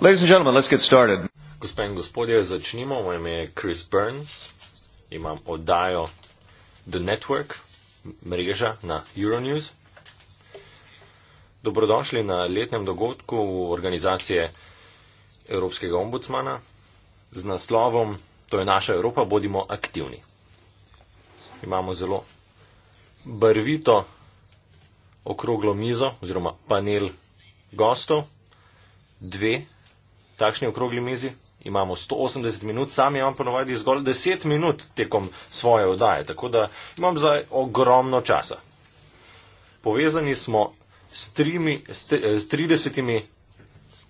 Ladies and gentlemen, let's get started. Gospe in gospodje, začnimo. Moje ime je Chris Burns, imam oddajo The Network, mreža na Euronews. Dobrodošli na letnem dogodku organizacije Evropskega ombudsmana z naslovom To je naša Evropa, bodimo aktivni. Imamo zelo barvito okroglo mizo oziroma panel gostov, dve takšni okrogli mizi, imamo 180 minut, sam imam ponovadi zgolj 10 minut tekom svoje odaje, tako da imam zdaj ogromno časa. Povezani smo s, trimi, s 30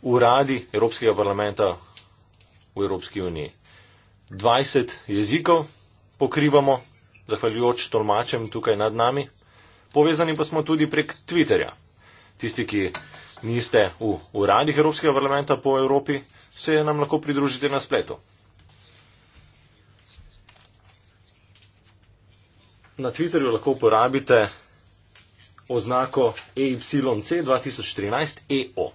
uradi Evropskega parlamenta v Evropski uniji. 20 jezikov pokrivamo, zahvaljujoč tolmačem tukaj nad nami. Povezani pa smo tudi prek Twitterja. Tisti, ki niste v uradih Evropskega parlamenta po Evropi, se nam lahko pridružite na spletu. Na Twitterju lahko uporabite oznako EYC2013EO.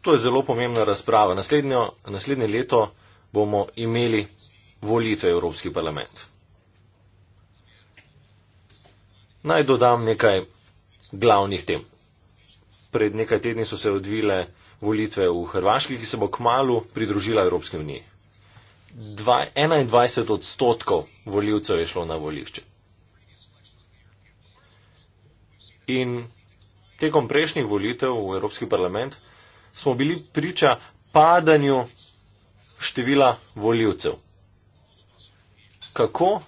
To je zelo pomembna razprava. Naslednjo, naslednje leto bomo imeli volitve v Evropski parlament. Naj dodam nekaj glavnih tem. Pred nekaj tedni so se odvile volitve v Hrvaški, ki se bo kmalo pridružila Evropski uniji. Dva, 21 odstotkov voljivcev je šlo na volišče. In tekom prejšnjih volitev v Evropski parlament smo bili priča padanju števila voljivcev. Kako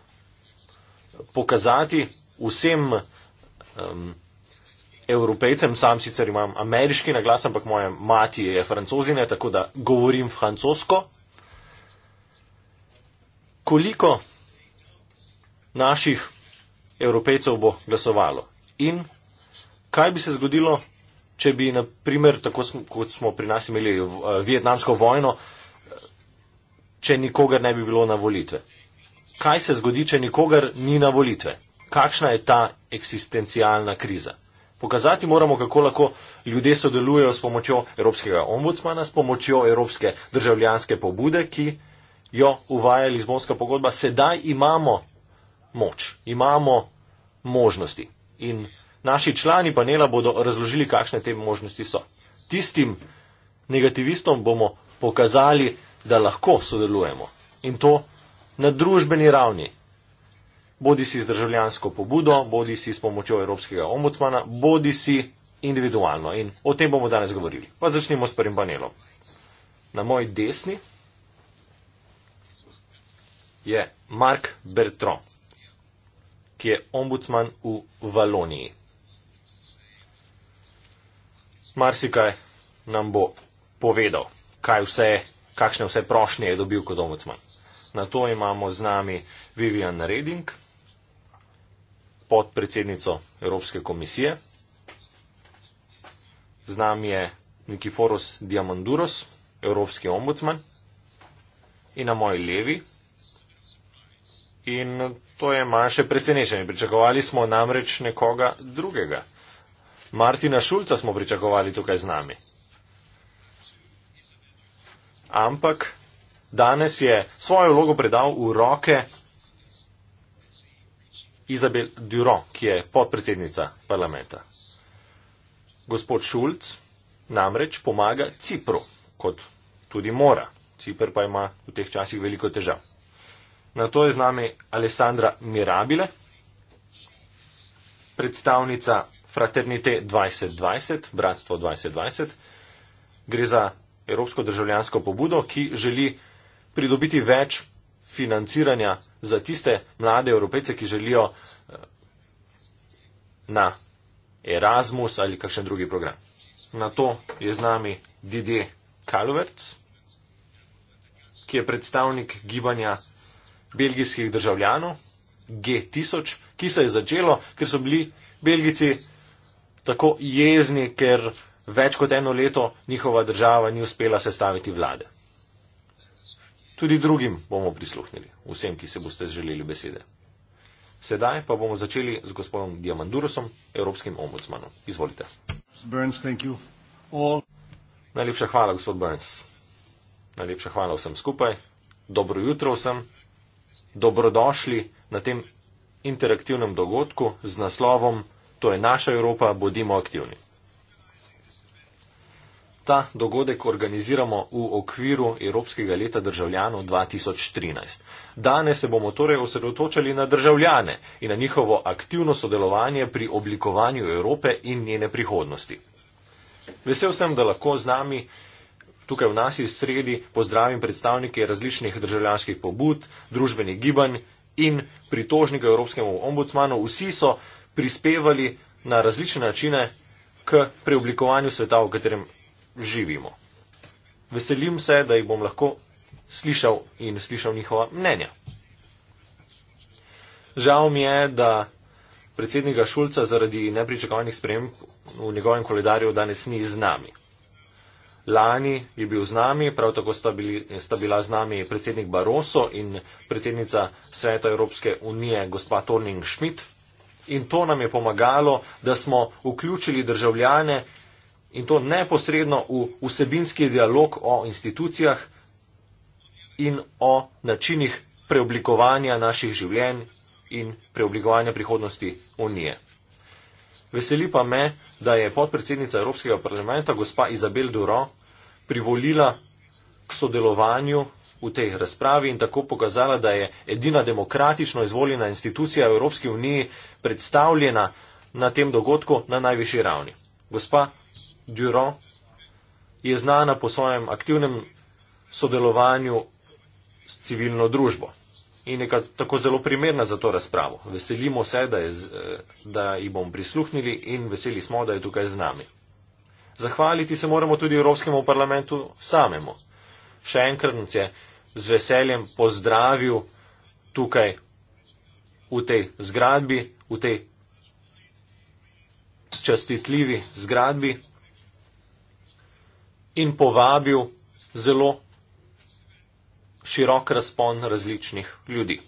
pokazati vsem um, evropejcem, sam sicer imam ameriški naglas, ampak moja mati je francozina, tako da govorim francosko. Koliko naših evropejcev bo glasovalo in kaj bi se zgodilo, če bi, na primer, tako smo, kot smo pri nas imeli eh, v, uh, vietnamsko vojno, eh, če nikogar ne bi bilo na volitve. Kaj se zgodi, če nikogar ni na volitve? kakšna je ta eksistencialna kriza. Pokazati moramo, kako lahko ljudje sodelujejo s pomočjo Evropskega ombudsmana, s pomočjo Evropske državljanske pobude, ki jo uvaja Lizbonska pogodba. Sedaj imamo moč, imamo možnosti. In naši člani panela bodo razložili, kakšne te možnosti so. Tistim negativistom bomo pokazali, da lahko sodelujemo. In to na družbeni ravni, bodi si z državljansko pobudo, bodi si s pomočjo evropskega ombudsmana, bodi si individualno. In o tem bomo danes govorili. Pa začnimo s prvim panelom. Na moji desni je Mark Bertrand, ki je ombudsman v Valoniji. Marsikaj nam bo povedal, kaj vse, kakšne vse prošnje je dobil kot ombudsman. Na to imamo z nami Vivian Reding, podpredsednico Evropske komisije. Z nami je Nikiforos Diamanduros, evropski ombudsman in na moji levi. In to je manjše presenečenje. Pričakovali smo namreč nekoga drugega. Martina Šulca smo pričakovali tukaj z nami. Ampak danes je svojo vlogo predal v roke Izabel Duron, ki je podpredsednica parlamenta. Gospod Šulc namreč pomaga Cipru, kot tudi mora. Cipr pa ima v teh časih veliko težav. Na to je z nami Alessandra Mirabile, predstavnica Fraternite 2020, Bratstvo 2020. Gre za evropsko državljansko pobudo, ki želi pridobiti več financiranja za tiste mlade evropejce, ki želijo eh, na Erasmus ali kakšen drugi program. Na to je z nami Didi Kalverc, ki je predstavnik gibanja belgijskih državljanov G1000, ki se je začelo, ker so bili Belgici tako jezni, ker več kot eno leto njihova država ni uspela sestaviti vlade. Tudi drugim bomo prisluhnili, vsem, ki se boste želeli besede. Sedaj pa bomo začeli z gospodom Diamandurosom, evropskim ombudsmanom. Izvolite. Burns, Najlepša hvala, gospod Burns. Najlepša hvala vsem skupaj. Dobro jutro vsem. Dobrodošli na tem interaktivnem dogodku z naslovom To je naša Evropa, bodimo aktivni. Ta dogodek organiziramo v okviru Evropskega leta državljanov 2013. Danes se bomo torej osredotočali na državljane in na njihovo aktivno sodelovanje pri oblikovanju Evrope in njene prihodnosti. Vesel sem, da lahko z nami tukaj v nas iz sredi pozdravim predstavnike različnih državljanskih pobud, družbenih gibanj in pritožnika Evropskemu ombudsmanu. Vsi so prispevali na različne načine k preoblikovanju sveta, v katerem živimo. Veselim se, da jih bom lahko slišal in slišal njihova mnenja. Žal mi je, da predsednika Šulca zaradi nepričakovanih sprememb v njegovem koledarju danes ni z nami. Lani je bil z nami, prav tako sta, bili, sta bila z nami predsednik Baroso in predsednica Sveta Evropske unije, gospa Torning Schmidt. In to nam je pomagalo, da smo vključili državljane in to neposredno v vsebinski dialog o institucijah in o načinih preoblikovanja naših življenj in preoblikovanja prihodnosti Unije. Veseli pa me, da je podpredsednica Evropskega parlamenta, gospa Izabel Duro, privolila k sodelovanju v tej razpravi in tako pokazala, da je edina demokratično izvoljena institucija Evropske unije predstavljena na tem dogodku na najvišji ravni. Gospa Duron je znana po svojem aktivnem sodelovanju s civilno družbo in je tako zelo primerna za to razpravo. Veselimo se, da, je, eh, da ji bomo prisluhnili in veseli smo, da je tukaj z nami. Zahvaliti se moramo tudi Evropskemu parlamentu samemu. Še enkrat nas je z veseljem pozdravil tukaj v tej zgradbi, v tej čestitljivi zgradbi, in povabil zelo širok razpon različnih ljudi.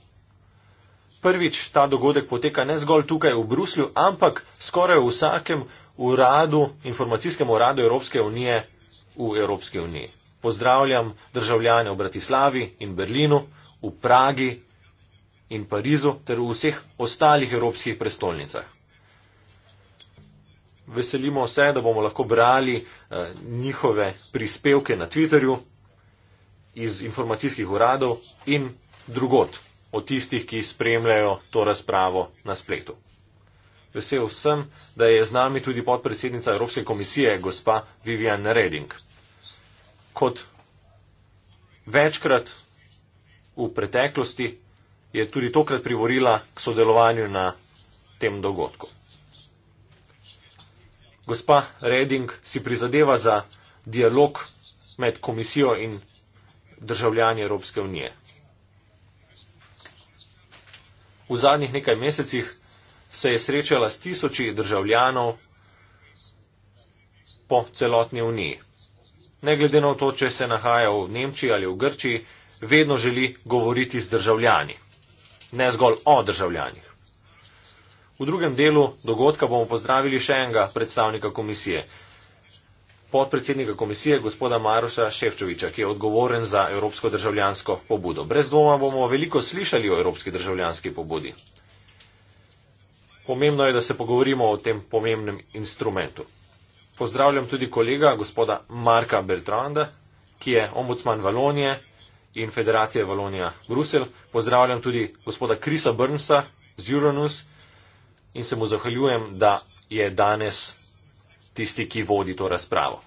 Prvič, ta dogodek poteka ne zgolj tukaj v Bruslju, ampak skoraj v vsakem uradu, informacijskem uradu Evropske unije v Evropski uniji. Pozdravljam državljane v Bratislavi in Berlinu, v Pragi in Parizu ter v vseh ostalih evropskih prestolnicah veselimo se, da bomo lahko brali eh, njihove prispevke na Twitterju iz informacijskih uradov in drugot od tistih, ki spremljajo to razpravo na spletu. Vesel sem, da je z nami tudi podpredsednica Evropske komisije, gospa Vivian Reding. Kot večkrat v preteklosti je tudi tokrat privorila k sodelovanju na tem dogodku gospa Reding si prizadeva za dialog med komisijo in državljani Evropske unije. V zadnjih nekaj mesecih se je srečala s tisoči državljanov po celotni uniji. Ne glede na to, če se nahaja v Nemčiji ali v Grčiji, vedno želi govoriti z državljani, ne zgolj o državljani. V drugem delu dogodka bomo pozdravili še enega predstavnika komisije, podpredsednika komisije gospoda Maroša Ševčoviča, ki je odgovoren za evropsko državljansko pobudo. Brez dvoma bomo veliko slišali o evropski državljanski pobudi. Pomembno je, da se pogovorimo o tem pomembnem instrumentu. Pozdravljam tudi kolega gospoda Marka Bertranda, ki je ombudsman Valonije in Federacije Valonija Brusel. Pozdravljam tudi gospoda Krisa Brnsa z Uranus in se mu zahvaljujem, da je danes tisti, ki vodi to razpravo.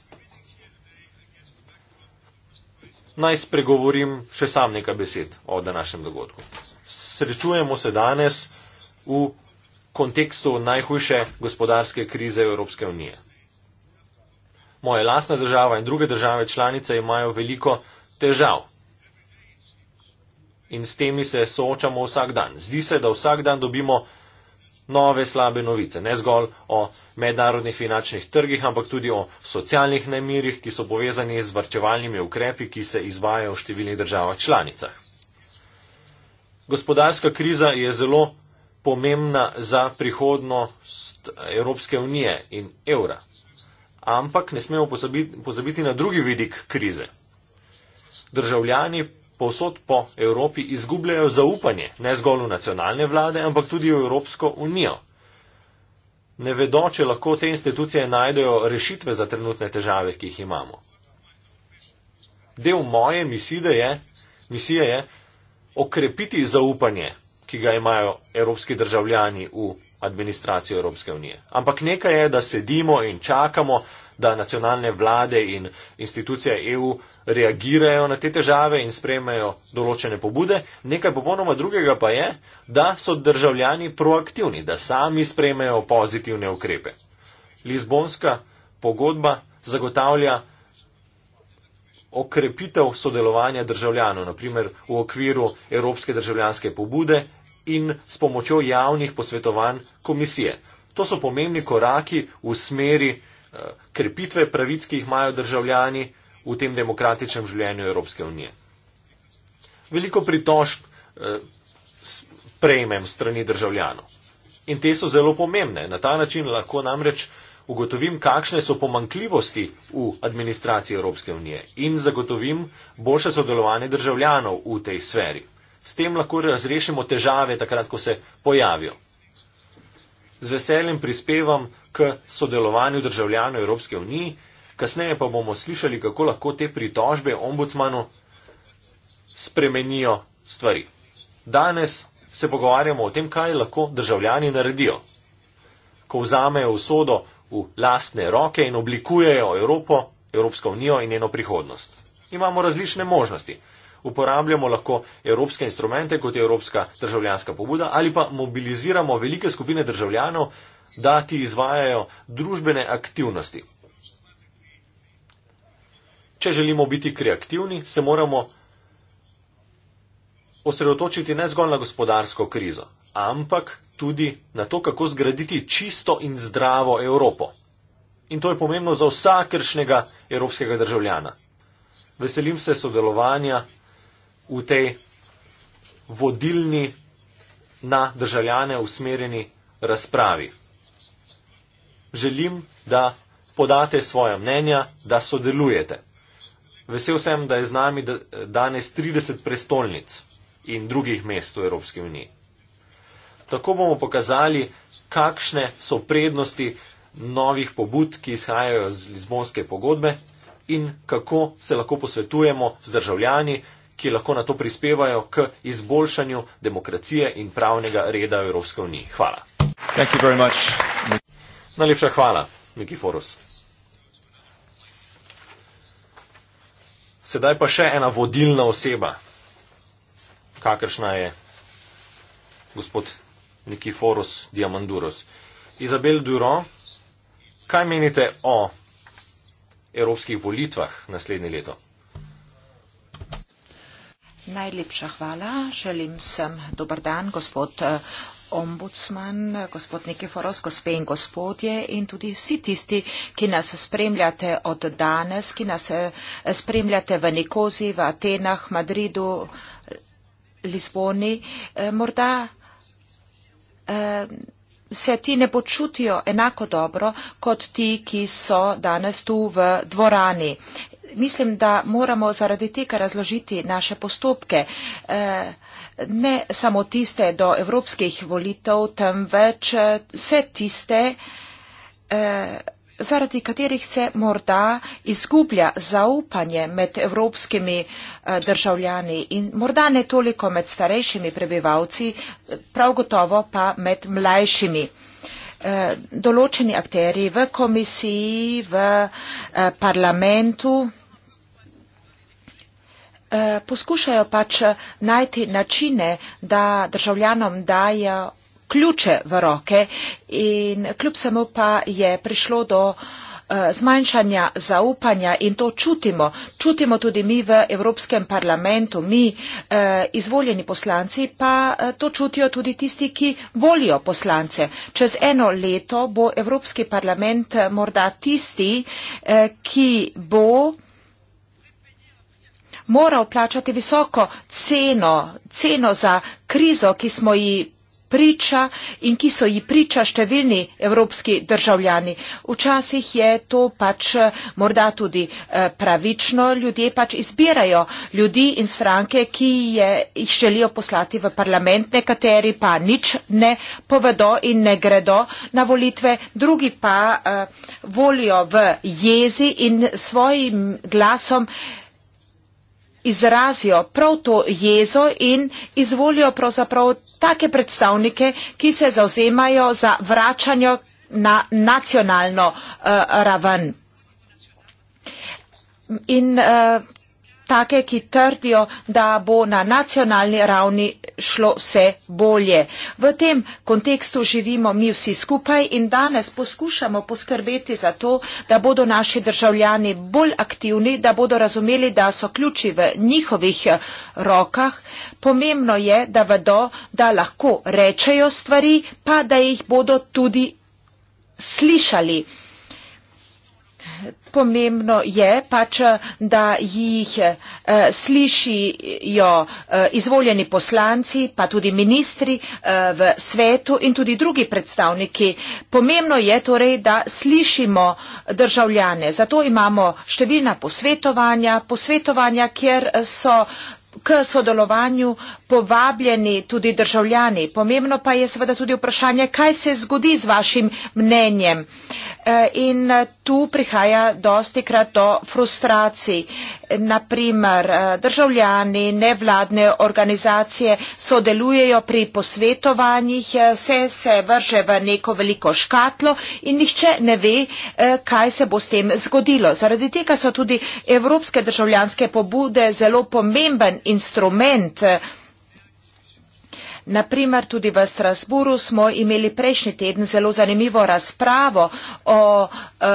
Naj spregovorim še sam nekaj besed o današnjem dogodku. Srečujemo se danes v kontekstu najhujše gospodarske krize Evropske unije. Moje lastne država in druge države članice imajo veliko težav. In s temi se soočamo vsak dan. Zdi se, da vsak dan dobimo nove slabe novice, ne zgolj o mednarodnih finančnih trgih, ampak tudi o socialnih nemirih, ki so povezani z vrčevalnimi ukrepi, ki se izvajajo v številnih državah članicah. Gospodarska kriza je zelo pomembna za prihodnost Evropske unije in evra. Ampak ne smemo pozabiti na drugi vidik krize. Državljani posod po Evropi izgubljajo zaupanje, ne zgolj v nacionalne vlade, ampak tudi v Evropsko unijo. Ne vedo, če lahko te institucije najdejo rešitve za trenutne težave, ki jih imamo. Del moje je, misije je okrepiti zaupanje, ki ga imajo evropski državljani v administracijo Evropske unije. Ampak nekaj je, da sedimo in čakamo, da nacionalne vlade in institucije EU reagirajo na te težave in sprejmejo določene pobude. Nekaj popolnoma drugega pa je, da so državljani proaktivni, da sami sprejmejo pozitivne ukrepe. Lizbonska pogodba zagotavlja okrepitev sodelovanja državljanov, naprimer v okviru Evropske državljanske pobude in s pomočjo javnih posvetovanj komisije. To so pomembni koraki v smeri Eh, krepitve pravic, ki jih imajo državljani v tem demokratičnem življenju Evropske unije. Veliko pritožb eh, prejmem strani državljanov in te so zelo pomembne. Na ta način lahko namreč ugotovim, kakšne so pomankljivosti v administraciji Evropske unije in zagotovim boljše sodelovanje državljanov v tej sferi. S tem lahko razrešimo težave takrat, ko se pojavijo. Z veseljem prispevam k sodelovanju državljanov Evropske unije, kasneje pa bomo slišali, kako lahko te pritožbe ombudsmanu spremenijo stvari. Danes se pogovarjamo o tem, kaj lahko državljani naredijo, ko vzamejo usodo v lastne roke in oblikujejo Evropo, Evropsko unijo in njeno prihodnost. Imamo različne možnosti. Uporabljamo lahko evropske instrumente, kot je Evropska državljanska pobuda, ali pa mobiliziramo velike skupine državljanov, da ti izvajajo družbene aktivnosti. Če želimo biti kreativni, se moramo osredotočiti ne zgolj na gospodarsko krizo, ampak tudi na to, kako zgraditi čisto in zdravo Evropo. In to je pomembno za vsakršnega evropskega državljana. Veselim se sodelovanja v tej vodilni na državljane usmerjeni razpravi želim, da podate svoje mnenja, da sodelujete. Vesel sem, da je z nami danes 30 prestolnic in drugih mest v Evropski uniji. Tako bomo pokazali, kakšne so prednosti novih pobud, ki izhajajo iz Lizbonske pogodbe in kako se lahko posvetujemo z državljani, ki lahko na to prispevajo k izboljšanju demokracije in pravnega reda v Evropske uniji. Hvala. Thank you very much. Najlepša hvala, Miki Forus. Sedaj pa še ena vodilna oseba, kakršna je gospod Miki Forus Diamanduros. Izabel Duro, kaj menite o evropskih volitvah naslednje leto? Najlepša hvala. Želim sem dober dan, gospod eh, ombudsman, gospod Nikiforos, gospe in gospodje in tudi vsi tisti, ki nas spremljate od danes, ki nas eh, spremljate v Nikozi, v Atenah, Madridu, Lisboni. Eh, morda eh, se ti ne počutijo enako dobro kot ti, ki so danes tu v dvorani. Mislim, da moramo zaradi tega razložiti naše postopke. Eh, ne samo tiste do evropskih volitev, temveč eh, vse tiste, eh, zaradi katerih se morda izgublja zaupanje med evropskimi eh, državljani in morda ne toliko med starejšimi prebivalci, prav gotovo pa med mlajšimi. Določeni akteri v komisiji, v parlamentu, Eh, poskušajo pač eh, najti načine, da državljanom dajo ključe v roke in kljub samo pa je prišlo do eh, zmanjšanja zaupanja in to čutimo. Čutimo tudi mi v Evropskem parlamentu, mi izvoljeni poslanci pa to čutijo tudi tisti, ki volijo poslance. Čez eno leto bo Evropski parlament morda tisti, ki bo moral plačati visoko ceno, ceno za krizo, ki smo ji priča in ki so ji priča številni evropski državljani. Včasih je to pač eh, morda tudi eh, pravično, ljudje pač izbirajo ljudi in stranke, ki je, jih želijo poslati v parlament, nekateri pa nič ne povedo in ne gredo na volitve, drugi pa uh, volijo v jezi in svojim glasom uh, izrazijo prav to jezo in izvolijo pravzaprav take predstavnike, ki se zauzemajo za vračanje na nacionalno uh, raven. In uh, take, ki trdijo, da bo na nacionalni ravni šlo vse bolje. V tem kontekstu živimo mi vsi skupaj in danes poskušamo poskrbeti za to, da bodo naši državljani bolj aktivni, da bodo razumeli, da so ključi v njihovih eh, rokah. Pomembno je, da vedo, da lahko rečejo stvari, pa da jih bodo tudi slišali. Pomembno je pač, da jih eh, slišijo eh, izvoljeni poslanci, pa tudi ministri eh, v svetu in tudi drugi predstavniki. Pomembno je torej, da slišimo državljane. Zato imamo številna posvetovanja, posvetovanja, kjer so k sodelovanju povabljeni tudi državljani. Pomembno pa je seveda tudi vprašanje, kaj se zgodi z vašim mnenjem. Eh, Eh, in eh, tu prihaja dosti krat do frustracij. Naprimer, eh, državljani, nevladne organizacije sodelujejo pri posvetovanjih, vse se vrže v neko veliko škatlo in nihče ne ve, kaj se bo s tem zgodilo. Zaradi tega so tudi evropske državljanske pobude zelo pomemben instrument Naprimer, tudi v Strasburu smo imeli prejšnji teden zelo zanimivo razpravo o uh,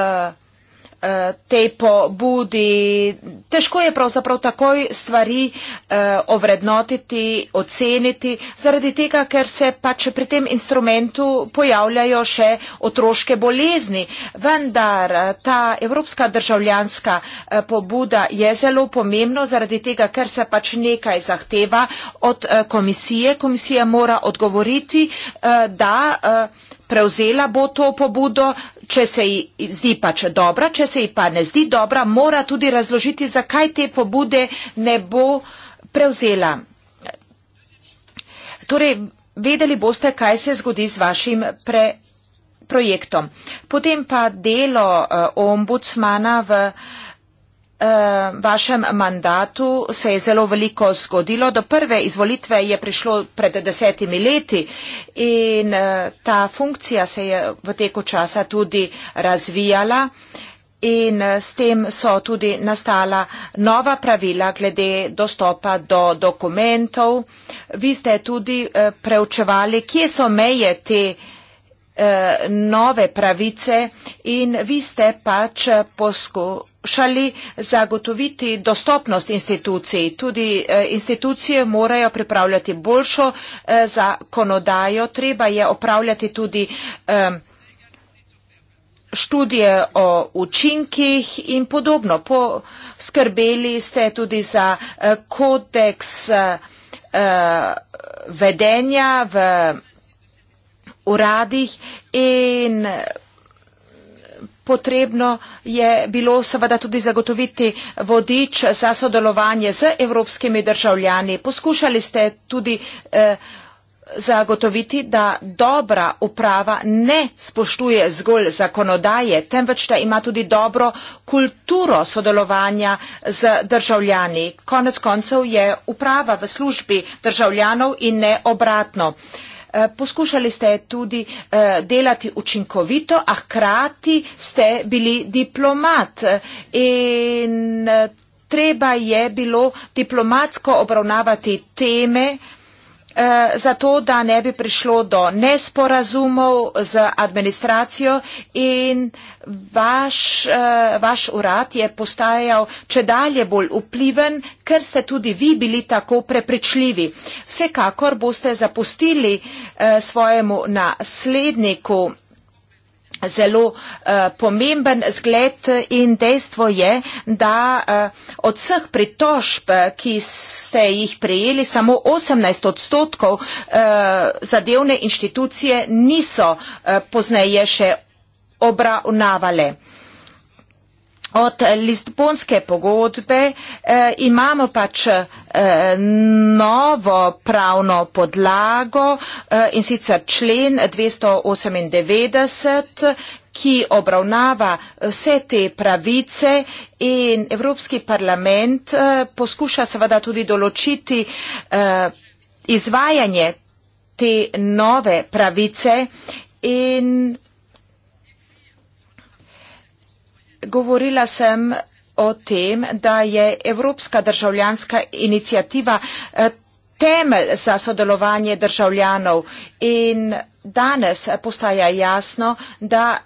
Eh, te pobudi. Težko je pravzaprav takoj stvari eh, ovrednotiti, oceniti, zaradi tega, ker se pač pri tem instrumentu pojavljajo še otroške bolezni. Vendar eh, ta evropska državljanska eh, pobuda je zelo pomembna, zaradi tega, ker se pač nekaj zahteva od eh, komisije. Komisija mora odgovoriti, eh, da. Eh, Prevzela bo to pobudo, če se ji zdi pač dobra, če se ji pa ne zdi dobra, mora tudi razložiti, zakaj te pobude ne bo prevzela. Torej, vedeli boste, kaj se zgodi z vašim pre, projektom. Potem pa delo uh, ombudsmana v. Uh, Eh, vašem mandatu se je zelo veliko zgodilo. Do prve izvolitve je prišlo pred desetimi leti in eh, ta funkcija se je v teku časa tudi razvijala in eh, s tem so tudi nastala nova pravila glede dostopa do dokumentov. Vi ste tudi preučevali, kje so meje te nove pravice in vi ste pač poskušali poskušali zagotoviti dostopnost institucij. Tudi eh, institucije morajo pripravljati boljšo eh, zakonodajo. Treba je opravljati tudi eh, študije o učinkih in podobno. Poskrbeli ste tudi za kodeks vedenja v uradih in Potrebno je bilo seveda tudi zagotoviti vodič za sodelovanje z evropskimi državljani. Poskušali ste tudi eh, zagotoviti, da dobra uprava ne spoštuje zgolj zakonodaje, temveč da ima tudi dobro kulturo sodelovanja z državljani. Konec koncev je uprava v službi državljanov in ne obratno. Eh, Eh, poskušali ste tudi eh, delati učinkovito, a hkrati ste bili diplomat in eh, treba je bilo diplomatsko obravnavati teme, Eh, zato da ne bi prišlo do nesporazumov z administracijo in vaš, eh, vaš urad je postajal če dalje bolj vpliven, ker ste tudi vi bili tako prepričljivi. Vsekakor boste zapustili eh, svojemu nasledniku zelo uh, pomemben zgled in dejstvo je, da uh, od vseh pritožb, eh, ki ste jih prejeli, samo 18 odstotkov uh, zadevne inštitucije niso uh, pozneje še obravnavale od Lisbonske pogodbe eh, imamo pač eh, novo pravno podlago eh, in sicer člen 298, ki obravnava vse te pravice in Evropski parlament eh, poskuša seveda tudi določiti eh, izvajanje te nove pravice in govorila sem o tem, da je Evropska državljanska inicijativa eh, temelj za sodelovanje državljanov in danes postaja jasno, da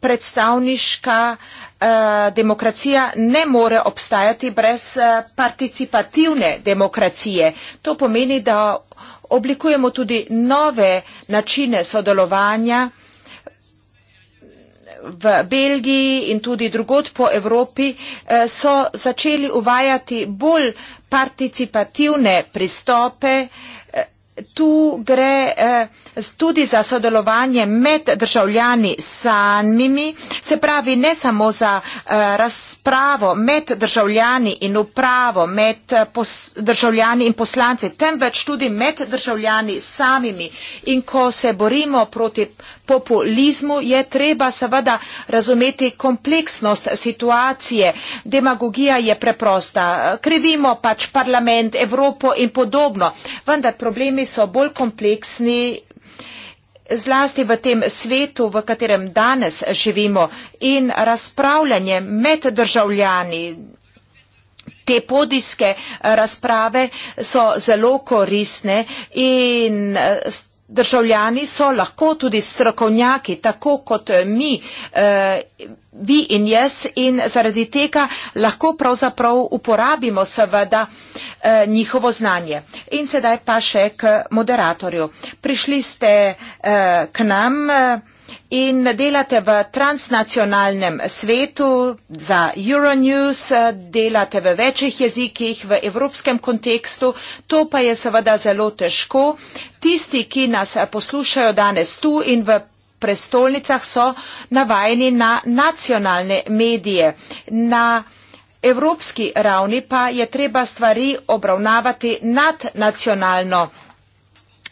predstavniška eh, demokracija ne more obstajati brez eh, participativne demokracije. To pomeni, da oblikujemo tudi nove načine sodelovanja v Belgiji in tudi drugot po Evropi eh, so začeli uvajati bolj participativne pristope. Eh, tu gre eh, tudi za sodelovanje med državljani samimi, se pravi ne samo za razpravo med državljani in upravo, med državljani in poslanci, temveč tudi med državljani samimi. In ko se borimo proti populizmu je treba seveda razumeti kompleksnost situacije. Demagogija je preprosta. Krivimo pač parlament, Evropo in podobno. Vendar problemi so bolj kompleksni. Zlasti v tem svetu, v katerem danes živimo in razpravljanje med državljani, te podijske eh, razprave so zelo koristne in eh, državljani so lahko tudi strokovnjaki, tako kot eh, mi, eh, vi in jaz in zaradi tega lahko pravzaprav uporabimo seveda eh, njihovo znanje. In sedaj pa še k moderatorju. Prišli ste k nam, in delate v transnacionalnem svetu za Euronews, delate v večjih jezikih v evropskem kontekstu, to pa je seveda zelo težko. Tisti, ki nas poslušajo danes tu in v prestolnicah, so navajeni na nacionalne medije. Na evropski ravni pa je treba stvari obravnavati nadnacionalno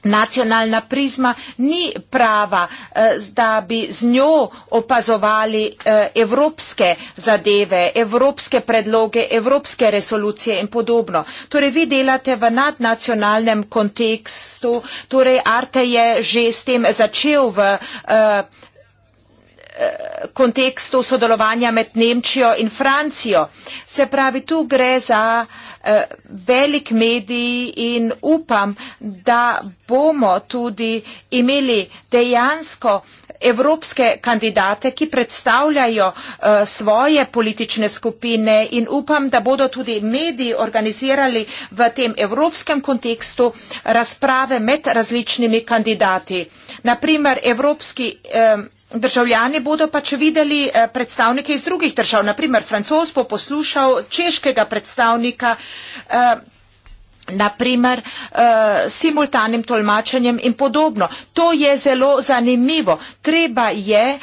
nacionalna prizma ni prava, eh, da bi z njo opazovali eh, evropske zadeve, evropske predloge, evropske resolucije in podobno. Torej, vi delate v nadnacionalnem kontekstu, torej Arte je že s tem začel v eh, kontekstu sodelovanja med Nemčijo in Francijo. Se pravi, tu gre za eh, velik medij in upam, da bomo tudi imeli dejansko evropske kandidate, ki predstavljajo eh, svoje politične skupine in upam, da bodo tudi mediji organizirali v tem evropskem kontekstu razprave med različnimi kandidati. Naprimer, evropski eh, državljani bodo pač videli eh, predstavnike iz drugih držav. Naprimer, francoz bo poslušal češkega predstavnika, eh, naprimer, eh, simultanim tolmačenjem in podobno. To je zelo zanimivo. Treba je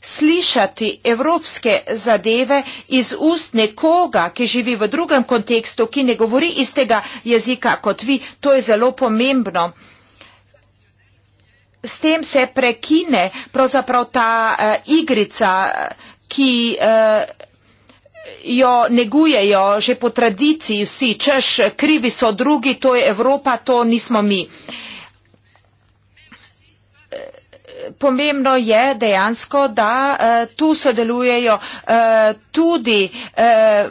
slišati evropske zadeve iz ust nekoga, ki živi v drugem kontekstu, ki ne govori istega jezika kot vi, to je zelo pomembno. Uh, s tem se prekine pravzaprav ta uh, igrica, ki uh, jo negujejo že po tradiciji vsi, češ krivi so drugi, to je Evropa, to nismo mi. Pomembno je dejansko, da uh, tu sodelujejo uh, tudi uh,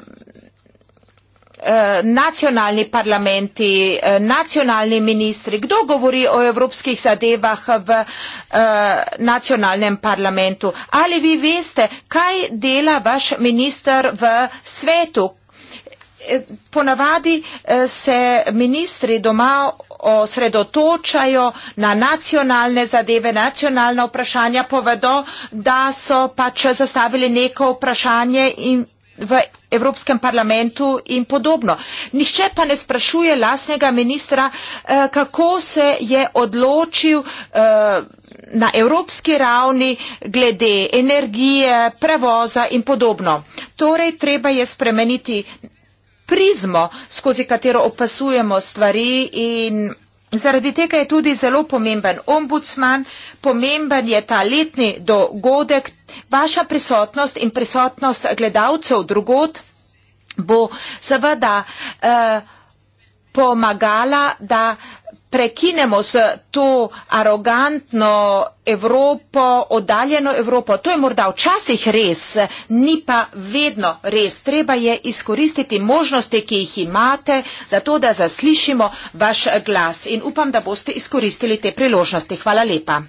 Eh, nacionalni parlamenti, eh, nacionalni ministri, kdo govori o evropskih zadevah v eh, nacionalnem parlamentu. Ali vi veste, kaj dela vaš minister v svetu? Ponavadi se ministri doma osredotočajo na nacionalne zadeve, nacionalna vprašanja, povedo, da so pač zastavili neko vprašanje in v Evropskem parlamentu in podobno. Nihče pa ne sprašuje lasnega ministra, eh, kako se je odločil eh, na evropski ravni glede energije, prevoza in podobno. Torej, treba je spremeniti prizmo, skozi katero opasujemo stvari in Zaradi tega je tudi zelo pomemben ombudsman, pomemben je ta letni dogodek, vaša prisotnost in prisotnost gledalcev drugod bo seveda eh, pomagala, da prekinemo s to arogantno Evropo, oddaljeno Evropo. To je morda včasih res, ni pa vedno res. Treba je izkoristiti možnosti, ki jih imate, zato da zaslišimo vaš glas. In upam, da boste izkoristili te priložnosti. Hvala lepa.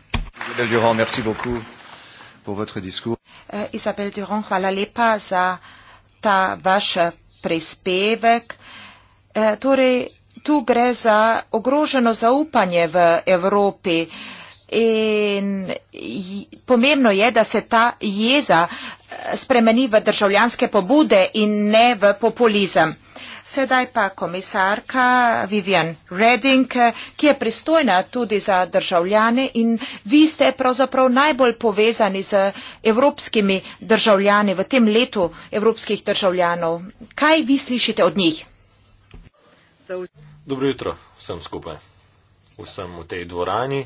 Izabel eh, Durand, hvala lepa za ta vaš prispevek. Eh, torej, tu gre za ogroženo zaupanje v Evropi in pomembno je, da se ta jeza eh, spremeni v državljanske pobude in ne v populizem. Sedaj pa komisarka Vivian Redding, eh, ki je pristojna tudi za državljane in vi ste pravzaprav najbolj povezani z evropskimi državljani v tem letu evropskih državljanov. Kaj vi slišite od njih? Those Dobro jutro vsem skupaj, vsem v tej dvorani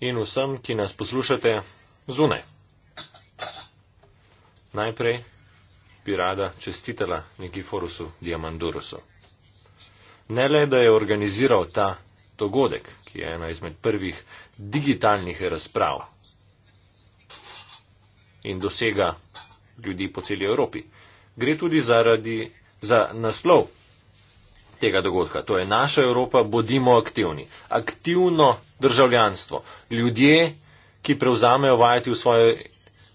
in vsem, ki nas poslušate zunaj. Najprej bi rada čestitela Nikiforusu Diamandurusu. Ne le, da je organiziral ta dogodek, ki je ena izmed prvih digitalnih razprav in dosega ljudi po celi Evropi. Gre tudi zaradi, za naslov tega dogodka. To je naša Evropa, bodimo aktivni. Aktivno državljanstvo. Ljudje, ki prevzamejo vajeti v svoje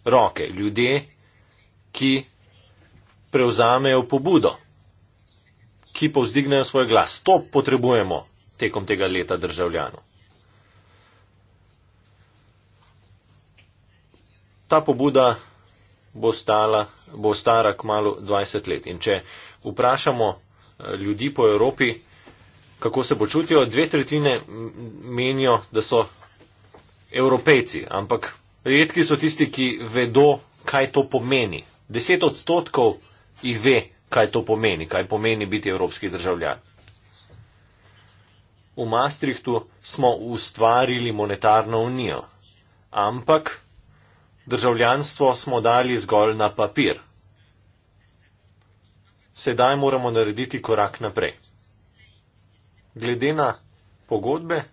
roke. Ljudje, ki prevzamejo pobudo. Ki povzdignejo svoj glas. To potrebujemo tekom tega leta državljanov. Ta pobuda bo, stala, bo stara kmalo 20 let. In če vprašamo ljudi po Evropi, kako se počutijo. Dve tretjine menijo, da so evropejci, ampak redki so tisti, ki vedo, kaj to pomeni. Deset odstotkov jih ve, kaj to pomeni, kaj pomeni biti evropski državljan. V Maastrichtu smo ustvarili monetarno unijo, ampak državljanstvo smo dali zgolj na papir sedaj moramo narediti korak naprej. Glede na pogodbe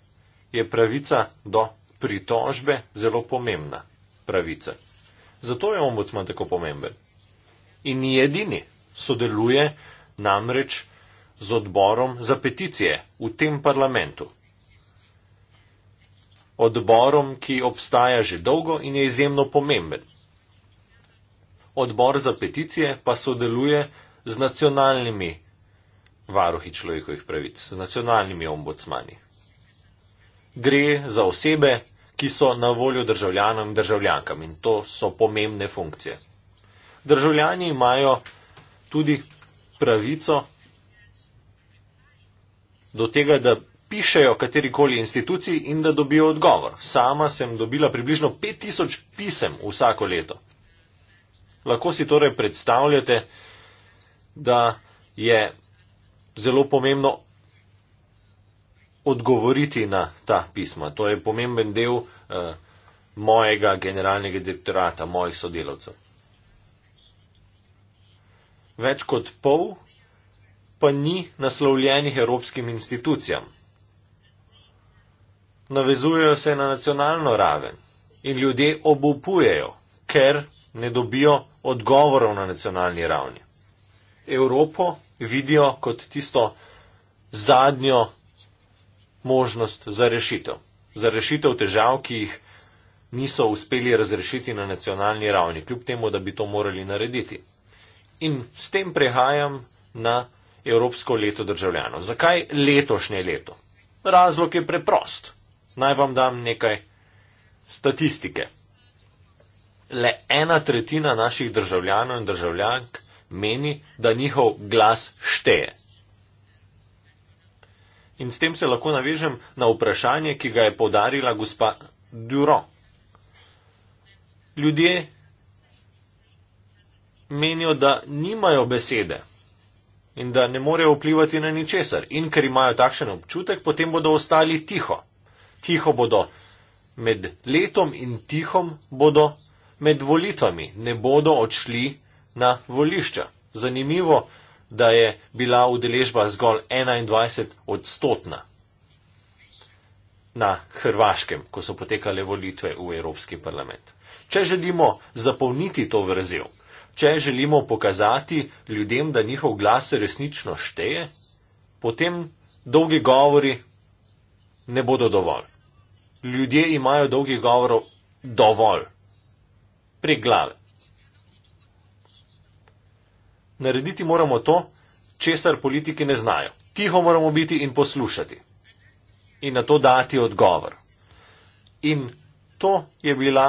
je pravica do pritožbe zelo pomembna pravica. Zato je ombudsman tako pomemben. In ni edini, sodeluje namreč z odborom za peticije v tem parlamentu. Odborom, ki obstaja že dolgo in je izjemno pomemben. Odbor za peticije pa sodeluje z nacionalnimi varuhi človekovih pravic, z nacionalnimi ombudsmani. Gre za osebe, ki so na voljo državljanom in državljankam in to so pomembne funkcije. Državljani imajo tudi pravico do tega, da pišejo katerikoli instituciji in da dobijo odgovor. Sama sem dobila približno 5000 pisem vsako leto. Lahko si torej predstavljate, da je zelo pomembno odgovoriti na ta pisma. To je pomemben del uh, mojega generalnega direktorata, mojih sodelavcev. Več kot pol pa ni naslovljenih evropskim institucijam. Navezujejo se na nacionalno raven in ljudje obupujejo, ker ne dobijo odgovorov na nacionalni ravni. Evropo vidijo kot tisto zadnjo možnost za rešitev. Za rešitev težav, ki jih niso uspeli razrešiti na nacionalni ravni, kljub temu, da bi to morali narediti. In s tem prehajam na Evropsko leto državljanov. Zakaj letošnje leto? Razlog je preprost. Naj vam dam nekaj statistike. Le ena tretjina naših državljanov in državljank meni, da njihov glas šteje. In s tem se lahko navežem na vprašanje, ki ga je podarila gospa Duro. Ljudje menijo, da nimajo besede in da ne morejo vplivati na ničesar. In ker imajo takšen občutek, potem bodo ostali tiho. Tiho bodo med letom in tihom bodo med volitvami. Ne bodo odšli na volišča. Zanimivo, da je bila udeležba zgolj 21 odstotna na Hrvaškem, ko so potekale volitve v Evropski parlament. Če želimo zapolniti to vrzel, če želimo pokazati ljudem, da njihov glas resnično šteje, potem dolgi govori ne bodo dovolj. Ljudje imajo dolgi govorov dovolj, preglave narediti moramo to, česar politiki ne znajo. Tiho moramo biti in poslušati in na to dati odgovor. In to je bila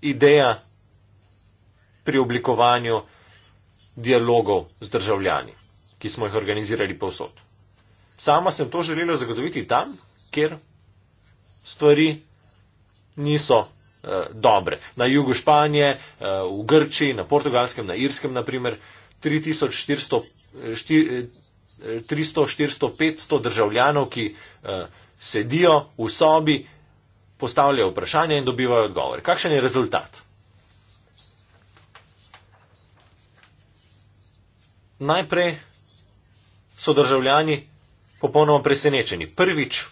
ideja pri oblikovanju dialogov z državljani, ki smo jih organizirali povsod. Sama sem to želela zagotoviti tam, kjer stvari niso eh, dobre. Na jugu Španije, eh, v Grčiji, na portugalskem, na irskem, naprimer. 300-400-500 eh, državljanov, ki uh, sedijo v sobi, postavljajo vprašanja in dobivajo odgovore. Kakšen je rezultat? Najprej so državljani popolnoma presenečeni. Prvič,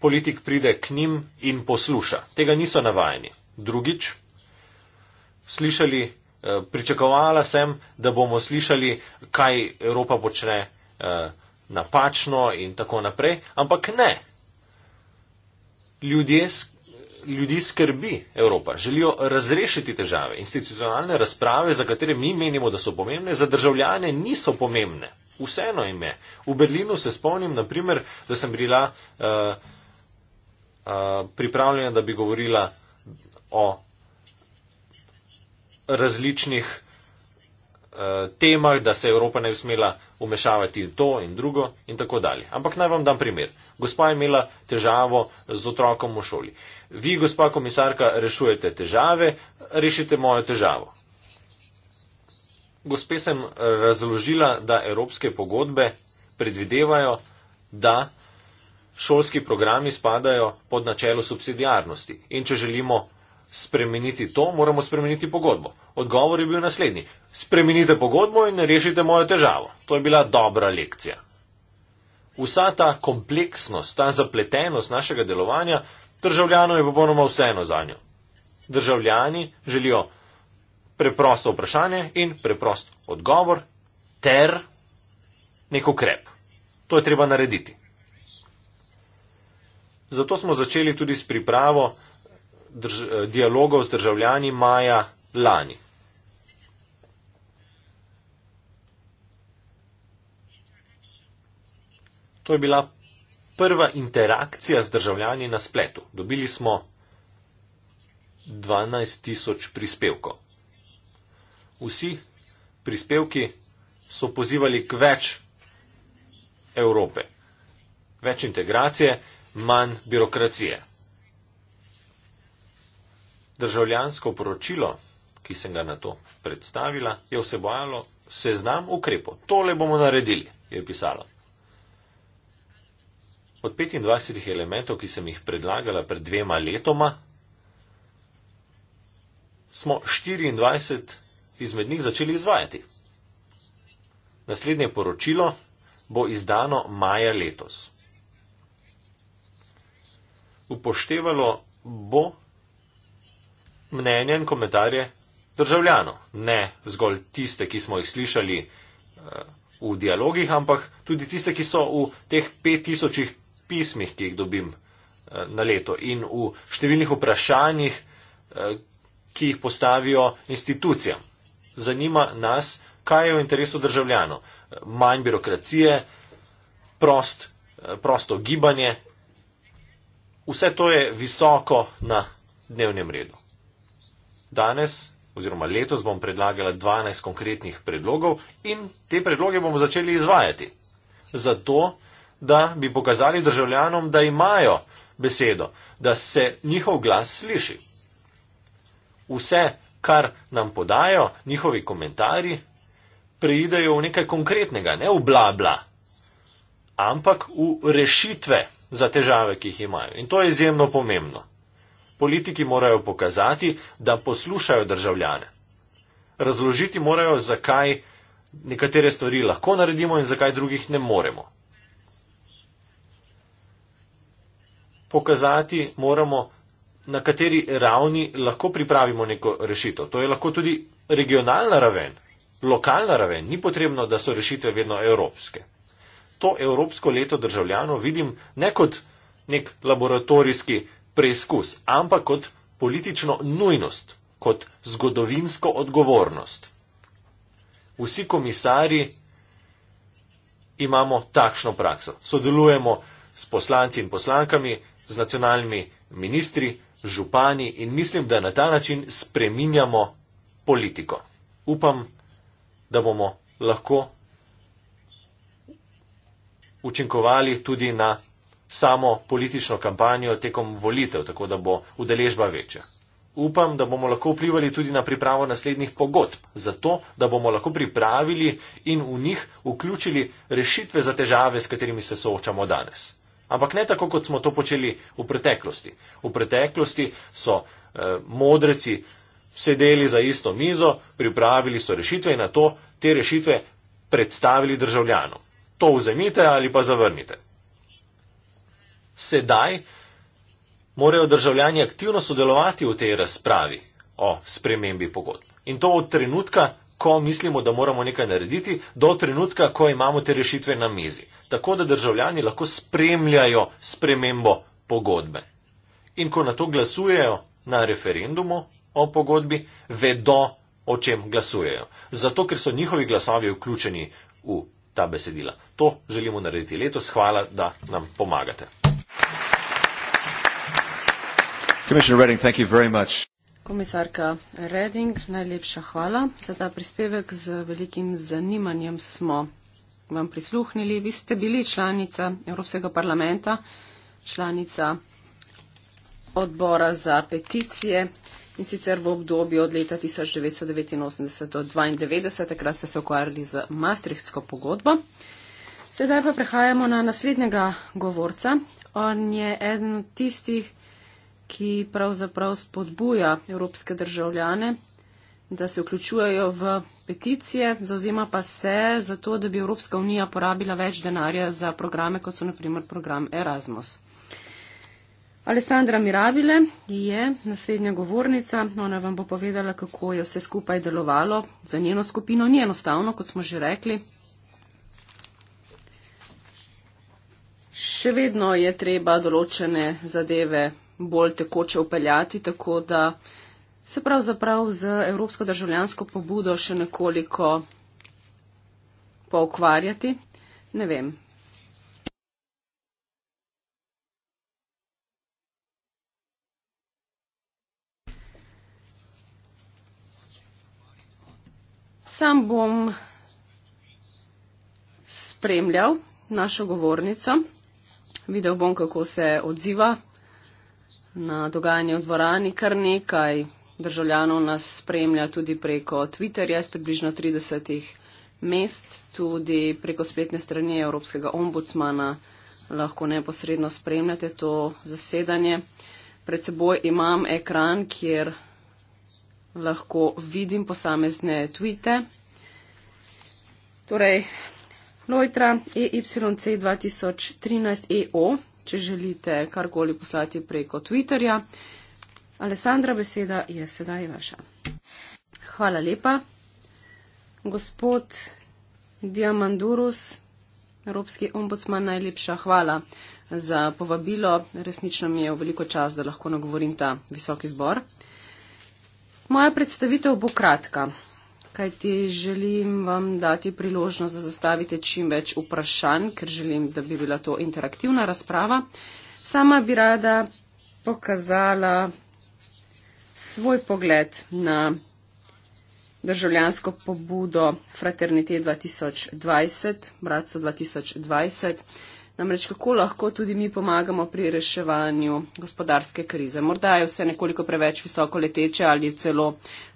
politik pride k njim in posluša. Tega niso navajeni. Drugič, slišali Eh, pričakovala sem, da bomo slišali, kaj Evropa počne eh, napačno in tako naprej, ampak ne. Ljudje, ljudi skrbi Evropa, želijo razrešiti težave. Institucionalne razprave, za katere mi menimo, da so pomembne, za državljane niso pomembne. Vseeno jim je. V Berlinu se spomnim, naprimer, da sem bila uh, uh, pripravljena, da bi govorila o različnih eh, temah, da se Evropa ne bi smela umešavati v to in drugo in tako dalje. Ampak naj vam dam primer. Gospa je imela težavo z otrokom v šoli. Vi, gospa komisarka, rešujete težave, rešite mojo težavo. Gospe sem razložila, da evropske pogodbe predvidevajo, da šolski programi spadajo pod načelo subsidijarnosti. In če želimo spremeniti to, moramo spremeniti pogodbo. Odgovor je bil naslednji. Spremenite pogodbo in rešite mojo težavo. To je bila dobra lekcija. Vsa ta kompleksnost, ta zapletenost našega delovanja, državljanov je popolnoma vseeno za njo. Državljani želijo preprosto vprašanje in preprost odgovor ter nek ukrep. To je treba narediti. Zato smo začeli tudi s pripravo drž, eh, dialogov z državljani maja lani. To je bila prva interakcija z državljani na spletu. Dobili smo 12 tisoč prispevkov. Vsi prispevki so pozivali k več Evrope, več integracije, manj birokracije. Državljansko poročilo, ki sem ga na to predstavila, je vsebojalo seznam ukrepov. Tole bomo naredili, je pisalo. Od 25 elementov, ki sem jih predlagala pred dvema letoma, smo 24 izmed njih začeli izvajati. Naslednje poročilo bo izdano maja letos. Upoštevalo bo mnenja in komentarje državljanov. Ne zgolj tiste, ki smo jih slišali eh, v dialogih, ampak tudi tiste, ki so v teh pet tisočih pismih, ki jih dobim eh, na leto in v številnih vprašanjih, eh, ki jih postavijo institucijam. Zanima nas, kaj je v interesu državljanov. Manj birokracije, prost, prosto gibanje. Vse to je visoko na dnevnem redu. Danes oziroma letos bom predlagala 12 konkretnih predlogov in te predloge bomo začeli izvajati. Zato, da bi pokazali državljanom, da imajo besedo, da se njihov glas sliši. Vse, kar nam podajo njihovi komentarji, preidejo v nekaj konkretnega, ne v bla bla, ampak v rešitve za težave, ki jih imajo. In to je izjemno pomembno. Politiki morajo pokazati, da poslušajo državljane. Razložiti morajo, zakaj nekatere stvari lahko naredimo in zakaj drugih ne moremo. Pokazati moramo, na kateri ravni lahko pripravimo neko rešitev. To je lahko tudi regionalna raven, lokalna raven. Ni potrebno, da so rešitve vedno evropske. To evropsko leto državljanov vidim ne kot nek laboratorijski preizkus, ampak kot politično nujnost, kot zgodovinsko odgovornost. Vsi komisari imamo takšno prakso. Sodelujemo s poslanci in poslankami, z nacionalnimi ministri, župani in mislim, da na ta način spreminjamo politiko. Upam, da bomo lahko učinkovali tudi na samo politično kampanjo tekom volitev, tako da bo udeležba večja. Upam, da bomo lahko vplivali tudi na pripravo naslednjih pogodb, zato da bomo lahko pripravili in v njih vključili rešitve za težave, s katerimi se soočamo danes. Ampak ne tako, kot smo to počeli v preteklosti. V preteklosti so eh, modreci sedeli za isto mizo, pripravili so rešitve in na to te rešitve predstavili državljanom. To vzemite ali pa zavrnite sedaj morajo državljani aktivno sodelovati v tej razpravi o spremembi pogodb. In to od trenutka, ko mislimo, da moramo nekaj narediti, do trenutka, ko imamo te rešitve na mizi. Tako da državljani lahko spremljajo spremembo pogodbe. In ko na to glasujejo na referendumu o pogodbi, vedo, o čem glasujejo. Zato, ker so njihovi glasovi vključeni v ta besedila. To želimo narediti letos. Hvala, da nam pomagate. Commissioner Redding, thank you very much. Komisarka Reding, najlepša hvala za ta prispevek. Z velikim zanimanjem smo vam prisluhnili. Vi ste bili članica Evropskega parlamenta, članica odbora za peticije in sicer v obdobju od leta 1989 do 1992, takrat ste se ukvarjali z Maastrichtsko pogodbo. Sedaj pa prehajamo na naslednjega govorca. On je eden od tistih, ki pravzaprav spodbuja evropske državljane, da se vključujejo v peticije, zauzima pa se za to, da bi Evropska unija porabila več denarja za programe, kot so naprimer program Erasmus. Alessandra Mirabile je naslednja govornica. Ona vam bo povedala, kako je vse skupaj delovalo. Za njeno skupino ni enostavno, kot smo že rekli. Še vedno je treba določene zadeve bolj tekoče upeljati, tako da se pravzaprav z evropsko državljansko pobudo še nekoliko poukvarjati. Ne vem. Sam bom spremljal našo govornico, videl bom, kako se odziva na dogajanje v dvorani. Kar nekaj državljanov nas spremlja tudi preko Twitterja s približno 30 mest, tudi preko spletne strani Evropskega ombudsmana lahko neposredno spremljate to zasedanje. Pred seboj imam ekran, kjer lahko vidim posamezne tweete. Torej, Lojtra EYC 2013 EO, če želite karkoli poslati preko Twitterja. Alessandra, beseda je sedaj vaša. Hvala lepa. Gospod Diamandurus, Evropski ombudsman, najlepša hvala za povabilo. Resnično mi je v veliko čas, da lahko nagovorim ta visoki zbor. Moja predstavitev bo kratka kajti želim vam dati priložnost, da zastavite čim več vprašanj, ker želim, da bi bila to interaktivna razprava. Sama bi rada pokazala svoj pogled na državljansko pobudo Fraternite 2020, Bratstvo 2020. Namreč kako lahko tudi mi pomagamo pri reševanju gospodarske krize. Morda je vse nekoliko preveč visoko leteče ali celo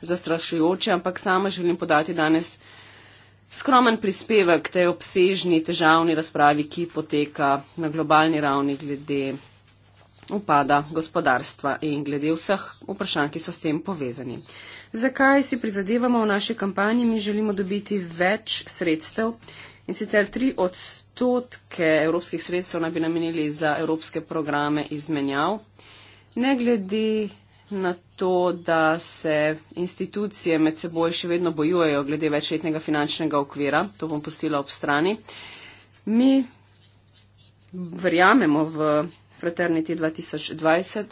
zastrašujoče, ampak sama želim podati danes skromen prispevek tej obsežni težavni razpravi, ki poteka na globalni ravni glede upada gospodarstva in glede vseh vprašanj, ki so s tem povezani. Zakaj si prizadevamo v naši kampanji? Mi želimo dobiti več sredstev in sicer tri odstotke odstotke evropskih sredstev naj bi namenili za evropske programe izmenjav. Ne glede na to, da se institucije med seboj še vedno bojujejo glede večletnega finančnega okvira, to bom postila ob strani, mi verjamemo v Fraternity 2020,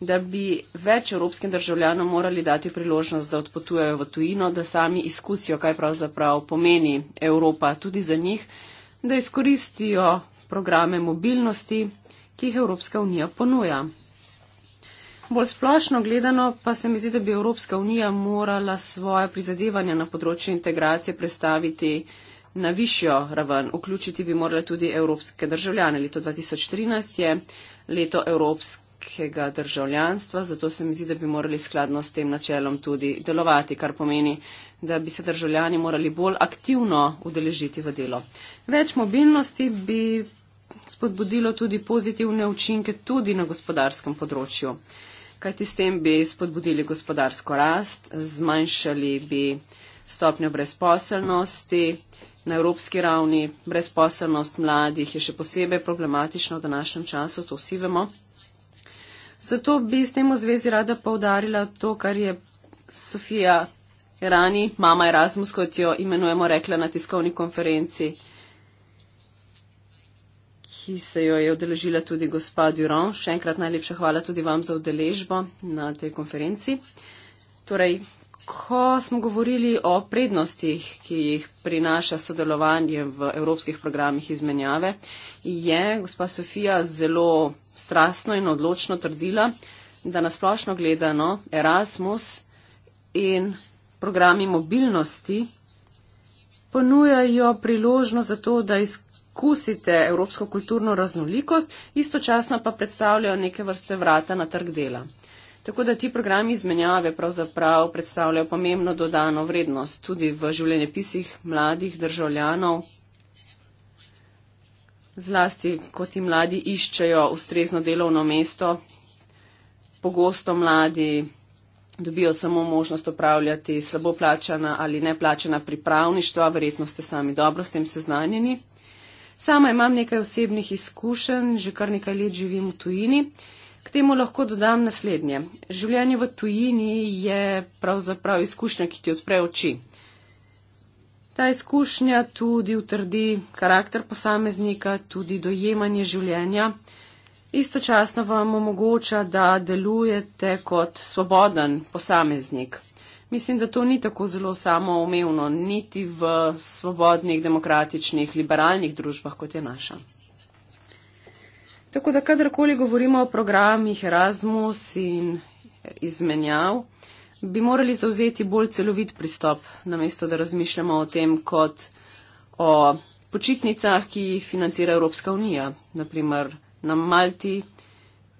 da bi več evropskim državljanom morali dati priložnost, da odpotujejo v tujino, da sami izkusijo, kaj pravzaprav pomeni Evropa tudi za njih da izkoristijo programe mobilnosti, ki jih Evropska unija ponuja. Bolj splošno gledano pa se mi zdi, da bi Evropska unija morala svoje prizadevanja na področju integracije predstaviti na višjo raven. Vključiti bi morala tudi evropske državljane. Leto 2013 je leto evropskega državljanstva, zato se mi zdi, da bi morali skladno s tem načelom tudi delovati, kar pomeni da bi se državljani morali bolj aktivno udeležiti v delo. Več mobilnosti bi spodbudilo tudi pozitivne učinke tudi na gospodarskem področju, kajti s tem bi spodbudili gospodarsko rast, zmanjšali bi stopnjo brezposelnosti. Na evropski ravni brezposelnost mladih je še posebej problematična v današnjem času, to vsi vemo. Zato bi s tem v zvezi rada poudarila to, kar je Sofija Rani, mama Erasmus, kot jo imenujemo, rekla na tiskovni konferenci, ki se jo je odeležila tudi gospa Duron. Še enkrat najlepša hvala tudi vam za odeležbo na tej konferenci. Torej, ko smo govorili o prednostih, ki jih prinaša sodelovanje v evropskih programih izmenjave, je gospa Sofija zelo strastno in odločno trdila, da nasplošno gledano Erasmus in programi mobilnosti ponujajo priložnost za to, da izkusite evropsko kulturno raznolikost, istočasno pa predstavljajo neke vrste vrata na trg dela. Tako da ti programi izmenjave pravzaprav predstavljajo pomembno dodano vrednost tudi v življenjepisih mladih državljanov, zlasti kot ti mladi iščejo ustrezno delovno mesto, pogosto mladi dobijo samo možnost opravljati slabo plačana ali neplačana pripravništva, verjetno ste sami dobro s tem seznanjeni. Sama imam nekaj osebnih izkušenj, že kar nekaj let živim v tujini. K temu lahko dodam naslednje. Življenje v tujini je pravzaprav izkušnja, ki ti odpre oči. Ta izkušnja tudi utrdi karakter posameznika, tudi dojemanje življenja istočasno vam omogoča, da delujete kot svoboden posameznik. Mislim, da to ni tako zelo samoumevno, niti v svobodnih, demokratičnih, liberalnih družbah, kot je naša. Tako da, kadarkoli govorimo o programih Erasmus in izmenjav, bi morali zauzeti bolj celovit pristop, namesto da razmišljamo o tem kot o počitnicah, ki jih financira Evropska unija, naprimer na Malti,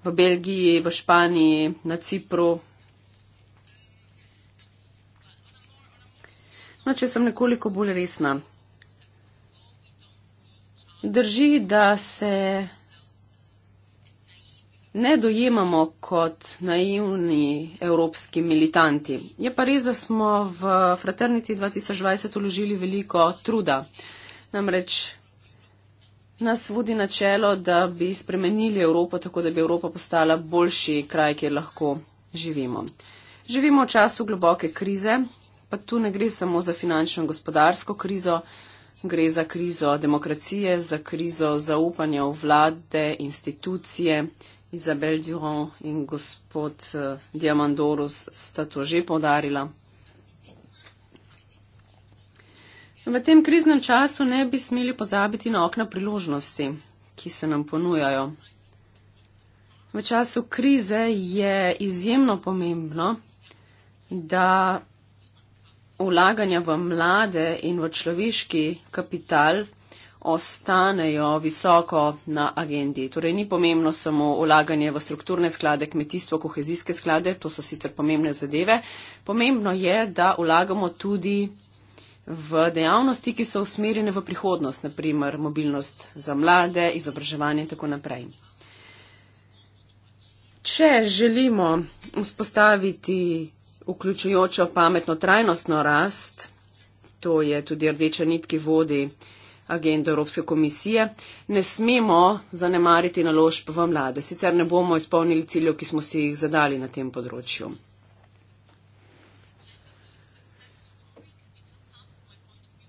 v Belgiji, v Španiji, na Cipru. No, če sem nekoliko bolj resna. Drži, da se ne dojemamo kot naivni evropski militanti. Je pa res, da smo v Fraternity 2020 uložili veliko truda. Namreč nas vodi načelo, da bi spremenili Evropo tako, da bi Evropa postala boljši kraj, kjer lahko živimo. Živimo v času globoke krize, pa tu ne gre samo za finančno in gospodarsko krizo, gre za krizo demokracije, za krizo zaupanja v vlade, institucije. Izabel Durand in gospod eh, Diamandorus sta to že povdarila. In v tem kriznem času ne bi smeli pozabiti na okna priložnosti, ki se nam ponujajo. V času krize je izjemno pomembno, da vlaganja v mlade in v človeški kapital ostanejo visoko na agendi. Torej ni pomembno samo vlaganje v strukturne sklade, kmetijstvo, kohezijske sklade, to so sicer pomembne zadeve. Pomembno je, da vlagamo tudi v dejavnosti, ki so usmerjene v prihodnost, naprimer mobilnost za mlade, izobraževanje in tako naprej. Če želimo vzpostaviti vključujočo pametno trajnostno rast, to je tudi rdeča nit, ki vodi agendo Evropske komisije, ne smemo zanemariti naložb v mlade. Sicer ne bomo izpolnili ciljev, ki smo si jih zadali na tem področju.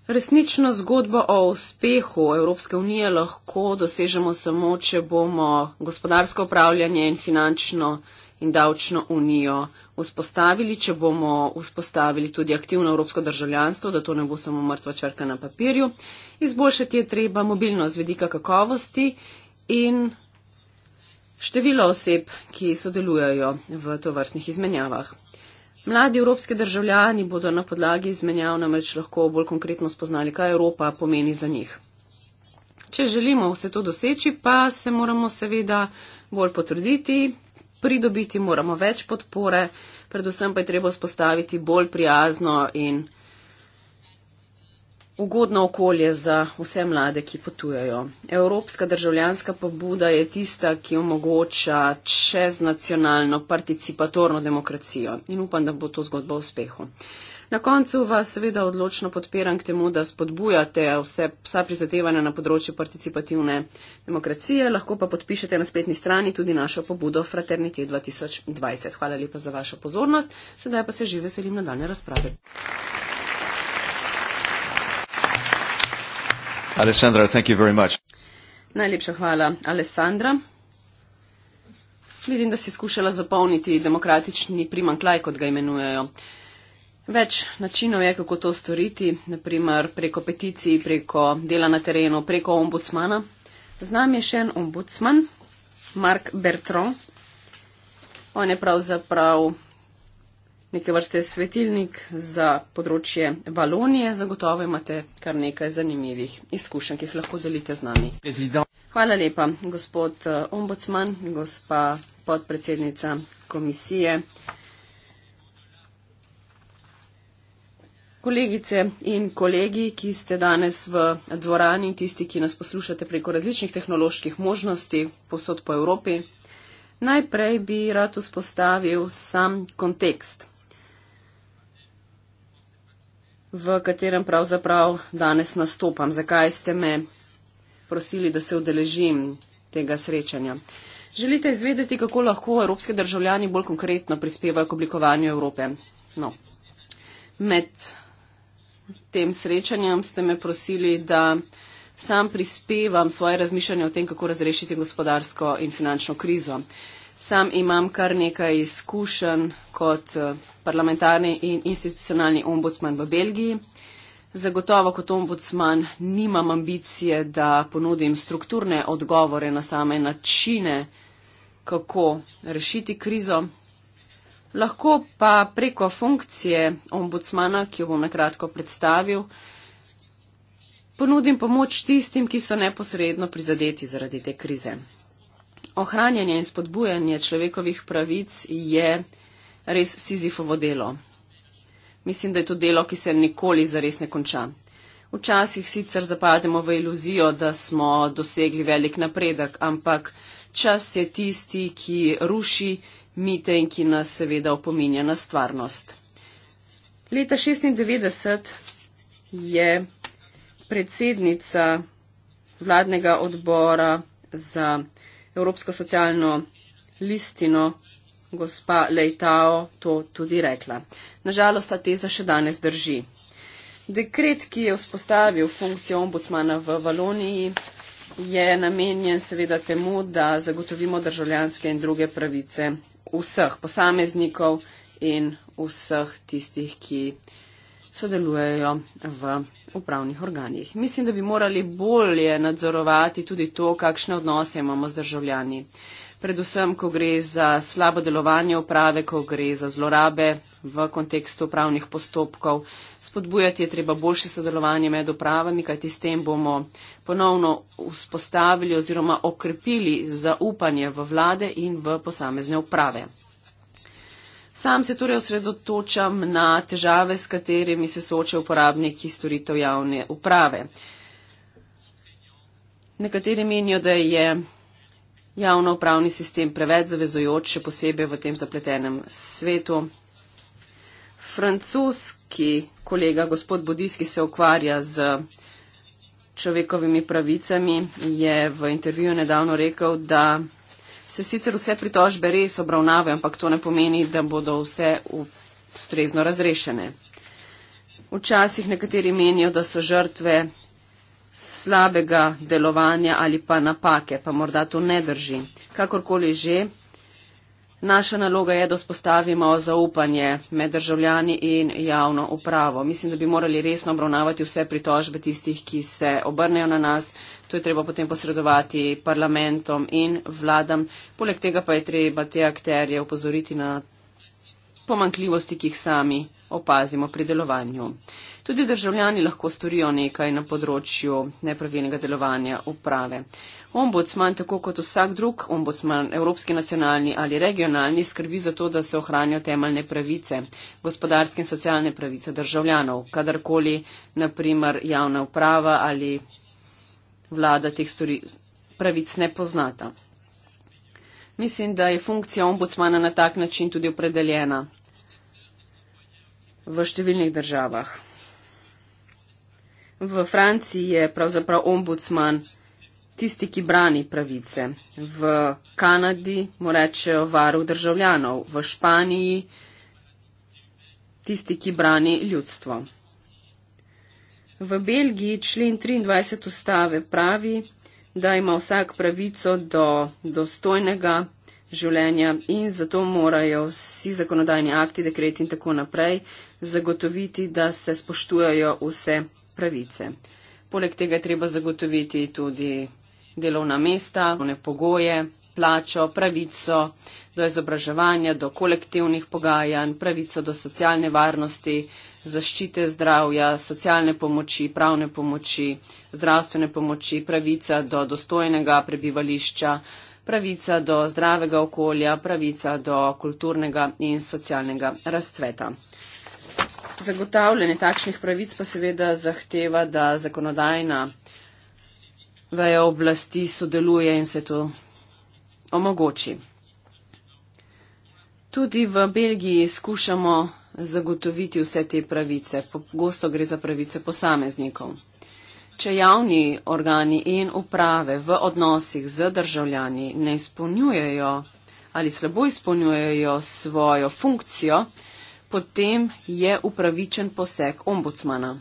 Resnično zgodbo o uspehu Evropske unije lahko dosežemo samo, če bomo gospodarsko upravljanje in finančno in davčno unijo vzpostavili, če bomo vzpostavili tudi aktivno evropsko državljanstvo, da to ne bo samo mrtva črka na papirju. Izboljšati je treba mobilnost z vedika kakovosti in število oseb, ki sodelujejo v tovrstnih izmenjavah. Mladi evropski državljani bodo na podlagi izmenjav namreč lahko bolj konkretno spoznali, kaj Evropa pomeni za njih. Če želimo vse to doseči, pa se moramo seveda bolj potruditi, pridobiti moramo več podpore, predvsem pa je treba spostaviti bolj prijazno in ugodno okolje za vse mlade, ki potujejo. Evropska državljanska pobuda je tista, ki omogoča čeznacionalno participatorno demokracijo in upam, da bo to zgodba o uspehu. Na koncu vas seveda odločno podpiram k temu, da spodbujate vse, vsa prizadevanja na področju participativne demokracije, lahko pa podpišete na spletni strani tudi našo pobudo Fraternite 2020. Hvala lepa za vašo pozornost, sedaj pa se že veselim nadaljne razprave. Alessandra, thank you very much. Najlepša hvala, Alessandra. Vidim, da si skušala zapolniti demokratični primanklaj, kot ga imenujejo. Več načinov je, kako to storiti, naprimer preko peticij, preko dela na terenu, preko ombudsmana. Z nami je še en ombudsman, Mark Bertrand. On je pravzaprav neke vrste svetilnik za področje Balonije. Zagotovo imate kar nekaj zanimivih izkušenj, ki jih lahko delite z nami. Hvala lepa, gospod eh, ombudsman, gospa podpredsednica komisije. Kolegice in kolegi, ki ste danes v dvorani, tisti, ki nas poslušate preko različnih tehnoloških možnosti posod po Evropi, najprej bi rad vzpostavil sam kontekst v katerem pravzaprav danes nastopam. Zakaj ste me prosili, da se udeležim tega srečanja? Želite izvedeti, kako lahko evropske državljani bolj konkretno prispevajo k oblikovanju Evrope? No. Med tem srečanjem ste me prosili, da sam prispevam svoje razmišljanje o tem, kako razrešiti gospodarsko in finančno krizo. Sam imam kar nekaj izkušenj kot eh, parlamentarni in institucionalni ombudsman v Belgiji. Zagotovo kot ombudsman nimam ambicije, da ponudim strukturne odgovore na same načine, kako rešiti krizo. Lahko pa preko funkcije ombudsmana, ki jo bom nakratko predstavil, ponudim pomoč tistim, ki so neposredno prizadeti zaradi te krize ohranjanje in spodbujanje človekovih pravic je res Sizifovo delo. Mislim, da je to delo, ki se nikoli zares ne konča. Včasih sicer zapademo v iluzijo, da smo dosegli velik napredek, ampak čas je tisti, ki ruši mite in ki nas seveda opominja na stvarnost. Leta 96 je predsednica vladnega odbora za Evropsko socialno listino gospa Leitao to tudi rekla. Nažalost, ta teza še danes drži. Dekret, ki je vzpostavil funkcijo ombudsmana v Valoniji, je namenjen seveda temu, da zagotovimo državljanske in druge pravice vseh posameznikov in vseh tistih, ki sodelujejo v upravnih organih. Mislim, da bi morali bolje nadzorovati tudi to, kakšne odnose imamo z državljani. Predvsem, ko gre za slabo delovanje uprave, ko gre za zlorabe v kontekstu upravnih postopkov. Spodbujati je treba boljše sodelovanje med upravami, kajti s tem bomo ponovno vzpostavili oziroma okrepili zaupanje v vlade in v posamezne uprave. Sam se torej osredotočam na težave, s katerimi se soočajo uporabniki storitev javne uprave. Nekateri menijo, da je javno upravni sistem preveč zavezojoč, še posebej v tem zapletenem svetu. Francoski kolega gospod Bodis, ki se ukvarja z človekovimi pravicami, je v intervjuju nedavno rekel, da se sicer vse pritožbe res obravnavajo, ampak to ne pomeni, da bodo vse ustrezno razrešene. Včasih nekateri menijo, da so žrtve slabega delovanja ali pa napake, pa morda to ne drži. Kakorkoli že, naša naloga je, da spostavimo zaupanje med državljani in javno upravo. Mislim, da bi morali resno obravnavati vse pritožbe tistih, ki se obrnejo na nas. To je treba potem posredovati parlamentom in vladam. Poleg tega pa je treba te akterje upozoriti na pomankljivosti, ki jih sami opazimo pri delovanju. Tudi državljani lahko storijo nekaj na področju nepravilnega delovanja uprave. Ombudsman, tako kot vsak drug ombudsman, evropski, nacionalni ali regionalni, skrbi za to, da se ohranijo temeljne pravice, gospodarske in socialne pravice državljanov, kadarkoli, naprimer, javna uprava ali vlada teh stori, pravic ne poznata. Mislim, da je funkcija ombudsmana na tak način tudi opredeljena v številnih državah. V Franciji je pravzaprav ombudsman tisti, ki brani pravice. V Kanadi mu rečejo varu državljanov, v Španiji tisti, ki brani ljudstvo. V Belgiji člen 23 ustave pravi, da ima vsak pravico do dostojnega življenja in zato morajo vsi zakonodajni akti, dekreti in tako naprej zagotoviti, da se spoštujajo vse pravice. Poleg tega je treba zagotoviti tudi delovna mesta, pogoje, plačo, pravico do izobraževanja, do kolektivnih pogajanj, pravico do socialne varnosti, zaščite zdravja, socialne pomoči, pravne pomoči, zdravstvene pomoči, pravica do dostojnega prebivališča, pravica do zdravega okolja, pravica do kulturnega in socialnega razcveta. Zagotavljanje takšnih pravic pa seveda zahteva, da zakonodajna veja oblasti sodeluje in se to omogoči. Tudi v Belgiji skušamo zagotoviti vse te pravice. Pogosto gre za pravice posameznikov. Če javni organi in uprave v odnosih z državljani ne izpolnjujejo ali slabo izpolnjujejo svojo funkcijo, potem je upravičen poseg ombudsmana.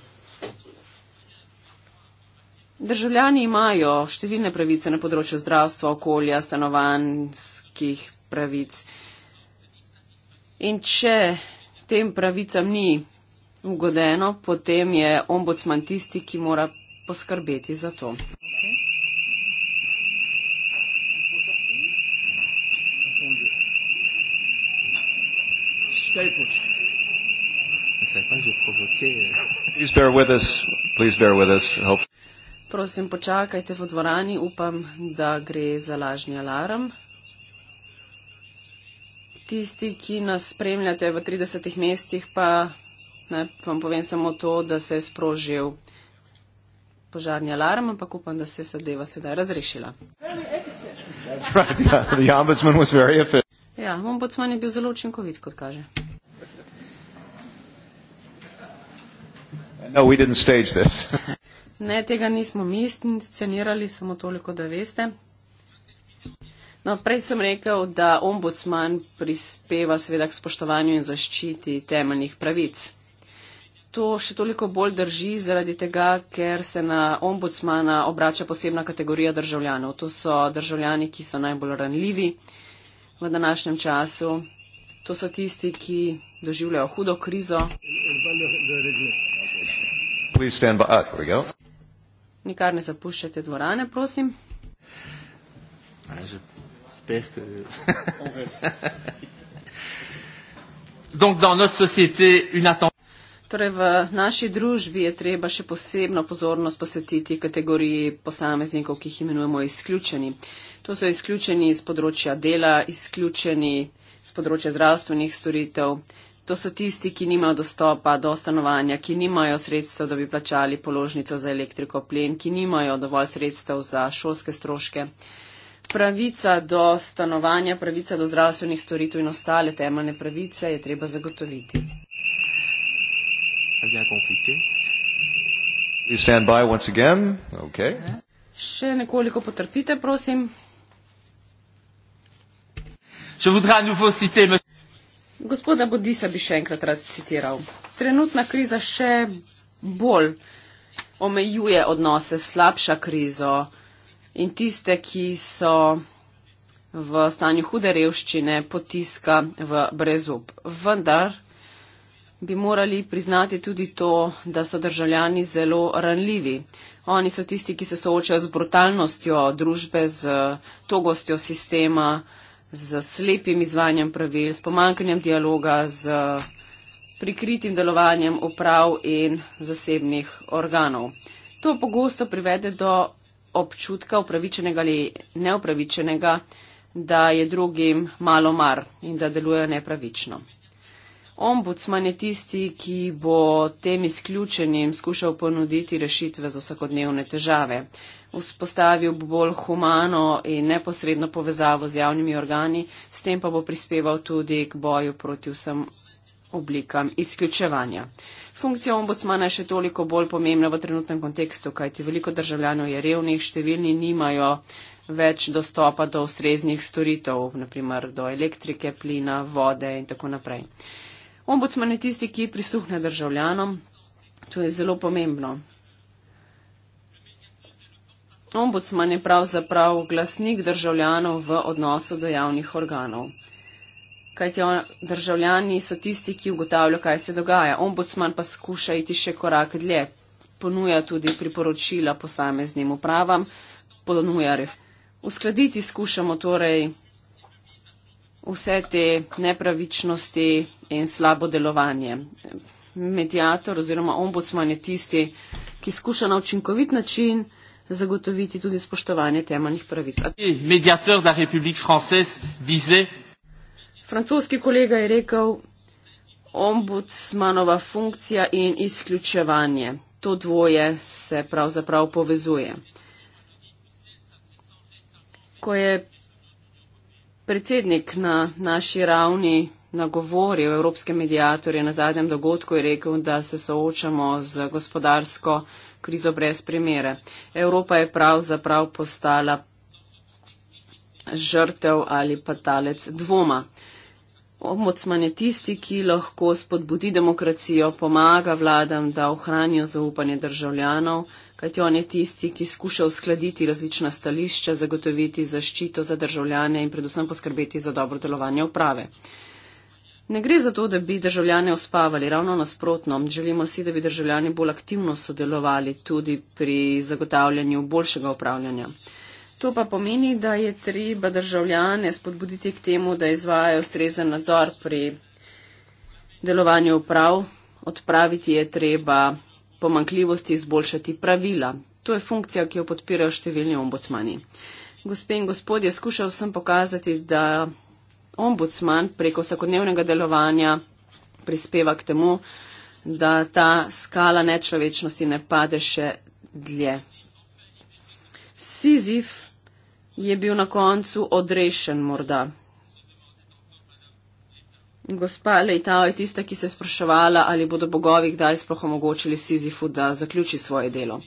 Državljani imajo številne pravice na področju zdravstva, okolja, stanovanjskih pravic. In če tem pravicam ni ugodeno, potem je ombudsman tisti, ki mora poskrbeti za to. Prosim, počakajte v dvorani, upam, da gre za lažni alarm tisti, ki nas spremljate v 30 mestih, pa ne, vam povem samo to, da se je sprožil požarni alarm, ampak upam, da se je zadeva sedaj razrešila. Ja, ombudsman je bil zelo učinkovit, kot kaže. No, ne, tega nismo mi scenirali, samo toliko, da veste. No, prej sem rekel, da ombudsman prispeva seveda k spoštovanju in zaščiti temeljnih pravic. To še toliko bolj drži zaradi tega, ker se na ombudsmana obrača posebna kategorija državljanov. To so državljani, ki so najbolj ranljivi v današnjem času. To so tisti, ki doživljajo hudo krizo. Ah, Nikar ne zapuščajte dvorane, prosim. Hvala. J'espère que. Donc, dans notre société, une attente. Torej, v naši družbi je treba še posebno pozornost posvetiti kategoriji posameznikov, ki jih imenujemo izključeni. To so izključeni iz področja dela, izključeni iz področja zdravstvenih storitev. To so tisti, ki nimajo dostopa do stanovanja, ki nimajo sredstev, da bi plačali položnico za elektriko plen, ki nimajo dovolj sredstev za šolske stroške pravica do stanovanja, pravica do zdravstvenih storitev in ostale temeljne pravice je treba zagotoviti. Okay. Še nekoliko potrpite, prosim. Gospoda Bodisa bi še enkrat rad citiral. Trenutna kriza še bolj omejuje odnose, slabša krizo in tiste, ki so v stanju hude revščine, potiska v brezup. Vendar bi morali priznati tudi to, da so državljani zelo ranljivi. Oni so tisti, ki se soočajo z brutalnostjo družbe, z togostjo sistema, z slepim izvanjem pravil, s pomankanjem dialoga, z prikritim delovanjem uprav in zasebnih organov. To pogosto privede do občutka upravičenega ali neupravičenega, da je drugim malo mar in da deluje nepravično. Ombudsman je tisti, ki bo tem izključenim skušal ponuditi rešitve za vsakodnevne težave. Vzpostavil bo bolj humano in neposredno povezavo z javnimi organi, s tem pa bo prispeval tudi k boju proti vsem oblikam izključevanja. Funkcija ombudsmana je še toliko bolj pomembna v trenutnem kontekstu, kajti veliko državljanov je revnih, številni nimajo več dostopa do ustreznih storitev, naprimer do elektrike, plina, vode in tako naprej. Ombudsman je tisti, ki prisluhne državljanom. To je zelo pomembno. Ombudsman je pravzaprav glasnik državljanov v odnosu do javnih organov kajti on, državljani so tisti, ki ugotavljajo, kaj se dogaja. Ombudsman pa skuša iti še korak dlje, ponuja tudi priporočila posameznim upravam, ponuja ref. Uskladiti skušamo torej vse te nepravičnosti in slabo delovanje. Medijator oziroma ombudsman je tisti, ki skuša na učinkovit način zagotoviti tudi spoštovanje temeljnih pravic. Medijator da Republika Francesa dize, Francoski kolega je rekel, ombudsmanova funkcija in izključevanje. To dvoje se pravzaprav povezuje. Ko je predsednik na naši ravni nagovoril evropske medijatorje na zadnjem dogodku, je rekel, da se soočamo z gospodarsko krizo brez primere. Evropa je pravzaprav postala žrtev ali patalec dvoma. Ombudsman je tisti, ki lahko spodbudi demokracijo, pomaga vladam, da ohranijo zaupanje državljanov, kajti on je tisti, ki skuša uskladiti različna stališča, zagotoviti zaščito za državljane in predvsem poskrbeti za dobro delovanje uprave. Ne gre za to, da bi državljane uspavali, ravno nasprotno. Želimo si, da bi državljani bolj aktivno sodelovali tudi pri zagotavljanju boljšega upravljanja. To pa pomeni, da je treba državljane spodbuditi k temu, da izvajajo ustrezen nadzor pri delovanju uprav, odpraviti je treba pomankljivosti, izboljšati pravila. To je funkcija, ki jo podpirajo številni ombudsmani. Gospe in gospodje, skušal sem pokazati, da ombudsman preko vsakodnevnega delovanja prispeva k temu, da ta skala nečlovečnosti ne pade še dlje. Sizif je bil na koncu odrešen morda. Gospa Leitao je tista, ki se je spraševala, ali bodo bogovi kdaj sploh omogočili Sizifu, da zaključi svoje delo.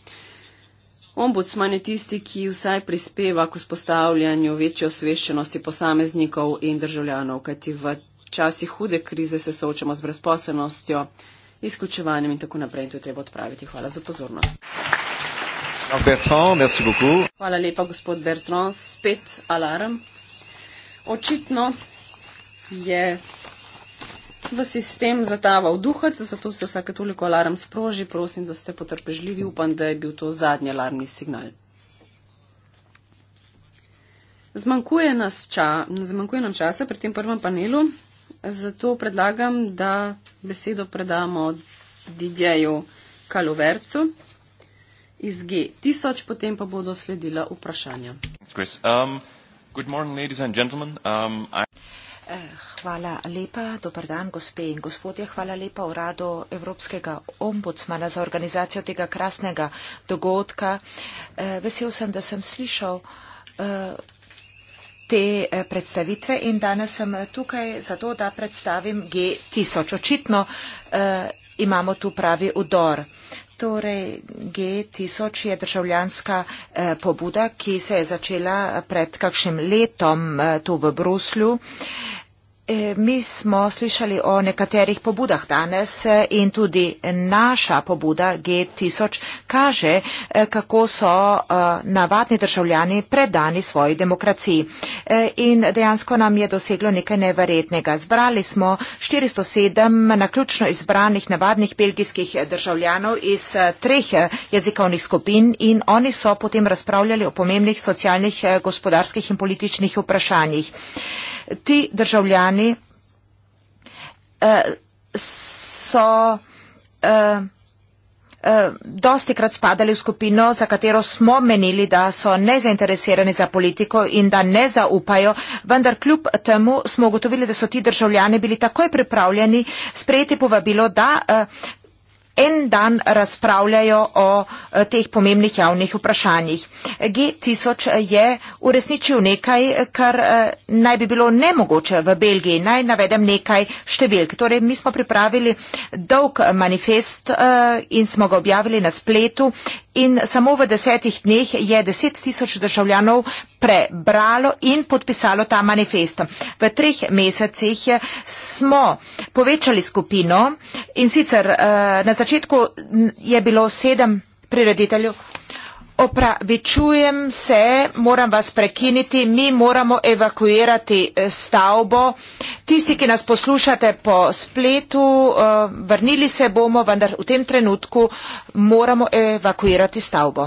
Ombudsman je tisti, ki vsaj prispeva k vzpostavljanju večje osveščenosti posameznikov in državljanov, kajti v časih hude krize se soočamo z brezposobnostjo, izključevanjem in tako naprej. In to je treba odpraviti. Hvala za pozornost. Bertrand, merci beaucoup. Hvala lepa, gospod Bertrand. Spet alarm. Očitno je v sistem zataval duhac, zato se vsake toliko alarm sproži. Prosim, da ste potrpežljivi. Upam, da je bil to zadnji alarmni signal. Zmanjkuje, nas ča, zmanjkuje nam časa pri tem prvem panelu, zato predlagam, da besedo predamo Didjeju Kalovercu iz G1000, potem pa bodo sledila vprašanja. Um, um, eh, hvala lepa, dober dan, gospe in gospodje. Hvala lepa uradu Evropskega ombudsmana za organizacijo tega krasnega dogodka. Eh, vesel sem, da sem slišal eh, te predstavitve in danes sem tukaj zato, da predstavim G1000. Očitno imamo tu pravi udor. Torej, G1000 je državljanska eh, pobuda, ki se je začela pred kakšnim letom eh, tu v Bruslju. E, mi smo slišali o nekaterih pobudah danes e, in tudi naša pobuda G1000 kaže, e, kako so navadni državljani predani svoji demokraciji. In dejansko nam je doseglo nekaj neverjetnega. Zbrali smo 407 naključno izbranih navadnih belgijskih državljanov iz treh jezikovnih skupin in oni so potem razpravljali o pomembnih socialnih, gospodarskih in političnih vprašanjih ti državljani eh, so eh, eh, dosti krat spadali v skupino, za katero smo menili, da so nezainteresirani za politiko in da ne zaupajo, vendar kljub temu smo ugotovili, da so ti državljani bili takoj pripravljeni sprejeti povabilo, da en dan razpravljajo o eh, teh pomembnih javnih vprašanjih. G1000 eh, je uresničil nekaj, eh, kar naj bi bilo nemogoče v Belgiji. Naj navedem nekaj številk. Torej, mi smo pripravili dolg manifest in smo ga objavili na spletu in samo v desetih dneh je deset tisoč državljanov prebralo in podpisalo ta manifest. V treh mesecih smo povečali skupino in sicer eh, na začetku je bilo sedem prirediteljev. Opravičujem se, moram vas prekiniti, mi moramo evakuirati eh, stavbo. Tisti, ki nas poslušate po spletu, eh, vrnili se bomo, vendar v tem trenutku moramo evakuirati stavbo.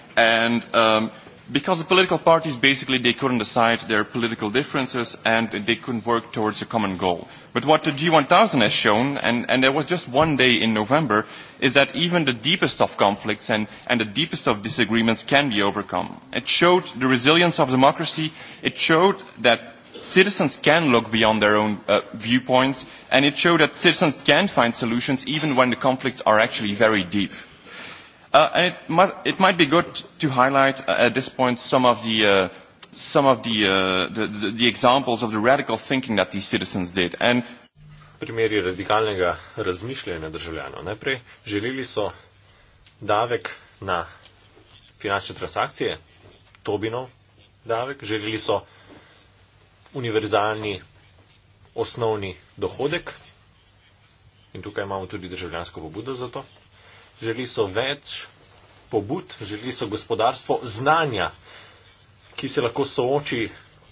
and um, because the political parties basically they couldn't decide their political differences and they couldn't work towards a common goal. But what the G1000 has shown, and, and there was just one day in November, is that even the deepest of conflicts and, and the deepest of disagreements can be overcome. It showed the resilience of democracy, it showed that citizens can look beyond their own uh, viewpoints, and it showed that citizens can find solutions even when the conflicts are actually very deep. Uh, it might be good to highlight uh, at this point some of uh, the examples of the radical thinking that these citizens did. Primeri radikalnega razmišljanja državljanov. Najprej želeli so davek na finančne transakcije, Tobinov davek. Želeli so univerzalni osnovni dohodek in tukaj imamo tudi državljansko pobudo za to želi so več pobud, želi so gospodarstvo znanja, ki se lahko sooči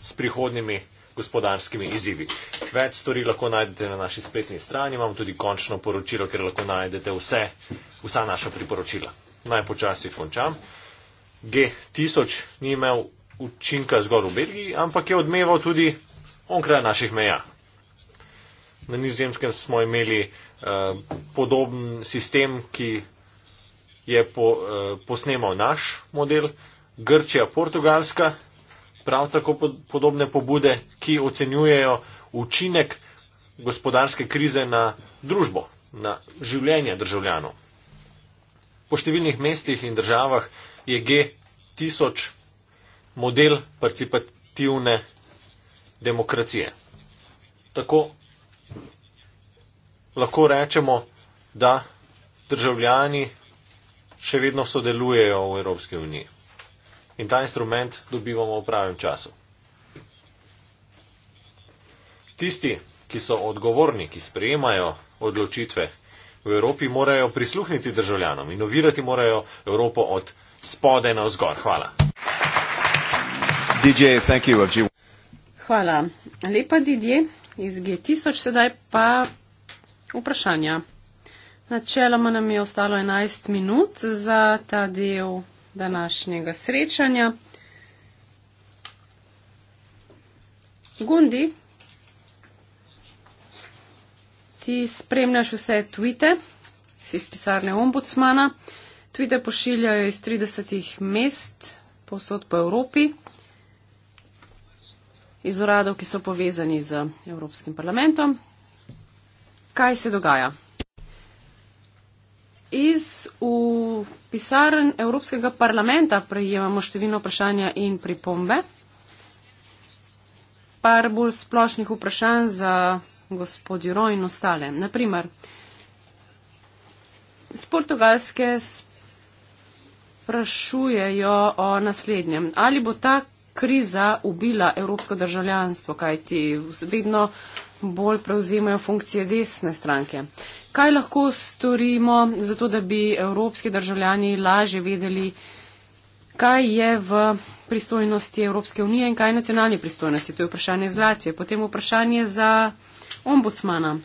s prihodnimi gospodarskimi izzivi. Več stvari lahko najdete na naši spletni strani, imam tudi končno poročilo, kjer lahko najdete vse, vsa naša priporočila. Naj počasi končam. G1000 ni imel učinka zgor v Belgiji, ampak je odmeval tudi onkraj naših meja. Na nizozemskem smo imeli uh, podoben sistem, ki je po, eh, posnemal naš model, Grčija, Portugalska, prav tako pod, podobne pobude, ki ocenjujejo učinek gospodarske krize na družbo, na življenje državljanov. Po številnih mestih in državah je G1000 model participativne demokracije. Tako lahko rečemo, da državljani še vedno sodelujejo v Evropski uniji. In ta instrument dobivamo v pravem času. Tisti, ki so odgovorni, ki sprejemajo odločitve v Evropi, morajo prisluhniti državljanom. Inovirati morajo Evropo od spode na vzgor. Hvala. DJ, Hvala. Lepa Didje iz G1000, sedaj pa vprašanja. Načeloma nam je ostalo 11 minut za ta del današnjega srečanja. Gundi, ti spremljaš vse tweete, si iz pisarne ombudsmana. Tweete pošiljajo iz 30 mest, posod po Evropi, iz uradov, ki so povezani z Evropskim parlamentom. Kaj se dogaja? Iz pisarn Evropskega parlamenta prejemamo številne vprašanja in pripombe. Par bolj splošnih vprašanj za gospod Juro in ostale. Naprimer, z portugalske sprašujejo o naslednjem. Ali bo ta kriza ubila evropsko državljanstvo, kajti vedno bolj prevzemajo funkcije desne stranke. Kaj lahko storimo, zato da bi evropski državljani laže vedeli, kaj je v pristojnosti Evropske unije in kaj je nacionalni pristojnosti? To je vprašanje z Latvije. Potem vprašanje za ombudsmana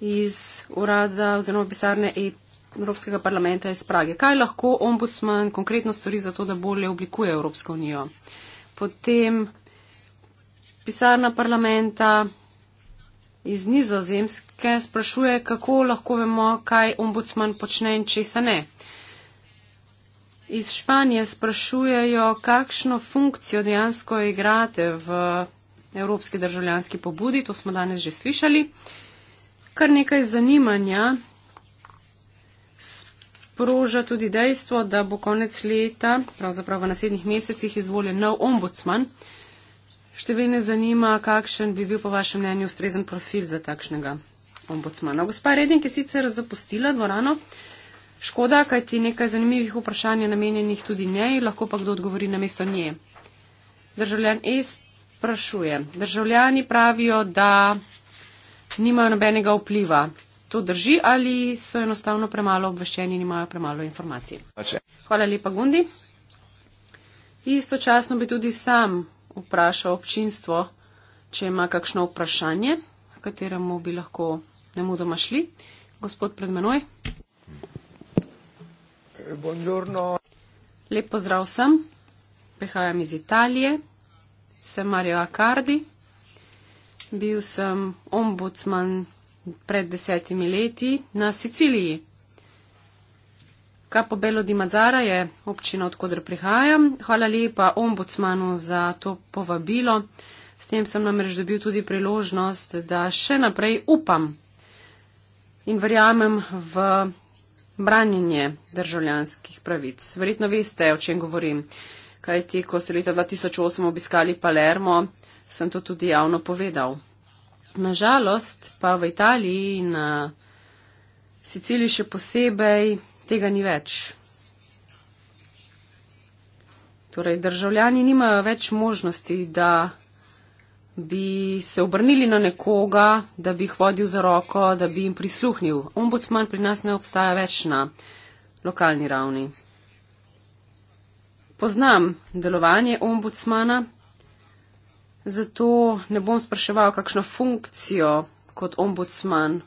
iz urada oziroma pisarne e- Evropskega parlamenta iz Prage. Kaj lahko ombudsman konkretno stori za to, da bolje oblikuje Evropsko unijo? Potem pisarna parlamenta iz Nizozemske sprašuje, kako lahko vemo, kaj ombudsman počne in česa ne. Iz Španije sprašujejo, kakšno funkcijo dejansko igrate v Evropski državljanski pobudi, to smo danes že slišali. Kar nekaj zanimanja sproža tudi dejstvo, da bo konec leta, pravzaprav v naslednjih mesecih, izvoljen nov ombudsman. Številne zanima, kakšen bi bil po vašem mnenju ustrezen profil za takšnega ombudsmana. Gospa Redin, ki je sicer zapustila dvorano, škoda, kaj ti nekaj zanimivih vprašanj je namenjenih tudi njej, lahko pa kdo odgovori na mesto nje. Državljan E sprašuje. Državljani pravijo, da nimajo nobenega vpliva. To drži ali so enostavno premalo obveščeni in imajo premalo informacij? Hvala lepa, Gundi. Istočasno bi tudi sam vpraša občinstvo, če ima kakšno vprašanje, kateremu bi lahko nemudoma šli. Gospod pred menoj. Buongiorno. Lep pozdrav vsem. Prihajam iz Italije. Sem Mario Accardi. Bil sem ombudsman pred desetimi leti na Siciliji. Kapobelo di Mazara je občina, odkudr prihajam. Hvala lepa ombudsmanu za to povabilo. S tem sem namreč dobil tudi priložnost, da še naprej upam in verjamem v branjenje državljanskih pravic. Verjetno veste, o čem govorim. Kaj ti, ko ste leta 2008 obiskali Palermo, sem to tudi javno povedal. Nažalost pa v Italiji in Siciliji še posebej tega ni več. Torej, državljani nimajo več možnosti, da bi se obrnili na nekoga, da bi jih vodil za roko, da bi jim prisluhnil. Ombudsman pri nas ne obstaja več na lokalni ravni. Poznam delovanje ombudsmana, zato ne bom spraševal, kakšno funkcijo kot ombudsman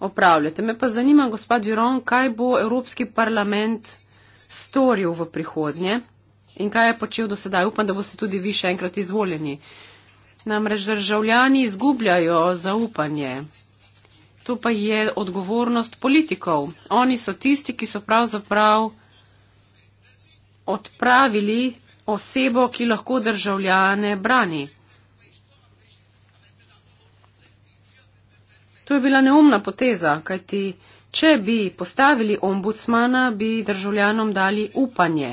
opravljate. Me pa zanima, gospod Žiron, kaj bo Evropski parlament storil v prihodnje in kaj je počel do sedaj. Upam, da boste tudi vi še enkrat izvoljeni. Namreč državljani izgubljajo zaupanje. To pa je odgovornost politikov. Oni so tisti, ki so pravzaprav odpravili osebo, ki lahko državljane brani. To je bila neumna poteza, kajti če bi postavili ombudsmana, bi državljanom dali upanje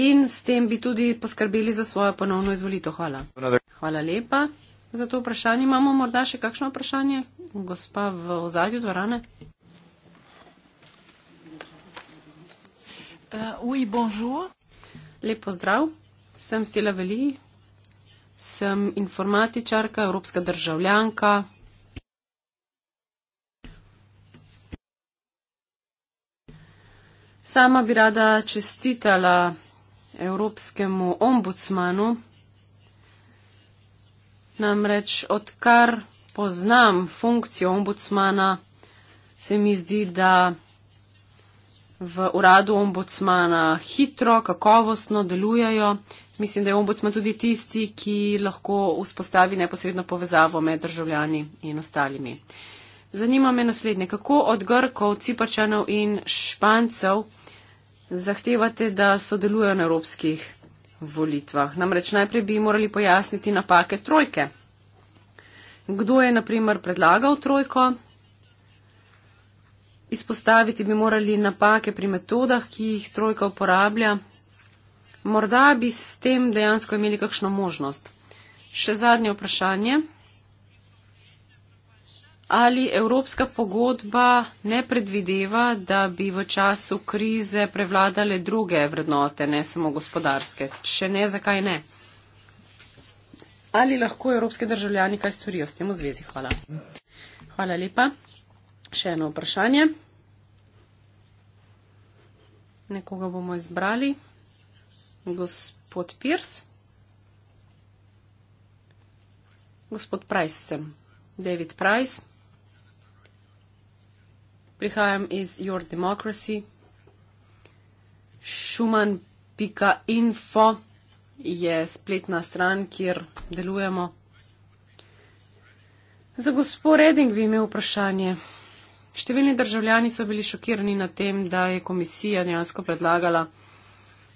in s tem bi tudi poskrbeli za svojo ponovno izvolitev. Hvala. Hvala lepa za to vprašanje. Imamo morda še kakšno vprašanje, gospa v ozadju dvorane? Uh, oui, Lep pozdrav, sem Stila Veliji. Sem informatičarka, evropska državljanka. Sama bi rada čestitala evropskemu ombudsmanu, namreč odkar poznam funkcijo ombudsmana, se mi zdi, da v uradu ombudsmana hitro, kakovostno delujejo mislim, da je ombudsman tudi tisti, ki lahko vzpostavi neposredno povezavo med državljani in ostalimi. Zanima me naslednje, kako od Grkov, Ciparčanov in Špancev zahtevate, da sodelujo na evropskih volitvah? Namreč najprej bi morali pojasniti napake trojke. Kdo je, na primer, predlagal trojko? Izpostaviti bi morali napake pri metodah, ki jih trojka uporablja, Morda bi s tem dejansko imeli kakšno možnost. Še zadnje vprašanje. Ali Evropska pogodba ne predvideva, da bi v času krize prevladale druge vrednote, ne samo gospodarske? Če ne, zakaj ne? Ali lahko evropske državljani kaj storijo s tem v zvezi? Hvala. Hvala lepa. Še eno vprašanje. Nekoga bomo izbrali. Gospod Pirs. Gospod Price sem. David Price. Prihajam iz Your Democracy. Schumann.info je spletna stran, kjer delujemo. Za gospod Reding bi imel vprašanje. Številni državljani so bili šokirani na tem, da je komisija dejansko predlagala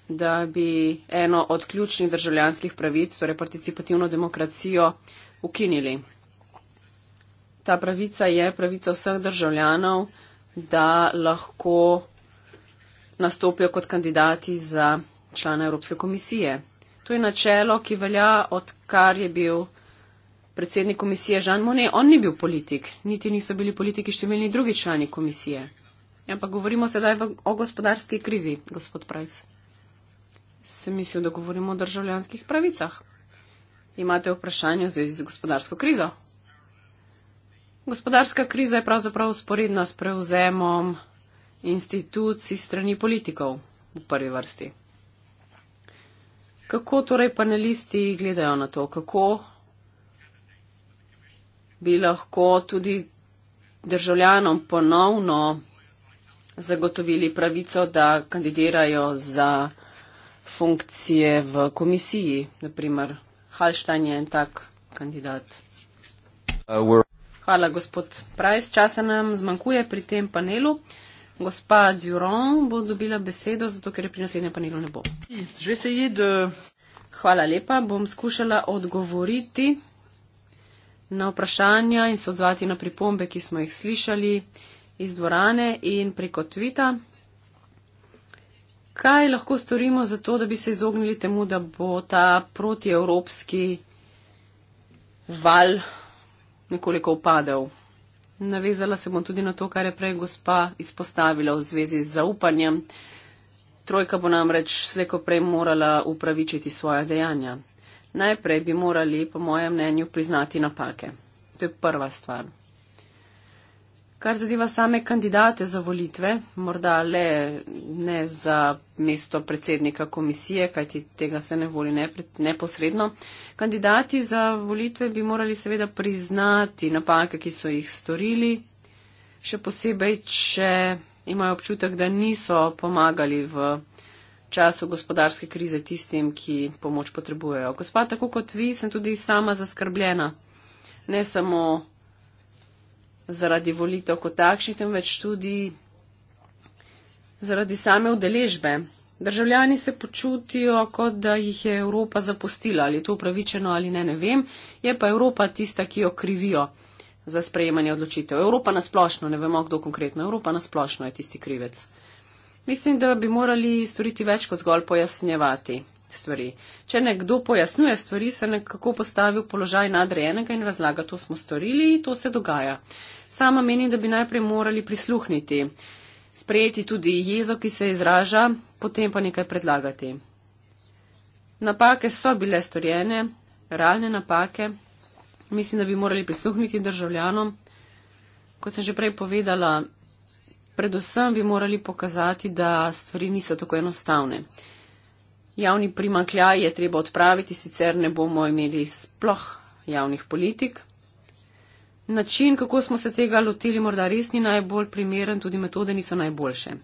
da bi eno od ključnih državljanskih pravic, torej participativno demokracijo, ukinili. Ta pravica je pravica vseh državljanov, da lahko nastopijo kot kandidati za člana Evropske komisije. To je načelo, ki velja, odkar je bil predsednik komisije Žan Monet. On ni bil politik, niti niso bili politiki številni drugi člani komisije. Ja, ampak govorimo sedaj o gospodarski krizi, gospod Price sem mislil, da govorimo o državljanskih pravicah. Imate vprašanje v zvezi z gospodarsko krizo? Gospodarska kriza je pravzaprav usporedna s prevzemom institucij strani politikov v prvi vrsti. Kako torej panelisti gledajo na to? Kako bi lahko tudi državljanom ponovno zagotovili pravico, da kandidirajo za funkcije v komisiji, naprimer Halštajn je en tak kandidat. Hvala, gospod Prajs. Časa nam zmanjkuje pri tem panelu. Gospa Duron bo dobila besedo, zato ker je pri naslednjem panelu ne bo. Hvala lepa. Bom skušala odgovoriti na vprašanja in se odzvati na pripombe, ki smo jih slišali iz dvorane in preko Twita kaj lahko storimo za to, da bi se izognili temu, da bo ta protievropski val nekoliko upadel. Navezala se bom tudi na to, kar je prej gospa izpostavila v zvezi z zaupanjem. Trojka bo namreč sleko prej morala upravičiti svoja dejanja. Najprej bi morali, po mojem mnenju, priznati napake. To je prva stvar. Kar zadeva same kandidate za volitve, morda le ne za mesto predsednika komisije, kajti tega se ne voli neposredno, kandidati za volitve bi morali seveda priznati napake, ki so jih storili, še posebej, če imajo občutek, da niso pomagali v času gospodarske krize tistim, ki pomoč potrebujejo. Gospa, tako kot vi, sem tudi sama zaskrbljena. Ne samo zaradi volitev kot takšnih, temveč tudi zaradi same udeležbe. Državljani se počutijo, kot da jih je Evropa zapustila, ali to upravičeno ali ne, ne vem, je pa Evropa tista, ki jo krivijo za sprejemanje odločitev. Evropa nasplošno, ne vemo kdo konkretno, Evropa nasplošno je tisti krivec. Mislim, da bi morali storiti več kot zgolj pojasnjevati stvari. Če nekdo pojasnjuje stvari, se nekako postavi v položaj nadrejenega in razlaga, to smo storili in to se dogaja. Sama meni, da bi najprej morali prisluhniti, sprejeti tudi jezo, ki se izraža, potem pa nekaj predlagati. Napake so bile storjene, realne napake. Mislim, da bi morali prisluhniti državljanom. Kot sem že prej povedala, predvsem bi morali pokazati, da stvari niso tako enostavne. Javni primankljaj je treba odpraviti, sicer ne bomo imeli sploh javnih politik. Način, kako smo se tega lotili, morda res ni najbolj primeren, tudi metode niso najboljše.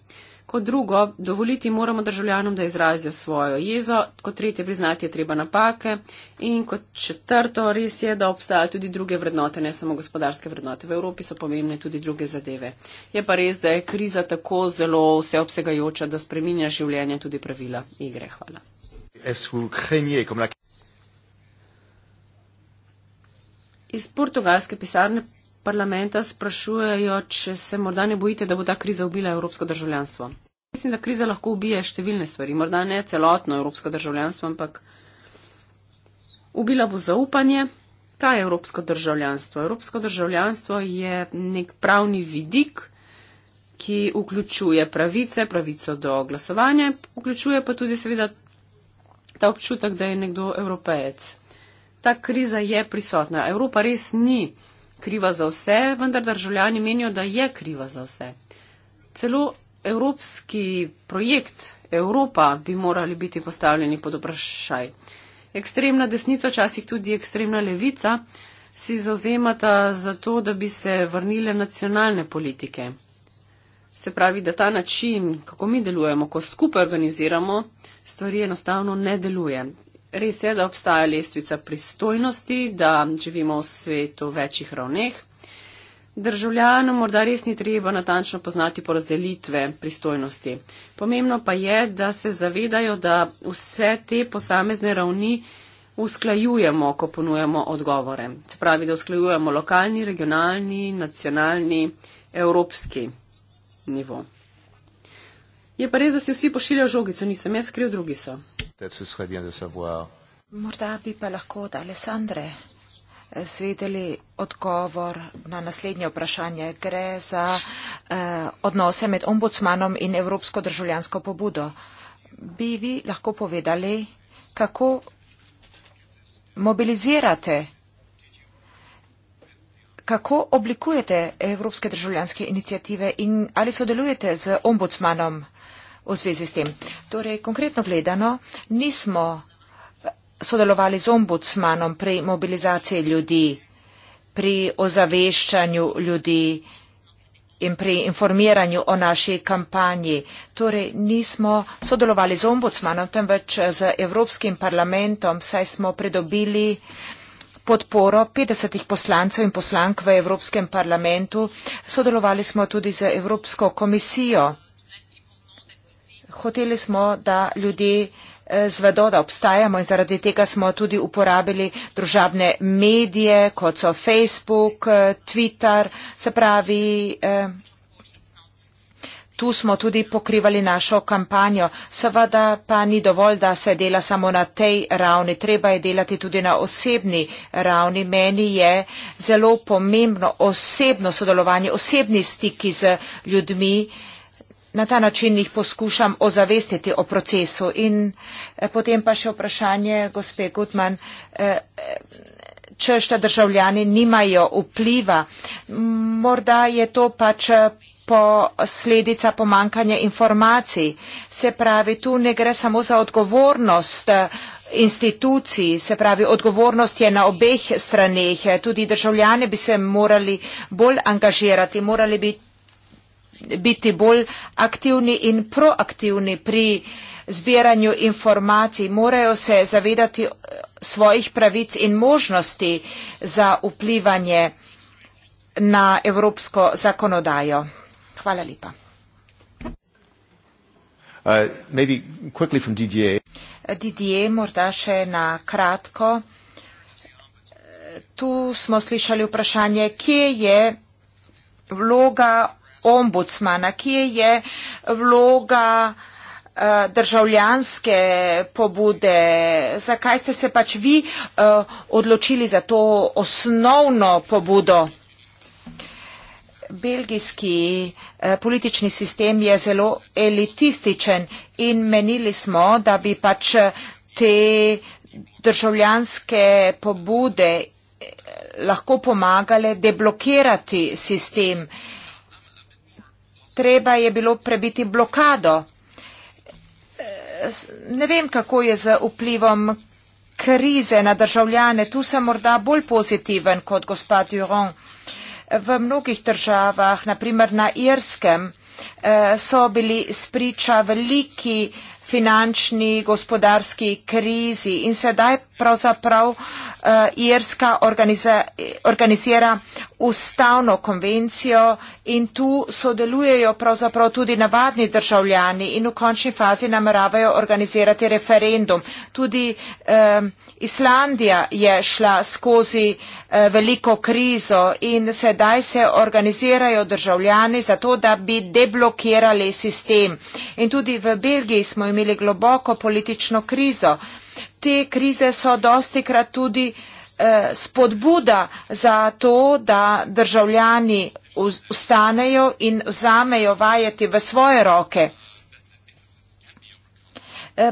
Kot drugo, dovoliti moramo državljanom, da izrazijo svojo jezo, kot tretje, priznati je treba napake in kot četrto, res je, da obstajajo tudi druge vrednote, ne samo gospodarske vrednote. V Evropi so pomembne tudi druge zadeve. Je pa res, da je kriza tako zelo vseobsegajoča, da spreminja življenje tudi pravila igre. Hvala. Iz portugalske pisarne parlamenta sprašujejo, če se morda ne bojite, da bo ta kriza ubila evropsko državljanstvo. Mislim, da kriza lahko ubije številne stvari, morda ne celotno evropsko državljanstvo, ampak ubila bo zaupanje. Kaj je evropsko državljanstvo? Evropsko državljanstvo je nek pravni vidik, ki vključuje pravice, pravico do glasovanja, vključuje pa tudi seveda ta občutek, da je nekdo evropejec. Ta kriza je prisotna. Evropa res ni kriva za vse, vendar državljani menijo, da je kriva za vse. Celo evropski projekt Evropa bi morali biti postavljeni pod vprašaj. Ekstremna desnica, včasih tudi ekstremna levica, si zauzemata za to, da bi se vrnile nacionalne politike. Se pravi, da ta način, kako mi delujemo, ko skupaj organiziramo, stvari enostavno ne deluje. Res je, da obstaja lestvica pristojnosti, da živimo v svetu v večjih ravneh. Državljanom morda res ni treba natančno poznati porazdelitve pristojnosti. Pomembno pa je, da se zavedajo, da vse te posamezne ravni usklajujemo, ko ponujemo odgovore. Se pravi, da usklajujemo lokalni, regionalni, nacionalni, evropski nivo. Je pa res, da si vsi pošiljajo žogico, nisem jaz kriv, drugi so. Peut-être ce serait bien de savoir. Morda bi pa lahko od Alessandre zvedeli eh, odgovor na naslednje vprašanje. Gre za eh, odnose med ombudsmanom in Evropsko državljansko pobudo. Bi vi lahko povedali, kako mobilizirate, kako oblikujete Evropske državljanske inicijative in ali sodelujete z ombudsmanom? v zvezi s tem. Torej, konkretno gledano, nismo sodelovali z ombudsmanom pri mobilizaciji ljudi, pri ozaveščanju ljudi in pri informiranju o naši kampanji. Torej, nismo sodelovali z ombudsmanom, temveč z Evropskim parlamentom, saj smo pridobili podporo 50 poslancev in poslank v Evropskem parlamentu. Sodelovali smo tudi z Evropsko komisijo hoteli smo, da ljudje eh, zvedo, da obstajamo in zaradi tega smo tudi uporabili družabne medije, kot so Facebook, eh, Twitter, se pravi, eh, tu smo tudi pokrivali našo kampanjo. Seveda pa ni dovolj, da se dela samo na tej ravni, treba je delati tudi na osebni ravni. Meni je zelo pomembno osebno sodelovanje, osebni stiki z ljudmi na ta način jih poskušam ozavestiti o procesu. In eh, potem pa še vprašanje, gospe Gutman, eh, eh, češta državljani nimajo vpliva. Morda je to pač posledica pomankanja informacij. Se pravi, tu ne gre samo za odgovornost instituciji, se pravi, odgovornost je na obeh straneh. Tudi državljane bi se morali bolj angažirati, morali bi biti bolj aktivni in proaktivni pri zbiranju informacij, morajo se zavedati eh, svojih pravic in možnosti za vplivanje na evropsko zakonodajo. Hvala lepa. Uh, Didier, morda še na kratko. Tu smo slišali vprašanje, kje je vloga ombudsmana, kje je vloga eh, državljanske pobude, zakaj ste se pač vi eh, odločili za to osnovno pobudo? Belgijski eh, politični sistem je zelo elitističen in menili smo, da bi pač te državljanske pobude lahko pomagale deblokirati sistem treba je bilo prebiti blokado. Ne vem, kako je z vplivom krize na državljane. Tu sem morda bolj pozitiven kot gospod Duron. V mnogih državah, naprimer na Irskem, eh, so bili spriča veliki finančni, gospodarski krizi in sedaj pravzaprav uh, uh, Irska organize, organizira ustavno konvencijo in tu sodelujejo pravzaprav tudi navadni državljani in v končni fazi nameravajo organizirati referendum. Tudi um, Islandija je šla skozi eh, veliko krizo in sedaj se organizirajo državljani za to, da bi deblokirali sistem. In tudi v Belgiji smo imeli globoko politično krizo. Uh, te krize so dosti krat tudi eh, spodbuda za to, da državljani ustanejo in vzamejo vajeti v svoje roke. Eh,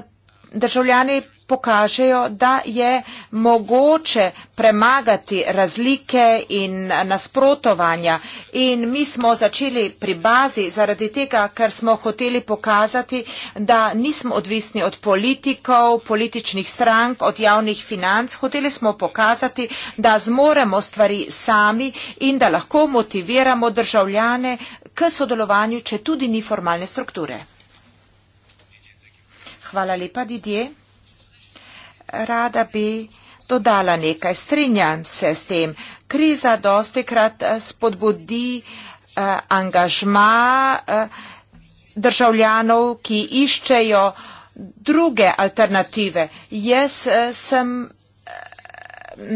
državljani pokažejo, da je mogoče premagati razlike in nasprotovanja. In mi smo začeli pri bazi zaradi tega, ker smo hoteli pokazati, da nismo odvisni od politikov, političnih strank, od javnih financ. Hoteli smo pokazati, da zmoremo stvari sami in da lahko motiviramo državljane k sodelovanju, če tudi ni formalne strukture. Hvala lepa, Didier rada bi dodala nekaj. Strinjam se s tem. Kriza dosti krat eh, spodbudi eh, angažma eh, državljanov, ki iščejo druge alternative. Jaz eh, sem eh,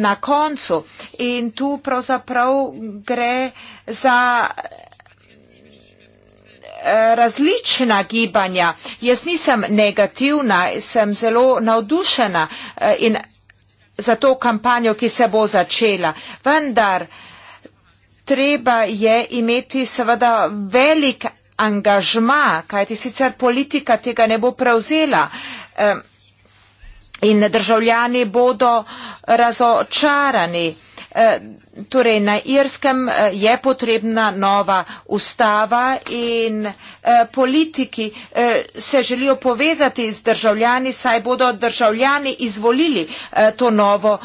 na koncu in tu pravzaprav gre za različna gibanja. Jaz nisem negativna, sem zelo navdušena eh, in za to kampanjo, ki se bo začela. Vendar treba je imeti seveda velik angažma, kajti sicer politika tega ne bo prevzela eh, in državljani bodo razočarani. Eh, torej na Irskem eh, je potrebna nova ustava in eh, politiki se želijo povezati z državljani, saj bodo državljani izvolili to novo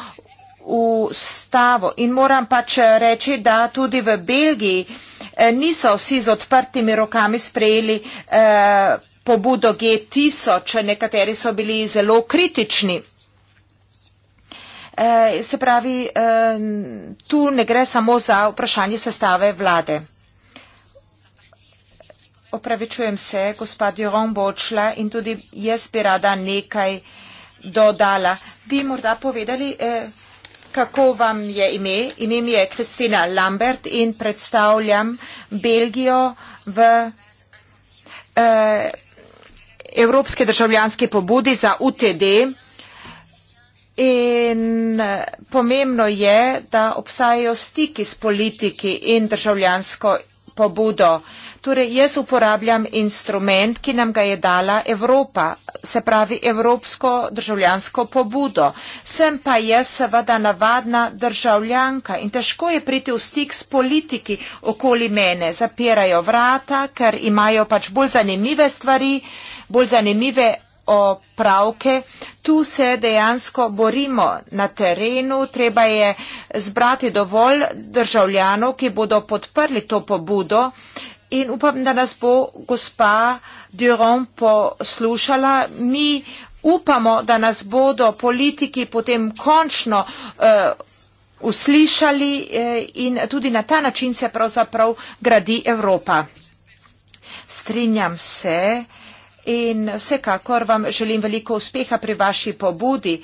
ustavo. In moram pač reči, da tudi v Belgiji niso vsi z odprtimi rokami sprejeli pobudo G1000, nekateri so bili zelo kritični. Eh, se pravi, eh, tu ne gre samo za vprašanje sestave vlade. Opravičujem se, gospa Duron bo odšla in tudi jaz bi rada nekaj dodala. Bi morda povedali, eh, kako vam je ime? Ime mi je Kristina Lambert in predstavljam Belgijo v Evropske državljanske pobudi za UTD. In eh, pomembno je, da obstajajo stiki s politiki in državljansko pobudo. Torej, jaz uporabljam instrument, ki nam ga je dala Evropa, se pravi Evropsko državljansko pobudo. Sem pa jaz seveda navadna državljanka in težko je priti v stik s politiki okoli mene. Zapirajo vrata, ker imajo pač bolj zanimive stvari, bolj zanimive opravke. Tu se dejansko borimo na terenu, treba je zbrati dovolj državljanov, ki bodo podprli to pobudo in upam, da nas bo gospa Duron poslušala. Mi upamo, da nas bodo politiki potem končno uh, uslišali uh, in tudi na ta način se pravzaprav gradi Evropa. Strinjam se. Uh, in vsekakor vam želim veliko uspeha pri vaši pobudi.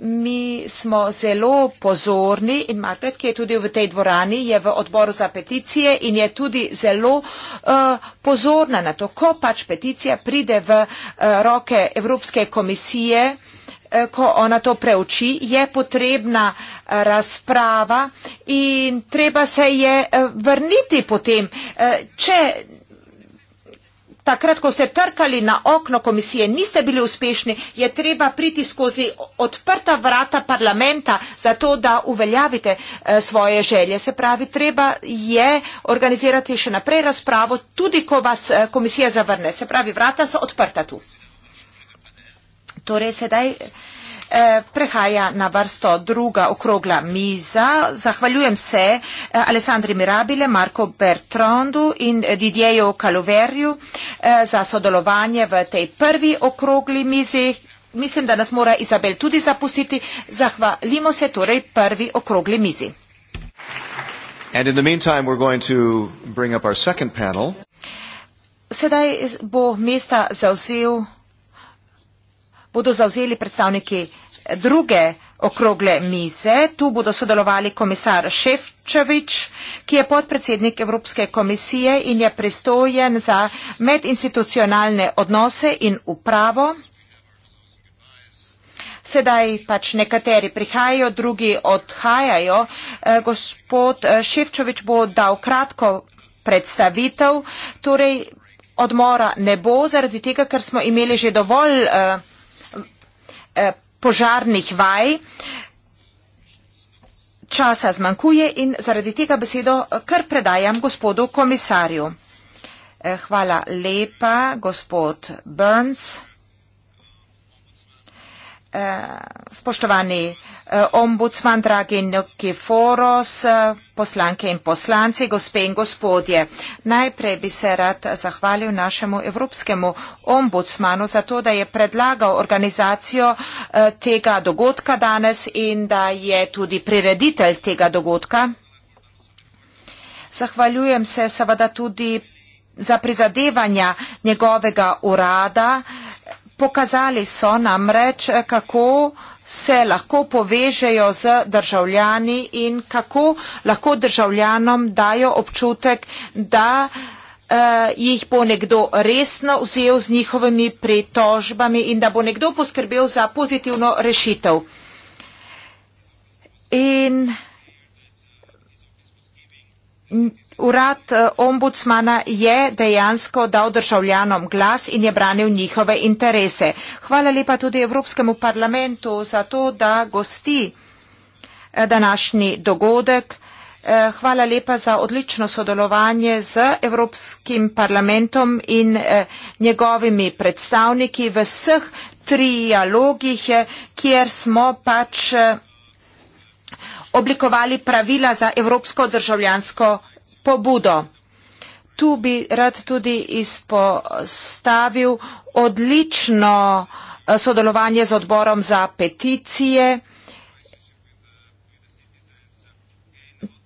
Mi smo zelo pozorni in Margaret, ki je tudi v tej dvorani, je v odboru za peticije in je tudi zelo uh, pozorna na to, ko pač peticija pride v uh, roke Evropske komisije, uh, ko ona to preuči, je potrebna uh, razprava in treba se je uh, vrniti potem. Uh, takrat, ko ste trkali na okno komisije, niste bili uspešni, je treba priti skozi odprta vrata parlamenta za to, da uveljavite eh, svoje želje. Se pravi, treba je organizirati še naprej razpravo, tudi ko vas eh, komisija zavrne. Se pravi, vrata so odprta tu. Torej, sedaj... Uh, Eh, prehaja na vrsto druga okrogla miza. Zahvaljujem se eh, Alessandri Mirabile, Marko Bertrandu in Didieju Kaloverju eh, za sodelovanje v tej prvi okrogli mizi. Mislim, da nas mora Izabel tudi zapustiti. Zahvalimo se torej prvi okrogli mizi. Sedaj bo mesta zauzel bodo zavzeli predstavniki druge okrogle mize. Tu bodo sodelovali komisar Ševčevič, ki je podpredsednik Evropske komisije in je pristojen za medinstitucionalne odnose in upravo. Sedaj pač nekateri prihajajo, drugi odhajajo. Eh, gospod eh, Ševčevič bo dal kratko predstavitev, torej odmora ne bo zaradi tega, ker smo imeli že dovolj uh, Eh, požarnih vaj. Časa zmanjkuje in zaradi tega besedo eh, kar predajam gospodu komisarju. Eh, hvala lepa, gospod Burns. Eh, spoštovani eh, ombudsman, dragi Nuki Foros, eh, poslanke in poslanci, gospe in gospodje. Najprej bi se rad zahvalil našemu evropskemu ombudsmanu za to, da je predlagal organizacijo tega dogodka danes in da je tudi prireditelj tega dogodka. Zahvaljujem se seveda tudi za prizadevanja njegovega urada, Pokazali so namreč, eh, kako se lahko povežejo z državljani in kako lahko državljanom dajo občutek, da eh, jih bo nekdo resno vzel z njihovimi pretožbami in da bo nekdo poskrbel za pozitivno rešitev. In Urad eh, ombudsmana je dejansko dal državljanom glas in je branil njihove interese. Hvala lepa tudi Evropskemu parlamentu za to, da gosti eh, današnji dogodek. Eh, hvala lepa za odlično sodelovanje z Evropskim parlamentom in njegovimi predstavniki v vseh trialogih, kjer smo pač oblikovali pravila za evropsko državljansko pobudo. Tu bi rad tudi izpostavil odlično eh, sodelovanje z odborom za peticije.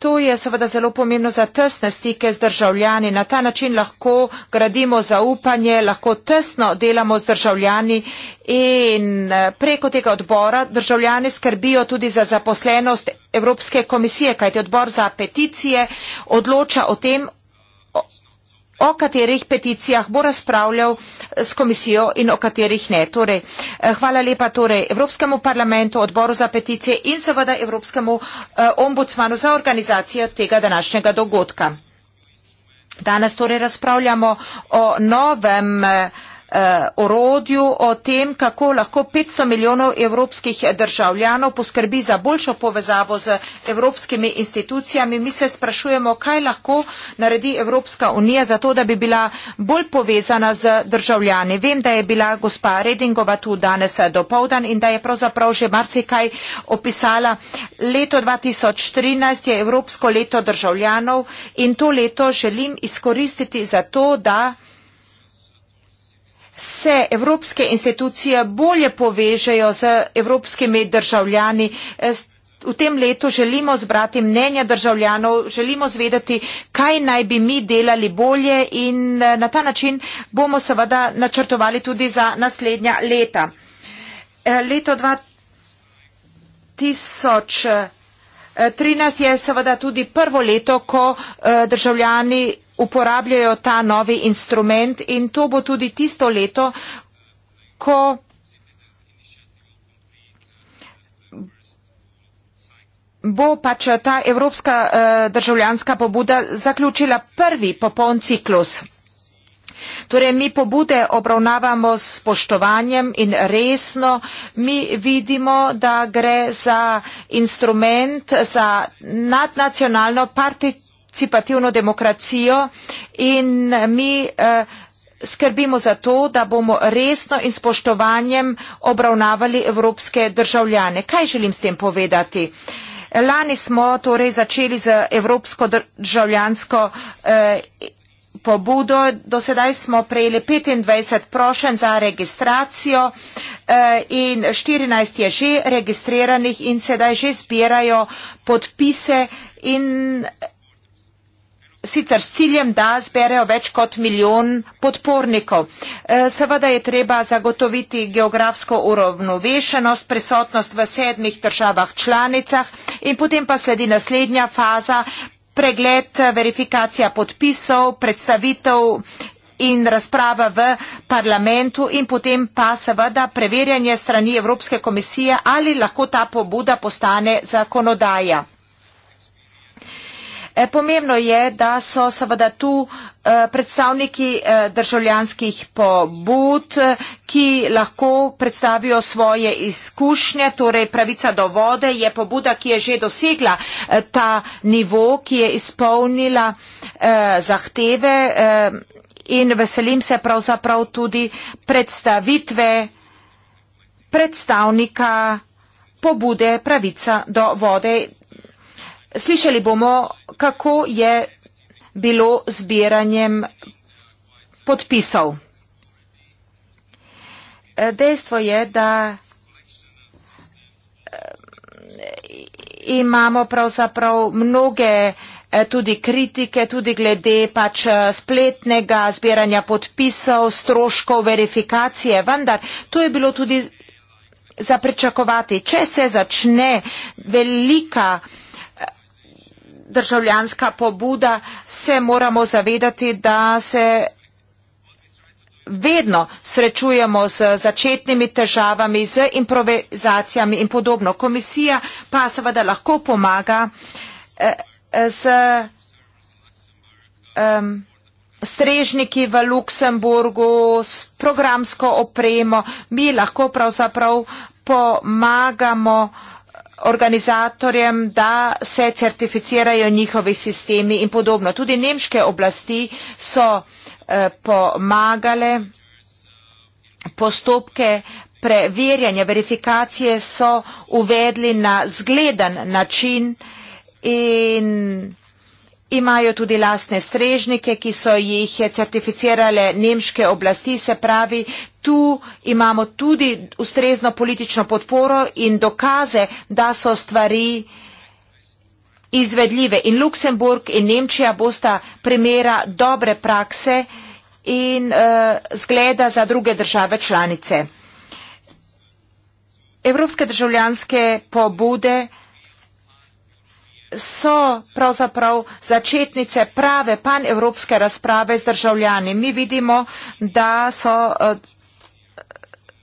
To je seveda zelo pomembno za tesne stike z državljani. Na ta način lahko gradimo zaupanje, lahko tesno delamo z državljani in eh, preko tega odbora državljani skrbijo tudi za zaposlenost Evropske komisije, kajti odbor za peticije odloča o tem, o katerih peticijah bo razpravljal eh, s komisijo in o katerih ne. Torej, eh, hvala lepa torej Evropskemu parlamentu, odboru za peticije in seveda Evropskemu eh, ombudsmanu za organizacijo tega današnjega dogodka. Danes torej razpravljamo o novem eh, Eh, orodju o tem, kako lahko 500 milijonov evropskih državljanov poskrbi za boljšo povezavo z evropskimi institucijami. Mi se sprašujemo, kaj lahko naredi Evropska unija za to, da bi bila bolj povezana z državljani. Vem, da je bila gospa Redingova tu danes eh, dopovdan in da je pravzaprav že marsikaj opisala. Leto 2013 je Evropsko leto državljanov in to leto želim izkoristiti za to, da se evropske institucije bolje povežejo z evropskimi državljani. V tem letu želimo zbrati mnenja državljanov, želimo zvedeti, kaj naj bi mi delali bolje in eh, na ta način bomo seveda načrtovali tudi za naslednja leta. Eh, leto 2013 eh, je seveda tudi prvo leto, ko državljani uporabljajo ta novi instrument in to bo tudi tisto leto, ko bo pač ta evropska uh, državljanska pobuda zaključila prvi popoln ciklus. Torej, mi pobude obravnavamo s spoštovanjem in resno. Mi vidimo, da gre za instrument, za nadnacionalno participacijo participativno demokracijo in eh, mi eh, skrbimo za to, da bomo resno in spoštovanjem obravnavali evropske državljane. Kaj želim s tem povedati? Lani smo torej začeli z evropsko državljansko eh, pobudo. Do sedaj smo prejeli 25 prošen za registracijo in 14 je že registriranih in sedaj že zbirajo podpise in sicer s ciljem, da zberejo več kot milijon podpornikov. E, seveda je treba zagotoviti geografsko uravnovešenost, prisotnost v sedmih državah članicah in potem pa sledi naslednja faza, pregled, verifikacija podpisov, predstavitev in razprava v parlamentu in potem pa seveda preverjanje strani Evropske komisije, ali lahko ta pobuda postane zakonodaja. Eh, pomembno je, da so seveda tu eh, predstavniki eh, državljanskih pobud, ki lahko predstavijo svoje izkušnje, torej pravica do vode je pobuda, ki je že dosegla ta nivo, ki je izpolnila zahteve in veselim se pravzaprav tudi predstavitve predstavnika pobude pravica do vode. Slišali bomo, kako je bilo zbiranjem podpisov. E, dejstvo je, da e, imamo pravzaprav mnoge e, tudi kritike, tudi glede pač spletnega zbiranja podpisov, stroškov, verifikacije, vendar to je bilo tudi za pričakovati. Če se začne velika uh, državljanska pobuda, se moramo zavedati, da se vedno srečujemo z začetnimi težavami, z improvizacijami in podobno. Komisija pa seveda lahko pomaga eh, eh, z strežniki v Luksemburgu, s programsko opremo. Mi lahko pravzaprav pomagamo vsega, organizatorjem, da se certificirajo njihovi sistemi in podobno. Tudi nemške oblasti so eh, pomagale postopke preverjanja, verifikacije so uvedli na zgledan način in Imajo tudi lastne strežnike, ki so jih certificirale nemške oblasti, se pravi, tu imamo tudi ustrezno politično podporo in dokaze, da so stvari izvedljive. In Luksemburg in Nemčija bosta primera dobre prakse in uh, zgleda za druge države članice. Evropske državljanske pobude so pravzaprav začetnice prave panevropske razprave z državljani. Mi vidimo, da so eh,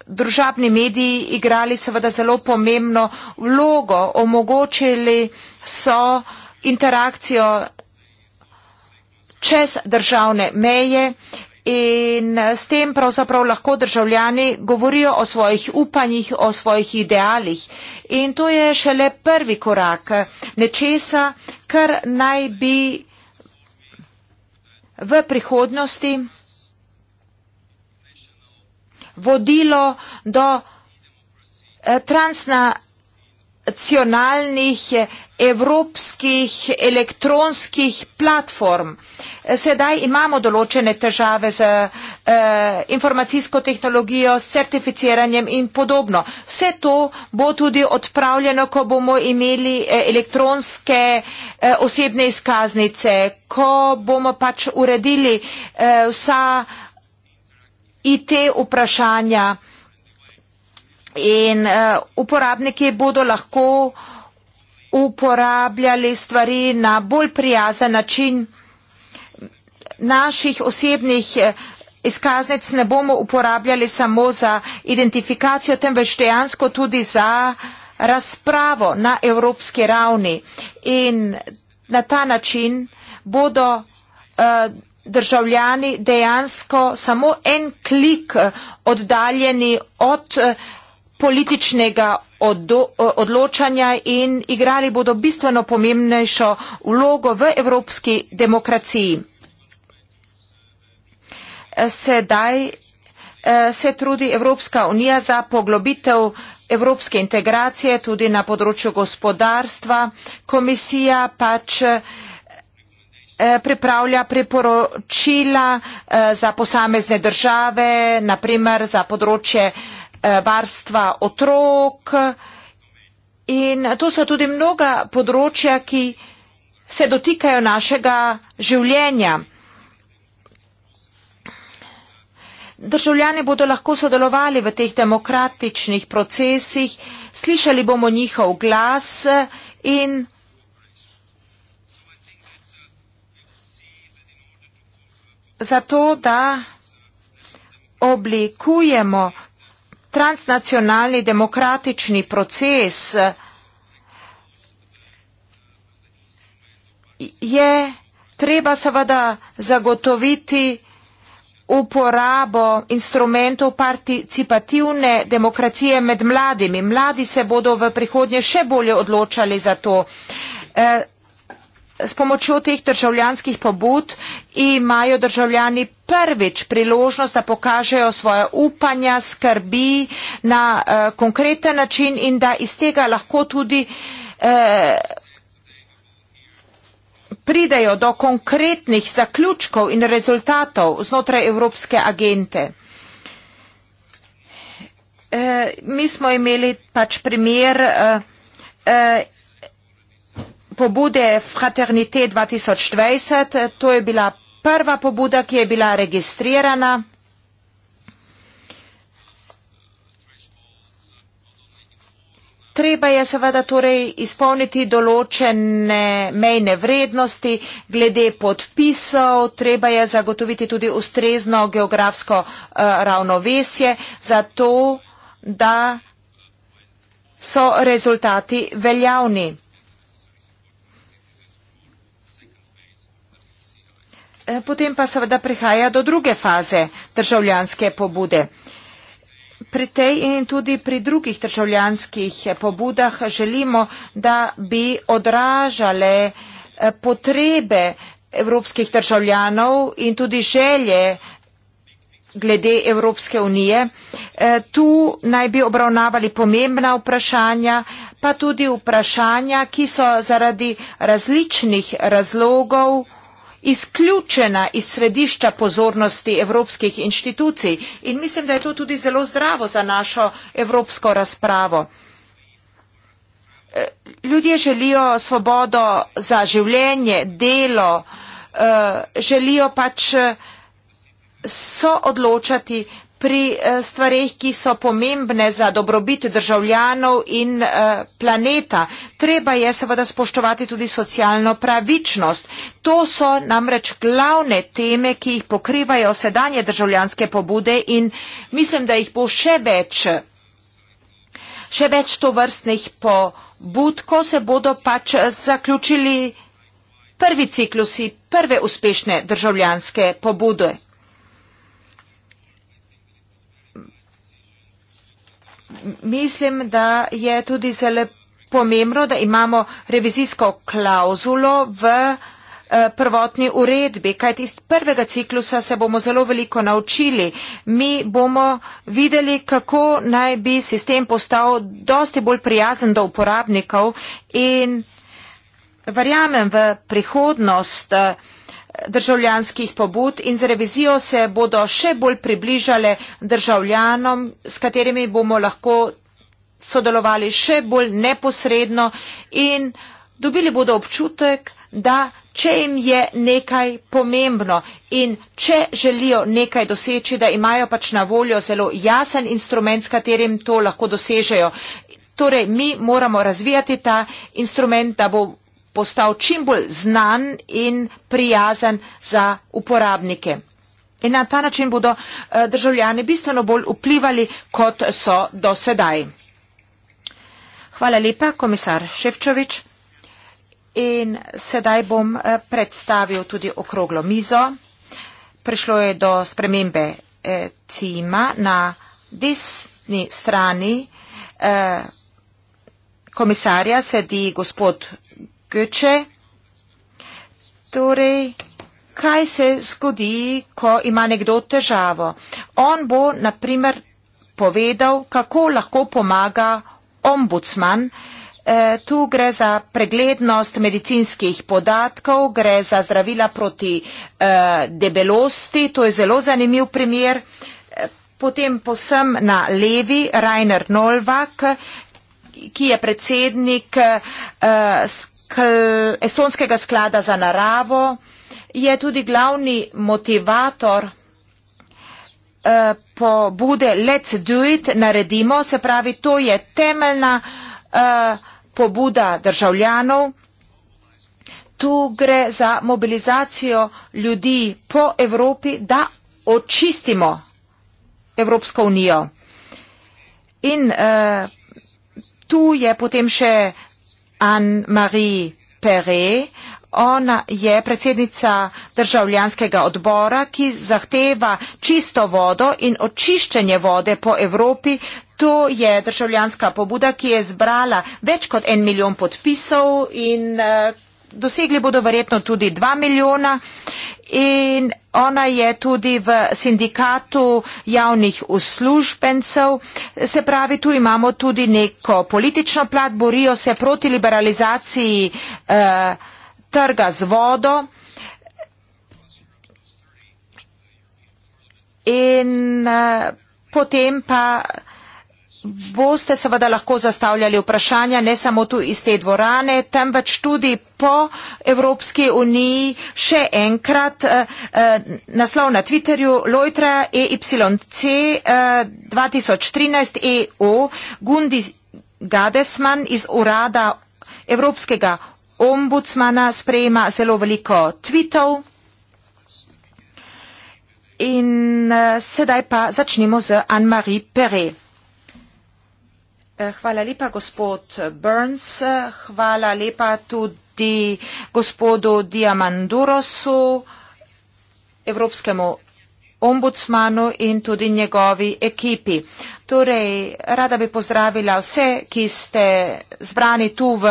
družabni mediji igrali seveda zelo pomembno vlogo, omogočili so interakcijo čez državne meje, In eh, s tem pravzaprav lahko državljani govorijo o svojih upanjih, o svojih idealih. In to je šele prvi korak eh, nečesa, kar naj bi v prihodnosti vodilo do eh, transna nacionalnih evropskih elektronskih platform. Sedaj imamo določene težave z eh, informacijsko tehnologijo, s certificiranjem in podobno. Vse to bo tudi odpravljeno, ko bomo imeli eh, elektronske eh, osebne izkaznice, ko bomo pač uredili eh, vsa IT vprašanja. Eh, In uh, uporabniki bodo lahko uporabljali stvari na bolj prijazen način. Naših osebnih eh, izkaznic ne bomo uporabljali samo za identifikacijo, temveč dejansko tudi za razpravo na evropski ravni. In na ta način bodo uh, državljani dejansko samo en klik oddaljeni od. Uh, političnega odločanja in igrali bodo bistveno pomembnejšo vlogo v evropski demokraciji. Sedaj eh, se trudi Evropska unija za poglobitev evropske integracije tudi na področju gospodarstva. Komisija pač eh, pripravlja priporočila eh, za posamezne države, naprimer za področje eh, Eh, varstva otrok in to so tudi mnoga področja, ki se dotikajo našega življenja. Državljani bodo lahko sodelovali v teh demokratičnih procesih, slišali bomo njihov glas in zato, da oblikujemo transnacionalni demokratični proces je treba seveda zagotoviti uporabo instrumentov participativne demokracije med mladimi. Mladi se bodo v prihodnje še bolje odločali za to. Eh, s pomočjo teh državljanskih pobud imajo državljani prvič priložnost, da pokažejo svoje upanja, skrbi na eh, konkreten način in da iz tega lahko tudi eh, pridejo do konkretnih zaključkov in rezultatov znotraj evropske agente. Eh, mi smo imeli pač primer eh, pobude Fraternite 2020. To je bila prva pobuda, ki je bila registrirana. Treba je seveda torej izpolniti določene mejne vrednosti glede podpisov, treba je zagotoviti tudi ustrezno geografsko uh, ravnovesje, zato da so rezultati veljavni. Eh, potem pa seveda prihaja do druge faze državljanske pobude. Pri tej in tudi pri drugih državljanskih eh, pobudah želimo, da bi odražale eh, potrebe evropskih državljanov in tudi želje glede Evropske unije. Tu naj bi obravnavali pomembna vprašanja, pa tudi vprašanja, ki so zaradi različnih razlogov izključena iz središča pozornosti evropskih inštitucij in mislim, da je to tudi zelo zdravo za našo evropsko razpravo. Eh, ljudje želijo svobodo za življenje, delo, eh, želijo pač eh, so odločati pri eh, stvarih, ki so pomembne za dobrobit državljanov in eh, planeta. Treba je seveda spoštovati tudi socialno pravičnost. To so namreč glavne teme, ki jih pokrivajo sedanje državljanske pobude in mislim, da jih bo še več. Še več tovrstnih pobud, ko se bodo pač zaključili prvi ciklusi prve uspešne državljanske pobude. mislim, da je tudi zelo pomembno, da imamo revizijsko klauzulo v eh, prvotni uredbi, kajti iz prvega ciklusa se bomo zelo veliko naučili. Mi bomo videli, kako naj bi sistem postal dosti bolj prijazen do uporabnikov in verjamem v prihodnost. Uh, državljanskih pobud in z revizijo se bodo še bolj približale državljanom, s katerimi bomo lahko sodelovali še bolj neposredno in dobili bodo občutek, da če jim je nekaj pomembno in če želijo nekaj doseči, da imajo pač na voljo zelo jasen instrument, s katerim to lahko dosežejo. Torej, mi moramo razvijati ta instrument, da bo postal čim bolj znan in prijazen za uporabnike. In na ta način bodo eh, državljani bistveno bolj vplivali, kot so do sedaj. Hvala lepa, komisar Ševčovič. In sedaj bom eh, predstavil tudi okroglo mizo. Prišlo je do spremembe eh, cima na desni strani eh, komisarja sedi gospod Goče. Torej, kaj se zgodi, ko ima nekdo težavo? On bo, na primer, povedal, kako lahko pomaga ombudsman. E, tu gre za preglednost medicinskih podatkov, gre za zdravila proti e, debelosti, to je zelo zanimiv primer. E, potem posem na levi Rainer Nolvak, ki je predsednik e, Estonskega sklada za naravo je tudi glavni motivator eh, pobude Let's do it, naredimo, se pravi, to je temeljna eh, pobuda državljanov. Tu gre za mobilizacijo ljudi po Evropi, da očistimo Evropsko unijo. In uh, tu je potem še uh, Anne-Marie Perret. Ona je predsednica državljanskega odbora, ki zahteva čisto vodo in očiščenje vode po Evropi. To je državljanska pobuda, ki je zbrala več kot en milijon podpisov in uh, dosegli bodo verjetno tudi 2 milijona in ona je tudi v sindikatu javnih uslužbencev. Se pravi, tu imamo tudi neko politično plat, borijo se proti liberalizaciji eh, trga z vodo. In eh, potem pa boste seveda lahko zastavljali vprašanja ne samo tu iz te dvorane, temveč tudi po Evropski uniji še enkrat eh, eh naslov na Twitterju Lojtra EYC eh, 2013 EO Gundi Gadesman iz urada Evropskega ombudsmana sprejema zelo veliko tweetov. In eh, sedaj pa začnimo z Anne-Marie Perret. Eh, hvala lepa, gospod Burns. Hvala lepa tudi gospodu Diamandurosu, evropskemu ombudsmanu in tudi njegovi ekipi. Torej, rada bi pozdravila vse, ki ste zbrani tu v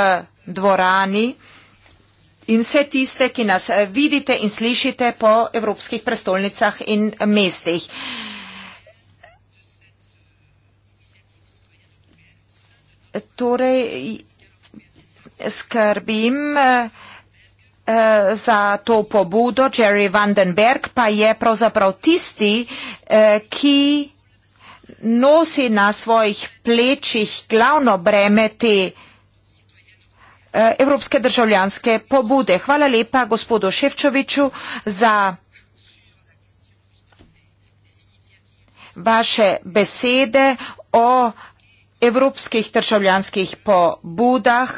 dvorani in vse tiste, ki nas vidite in slišite po evropskih prestolnicah in mestih. torej skrbim eh, eh, za to pobudo. Jerry Vandenberg pa je pravzaprav tisti, eh, ki nosi na svojih plečih glavno breme te evropske državljanske pobude. Hvala lepa gospodu Ševčoviču za vaše besede o evropskih državljanskih pobudah.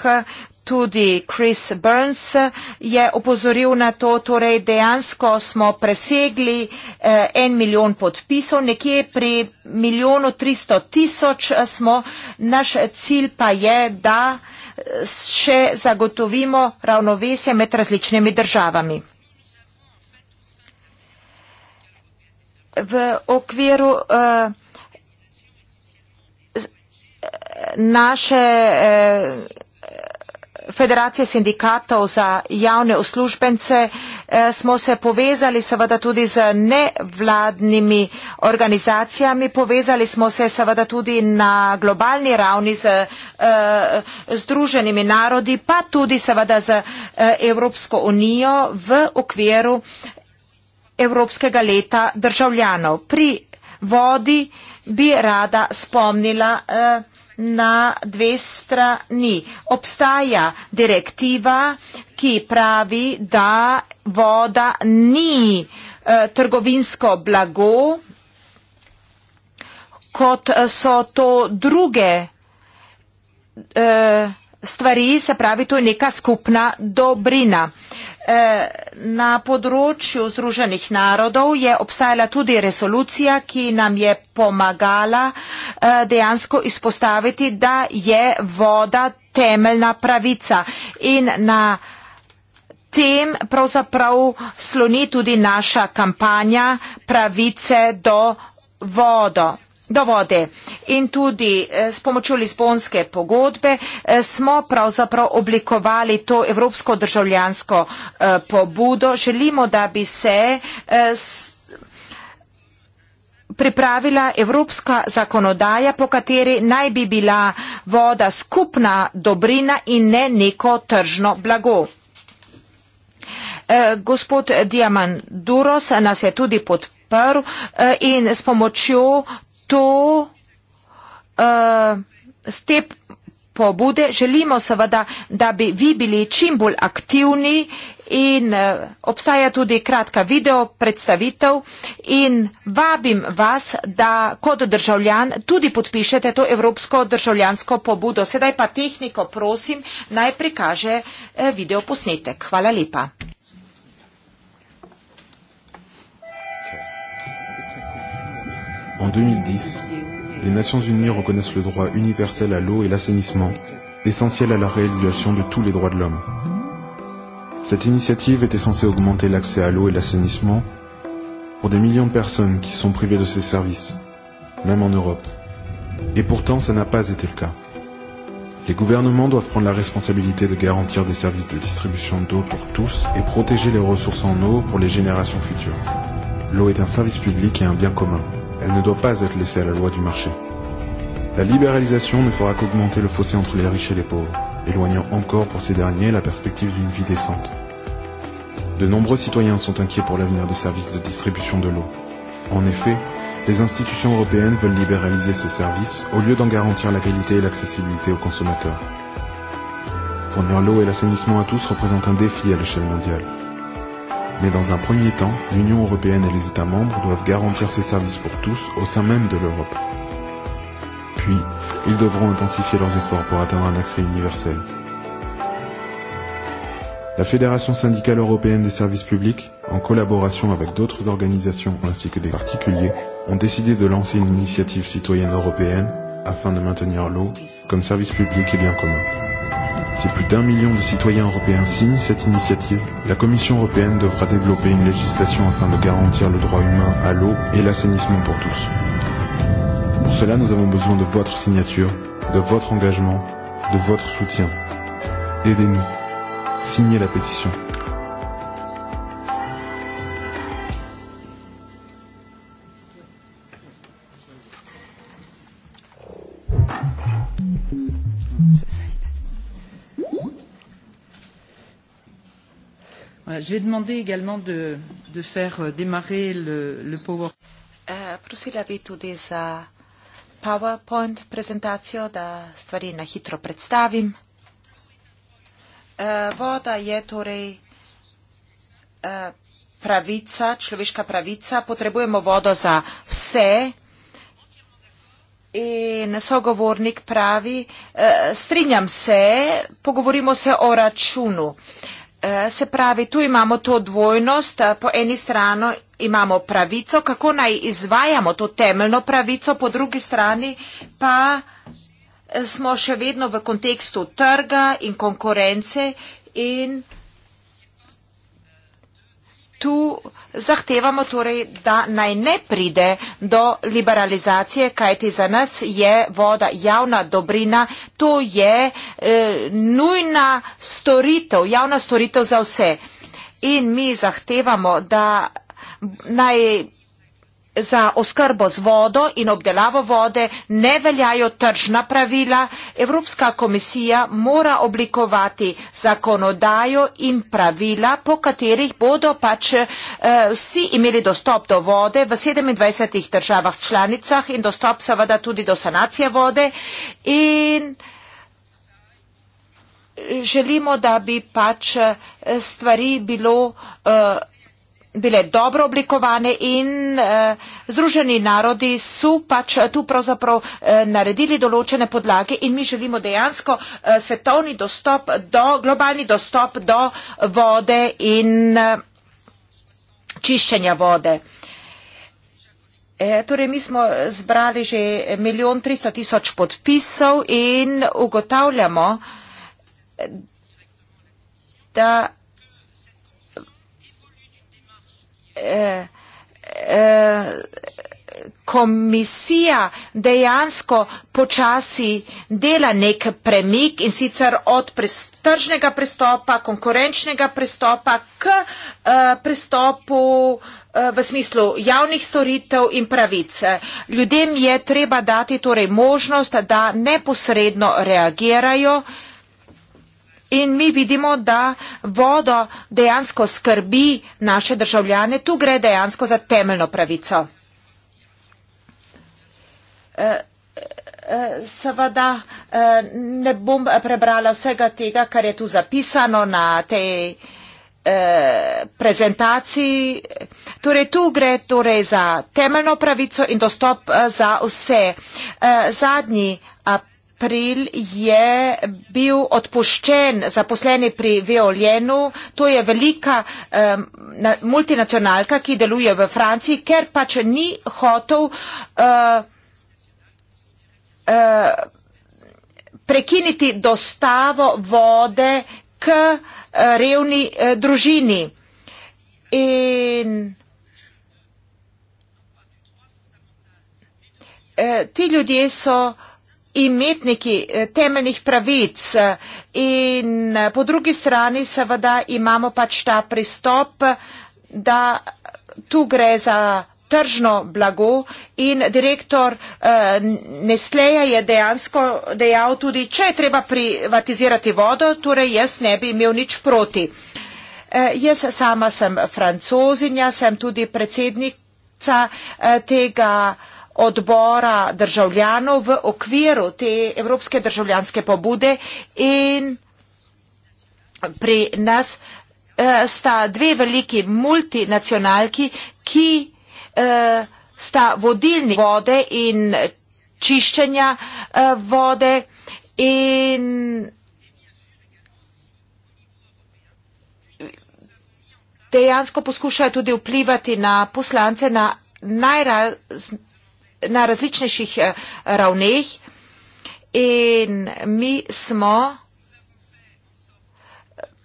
Tudi Chris Burns je opozoril na to, torej dejansko smo presegli eh, en milijon podpisov, nekje pri milijonu tristo tisoč eh, smo, naš cilj pa je, da eh, še zagotovimo ravnovesje med različnimi državami. V okviru uh, naše eh, federacije sindikatov za javne uslužbence eh, smo se povezali seveda tudi z nevladnimi organizacijami, povezali smo se seveda tudi na globalni ravni z eh, združenimi narodi, pa tudi seveda z Evropsko unijo v okviru Evropskega leta državljanov. Pri vodi bi rada spomnila eh, na dve strani. Obstaja direktiva, ki pravi, da voda ni e, trgovinsko blago, kot eh, so to druge e, stvari, se pravi, to je neka skupna dobrina. Eh, na področju Združenih narodov je obstajala tudi resolucija, ki nam je pomagala eh, dejansko izpostaviti, da je voda temeljna pravica in na tem pravzaprav sloni tudi naša kampanja pravice do vodo do vode. In tudi eh, s pomočjo Lizbonske pogodbe eh, smo pravzaprav oblikovali to evropsko državljansko eh, pobudo. Želimo, da bi se pripravila evropska zakonodaja, po kateri naj bi bila voda skupna dobrina in ne neko tržno blago. Gospod Diamanduros nas je tudi podprl in s pomočjo to, eh, s te pobude želimo seveda, da bi vi bili čim bolj aktivni in eh, obstaja tudi kratka video predstavitev in vabim vas, da kot državljan tudi podpišete to evropsko državljansko pobudo. Sedaj pa tehniko prosim, naj prikaže eh, video posnetek. Hvala lepa. en 2010, les Nations Unies reconnaissent le droit universel à l'eau et l'assainissement, essentiel à la réalisation de tous les droits de l'homme. Cette initiative était censée augmenter l'accès à l'eau et l'assainissement pour des millions de personnes qui sont privées de ces services, même en Europe. Et pourtant, ça n'a pas été le cas. Les gouvernements doivent prendre la responsabilité de garantir des services de distribution d'eau pour tous et protéger les ressources en eau pour les générations futures. L'eau est un service public et un bien commun elle ne doit pas être laissée à la loi du marché. La libéralisation ne fera qu'augmenter le fossé entre les riches et les pauvres, éloignant encore pour ces derniers la perspective d'une vie décente. De nombreux citoyens sont inquiets pour l'avenir des services de distribution de l'eau. En effet, les institutions européennes veulent libéraliser ces services au lieu d'en garantir la qualité et l'accessibilité aux consommateurs. Fournir l'eau et l'assainissement à tous représente un défi à l'échelle mondiale. Mais dans un premier temps, l'Union européenne et les États membres doivent garantir ces services pour tous au sein même de l'Europe. Puis, ils devront intensifier leurs efforts pour atteindre un accès universel. La Fédération syndicale européenne des services publics, en collaboration avec d'autres organisations ainsi que des particuliers, ont décidé de lancer une initiative citoyenne européenne afin de maintenir l'eau comme service public et bien commun. Si plus d'un million de citoyens européens signent cette initiative, la Commission européenne devra développer une législation afin de garantir le droit humain à l'eau et l'assainissement pour tous. Pour cela, nous avons besoin de votre signature, de votre engagement, de votre soutien. Aidez-nous. Signez la pétition. Je vais demander également de, de faire euh, démarrer le, le PowerPoint. Uh, prosila bi tudi za PowerPoint prezentacijo, da stvari na hitro predstavim. Uh, voda je torej uh, pravica, človeška pravica. Potrebujemo vodo za vse. In sogovornik pravi, uh, strinjam se, pogovorimo se o računu. Uh, Eh, se pravi, tu imamo to dvojnost, eh, po eni strani imamo pravico, kako naj izvajamo to temeljno pravico, po drugi strani pa eh, smo še vedno v kontekstu trga in konkurence in tu zahtevamo torej, da naj ne pride do liberalizacije, kajti za nas je voda javna dobrina, to je e, nujna storitev, javna storitev za vse. In mi zahtevamo, da naj za oskrbo z vodo in obdelavo vode ne veljajo tržna pravila, Evropska komisija mora oblikovati zakonodajo in pravila, po katerih bodo pač eh, vsi imeli dostop do vode v 27 državah članicah in dostop seveda tudi do sanacije vode. In eh, želimo, da bi pač eh, stvari bilo eh, bile dobro oblikovane in eh, Združeni narodi so pač eh, tu pravzaprav eh, naredili določene podlage in mi želimo dejansko eh, svetovni dostop do, globalni dostop do vode in eh, čiščenja vode. E, torej, mi smo zbrali že milijon tristo tisoč podpisov in ugotavljamo, da komisija dejansko počasi dela nek premik in sicer od tržnega pristopa, konkurenčnega pristopa k eh, pristopu eh, v smislu javnih storitev in pravic. Ljudem je treba dati torej možnost, da neposredno reagirajo. In mi vidimo, da vodo dejansko skrbi naše državljane, tu gre dejansko za temeljno pravico. Eh, eh, seveda eh, ne bom prebrala vsega tega, kar je tu zapisano na tej prezentaciji. Torej, tu gre torej za temeljno pravico in dostop za vse. Zadnji april je bil odpuščen zaposleni pri Veoljenu, to je velika um, multinacionalka, ki deluje v Franciji, ker pač ni hotel uh, uh, prekiniti dostavo vode k eh, revni uh, družini. In uh, ti ljudje so imetniki eh, temeljnih pravic eh, in eh, po drugi strani seveda imamo pač ta pristop, da tu gre za tržno blago in direktor uh, Nesleja je dejansko dejal tudi, če je treba privatizirati vodo, torej jaz ne bi imel nič proti. Uh, jaz sama sem francozinja, sem tudi predsednica uh, tega uh, odbora državljanov v okviru te evropske državljanske pobude in pri nas eh, sta dve veliki multinacionalki, ki eh, sta vodilni vode in čiščenja eh, vode in dejansko poskušajo tudi vplivati na poslance na najrazne na različnejših eh, ravneh in mi smo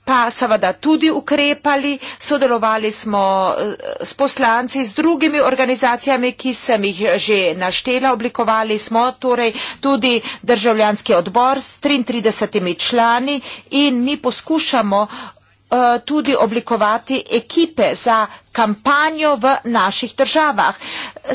pa seveda tudi ukrepali, sodelovali smo eh, s poslanci, z drugimi organizacijami, ki sem jih eh, že naštela, oblikovali smo torej tudi državljanski odbor s 33 člani in mi poskušamo Eh, tudi oblikovati ekipe za kampanjo v naših državah.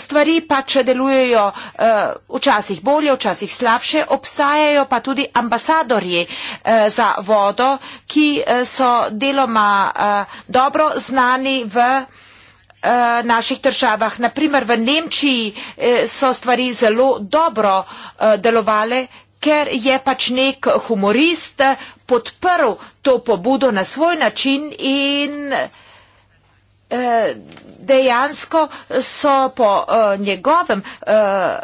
Stvari pač delujejo eh, včasih bolje, včasih slabše, obstajajo pa tudi ambasadorji eh, za vodo, ki so deloma dobro znani v naših državah. Naprimer v Nemčiji so stvari zelo dobro delovale, ker je pač nek humorist podprl to pobudo na svoj način in eh, dejansko so po eh, njegovem eh,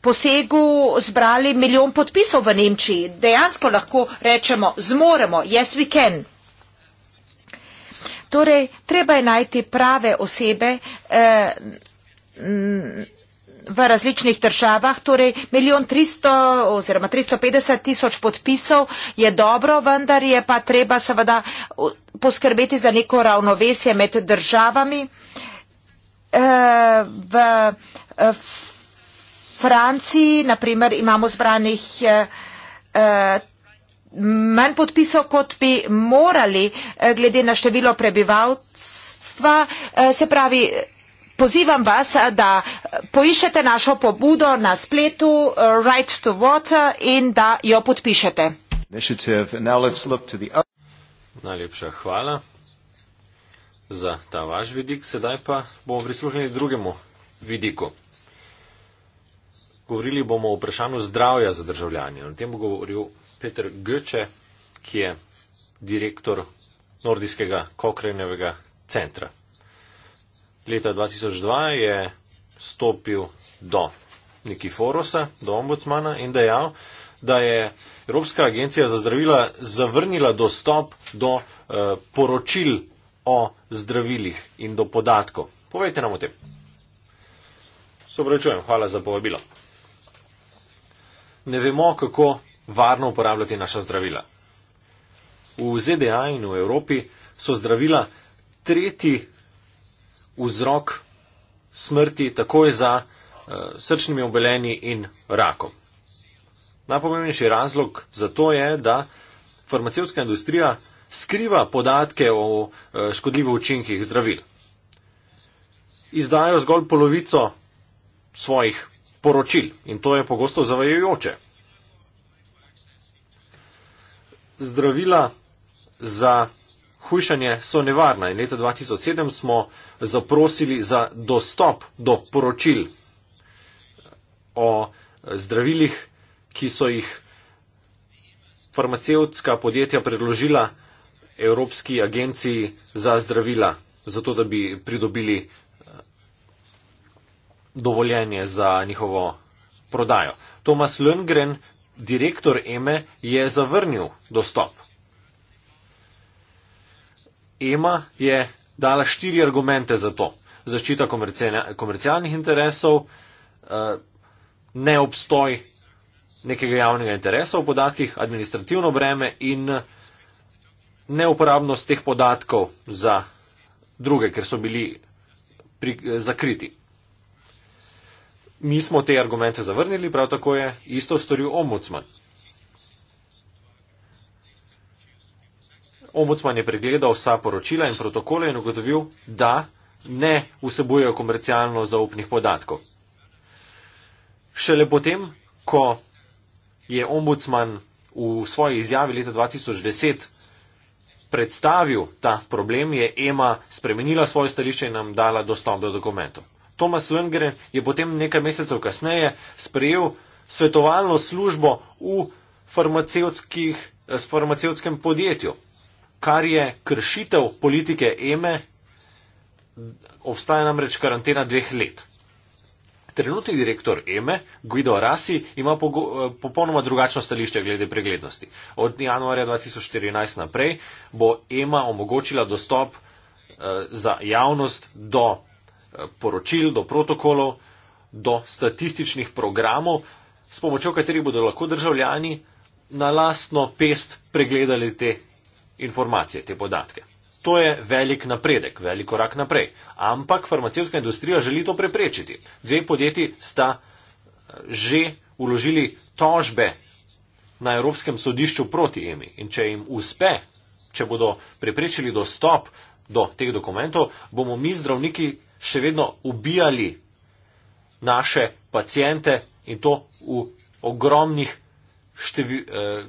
posegu zbrali milijon podpisov v Nemčiji. Dejansko lahko rečemo, zmoremo, yes we can. Torej, treba je najti prave osebe, v različnih državah, torej milijon 300 oziroma 350 tisoč podpisov je dobro, vendar je pa treba seveda poskrbeti za neko ravnovesje med državami. Eh, v eh, Franciji, naprimer, imamo zbranih eh, manj podpisov, kot bi morali, glede na število prebivalstva, se pravi, pozivam vas, da poiščete našo pobudo na spletu eh, Right to Water in da jo podpišete. Najlepša hvala za ta vaš vidik. Sedaj pa bomo prisluhnili drugemu vidiku. Govorili bomo o vprašanju zdravja za državljanje. O tem bo govoril Peter Göče, ki je direktor Nordijskega Kokrejnevega centra leta 2002 je stopil do Nikiforosa, do ombudsmana in dejal, da je Evropska agencija za zdravila zavrnila dostop do eh, poročil o zdravilih in do podatkov. Povejte nam o tem. Se obračujem, hvala za povabilo. Ne vemo, kako varno uporabljati naša zdravila. V ZDA in v Evropi so zdravila tretji vzrok smrti takoj za uh, srčnimi obolenji in rakom. Najpomembnejši razlog za to je, da farmacevtska industrija skriva podatke o uh, škodljivih učinkih zdravil. Izdajo zgolj polovico svojih poročil in to je pogosto zavajajoče. Zdravila za hujšanje so nevarna in leta 2007 smo zaprosili za dostop do poročil o zdravilih, ki so jih farmacevtska podjetja predložila Evropski agenciji za zdravila, zato da bi pridobili eh, dovoljenje za njihovo prodajo. Tomas Lundgren, direktor EME, je zavrnil dostop. EMA je dala štiri argumente za to. Zaščita komercialnih interesov, eh, neobstoj nekega javnega interesa v podatkih, administrativno breme in neuporabnost teh podatkov za druge, ker so bili pri, zakriti. Mi smo te argumente zavrnili, prav tako je isto storil ombudsman. Ombudsman je pregledal vsa poročila in protokole in ugotovil, da ne vsebujejo komercialno zaupnih podatkov. Šele potem, ko je ombudsman v svoji izjavi leta 2010 predstavil ta problem, je EMA spremenila svoje stališče in nam dala dostop do dokumentov. Tomas Lundgren je potem nekaj mesecev kasneje sprejel svetovalno službo v farmacevtskem podjetju kar je kršitev politike EME, e, obstaja namreč karantena dveh let. Trenutni direktor EME, e, Guido Rasi, ima popolnoma drugačno stališče glede preglednosti. Od januarja 2014 naprej bo EMA e omogočila dostop eh, za javnost do eh, poročil, do protokolov, do statističnih programov, s pomočjo katerih bodo lahko državljani na lastno pest pregledali te informacije, te podatke. To je velik napredek, velik korak naprej. Ampak farmacevska industrija želi to preprečiti. Dve podjetji sta eh, že uložili tožbe na Evropskem sodišču proti EMI. In če jim uspe, če bodo preprečili dostop do teh dokumentov, bomo mi zdravniki še vedno ubijali naše pacijente in to v ogromnih števil, eh,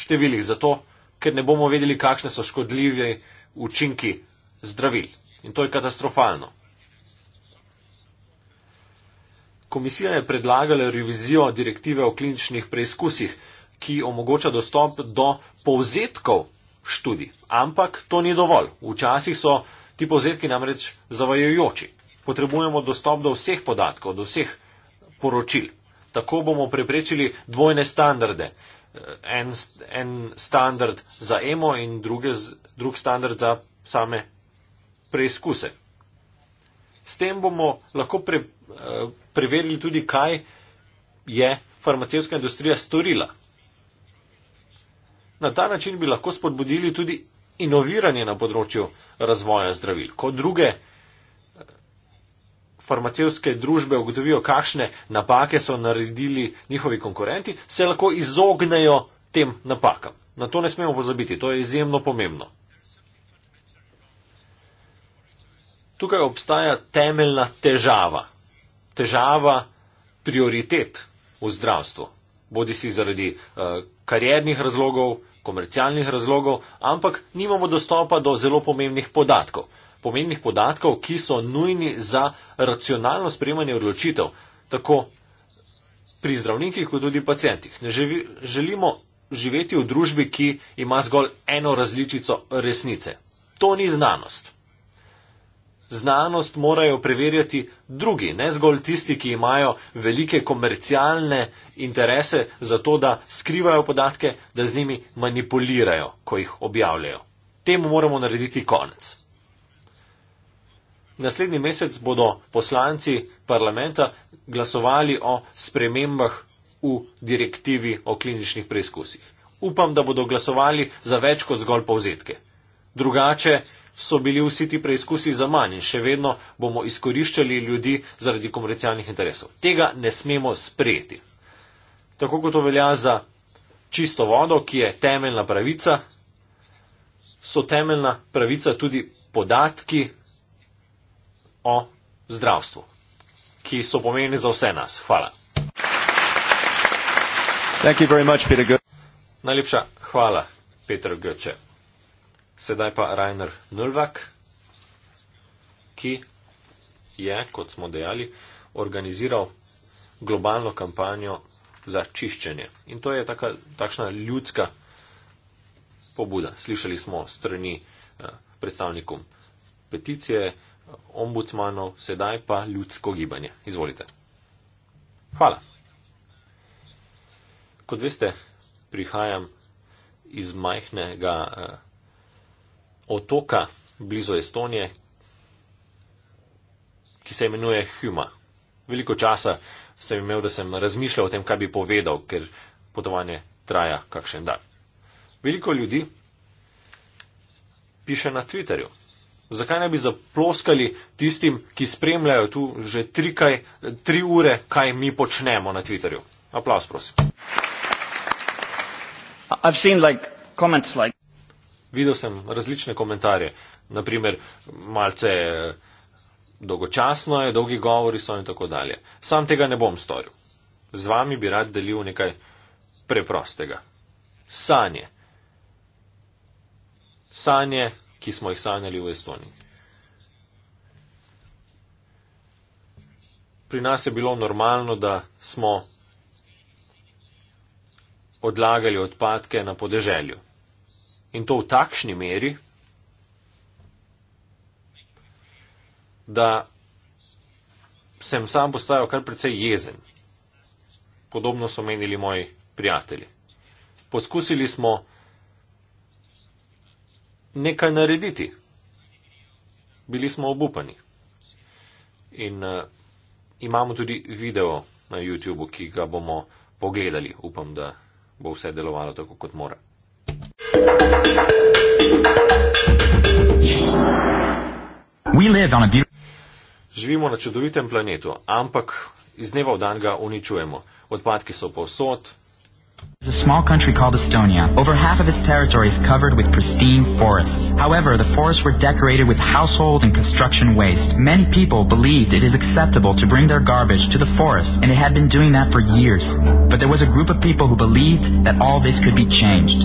številih. Zato ker ne bomo vedeli, kakšne so škodljivi učinki zdravil. In to je katastrofalno. Komisija je predlagala revizijo direktive o kliničnih preizkusih, ki omogoča dostop do povzetkov študij. Ampak to ni dovolj. Včasih so ti povzetki namreč zavajajoči. Potrebujemo dostop do vseh podatkov, do vseh poročil. Tako bomo preprečili dvojne standarde. Eh, en, en standard za emo in druge, drug standard za same preizkuse. S tem bomo lahko pre, eh, preverili tudi, kaj je farmacevska industrija storila. Na ta način bi lahko spodbudili tudi inoviranje na področju razvoja zdravil. Kot druge, farmacevske družbe ugotovijo, kakšne napake so naredili njihovi konkurenti, se lahko izognejo tem napakam. Na to ne smemo pozabiti, to je izjemno pomembno. Tukaj obstaja temeljna težava, težava prioritet v zdravstvu, bodi si zaradi uh, kariernih razlogov, komercialnih razlogov, ampak nimamo dostopa do zelo pomembnih podatkov pomembnih podatkov, ki so nujni za racionalno sprejemanje odločitev, tako pri zdravnikih, kot tudi pacijentih. Ne želimo živeti v družbi, ki ima zgolj eno različico resnice. To ni znanost. Znanost morajo preverjati drugi, ne zgolj tisti, ki imajo velike komercialne interese za to, da skrivajo podatke, da z njimi manipulirajo, ko jih objavljajo. Temu moramo narediti konec. Naslednji mesec bodo poslanci parlamenta glasovali o spremembah v direktivi o kliničnih preizkusih. Upam, da bodo glasovali za več kot zgolj povzetke. Drugače so bili vsi ti preizkusi za manj in še vedno bomo izkoriščali ljudi zaradi komercialnih interesov. Tega ne smemo sprejeti. Tako kot to velja za čisto vodo, ki je temeljna pravica, so temeljna pravica tudi podatki o zdravstvu, ki so pomeni za vse nas. Hvala. Much, Najlepša hvala, Petr Göče. Sedaj pa Rainer Nulvak, ki je, kot smo dejali, organiziral globalno kampanjo za čiščenje. In to je taka, takšna ljudska pobuda. Slišali smo strani eh, predstavnikom peticije ombudsmanov, sedaj pa ljudsko gibanje. Izvolite. Hvala. Kot veste, prihajam iz majhnega uh, otoka blizu Estonije, ki se imenuje Huma. Veliko časa sem imel, da sem razmišljal o tem, kaj bi povedal, ker potovanje traja kakšen dan. Veliko ljudi piše na Twitterju, Zakaj ne bi zaploskali tistim, ki spremljajo tu že tri, kaj, tri ure, kaj mi počnemo na Twitterju? Aplaus, prosim. Like, like... Videl sem različne komentarje. Naprimer, malce eh, dolgočasno je, dolgi govori so in tako dalje. Sam tega ne bom storil. Z vami bi rad delil nekaj preprostega. Sanje. Sanje ki smo jih sanjali v Estoniji. Pri nas je bilo normalno, da smo odlagali odpadke na podeželju. In to v takšni meri, da sem sam postajal kar precej jezen. Podobno so menili moji prijatelji. Poskusili smo nekaj narediti. Bili smo obupani. In uh, imamo tudi video na YouTubu, ki ga bomo pogledali. Upam, da bo vse delovalo tako, kot mora. Živimo na čudovitem planetu, ampak iz dneva v dan ga uničujemo. Odpadki so povsod, It's a small country called Estonia. Over half of its territory is covered with pristine forests. However, the forests were decorated with household and construction waste. Many people believed it is acceptable to bring their garbage to the forest, and it had been doing that for years. But there was a group of people who believed that all this could be changed.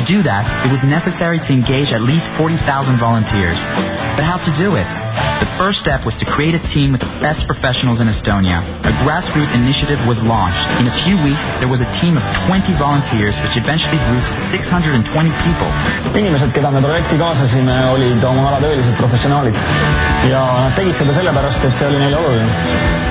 To do that, it was necessary to engage at least 40,000 volunteers. But how to do it? The first step was to create a team with the best professionals in Estonia. A grassroots initiative was launched. In a few weeks, there was a team of 20 volunteers, which eventually grew to 620 people. inimesed, keda me projekti kaasasime, olid oma ala töölised professionaalid ja nad tegid seda sellepärast, et see oli neile oluline.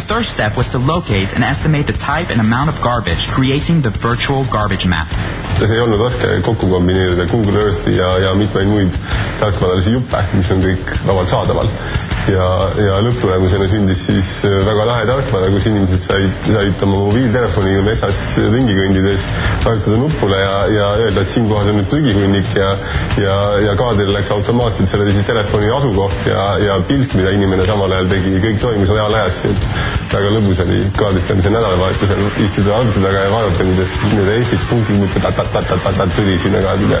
The third step was to locate and estimate the type and amount of garbage, creating the virtual garbage map. see ei olnud raske kokku kombineerida Google Earthi ja, ja mitmeid muid tarkvaralisi juppe, mis on kõik laual saadaval ja, ja lõpptulemusena sündis siis äh, väga lahe tarkvara, kus inimesed said, said oma mobiiltelefoniga metsas ringi kõndides vajutada nupule ja, ja öelda, et siinkohas on nüüd trügihunnik ja ja, ja kaadril läks automaatselt selle siis telefoni asukoht ja, ja pilt, mida inimene samal ajal tegi, kõik toimis reaalajas. väga lõbus oli kaardistamise nädalavahetusel istuda arvuti taga ja vaadata, kuidas need Eestit punktid tulid sinna kaardile.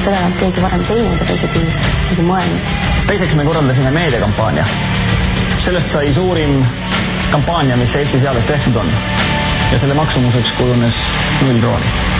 see tähendab, keegi varem teinud ja teised ei isegi mõelnud. teiseks me korraldasime meediakampaania. sellest sai suurim kampaania, mis Eesti seadus tehtud on. ja selle maksumuseks kujunes null krooni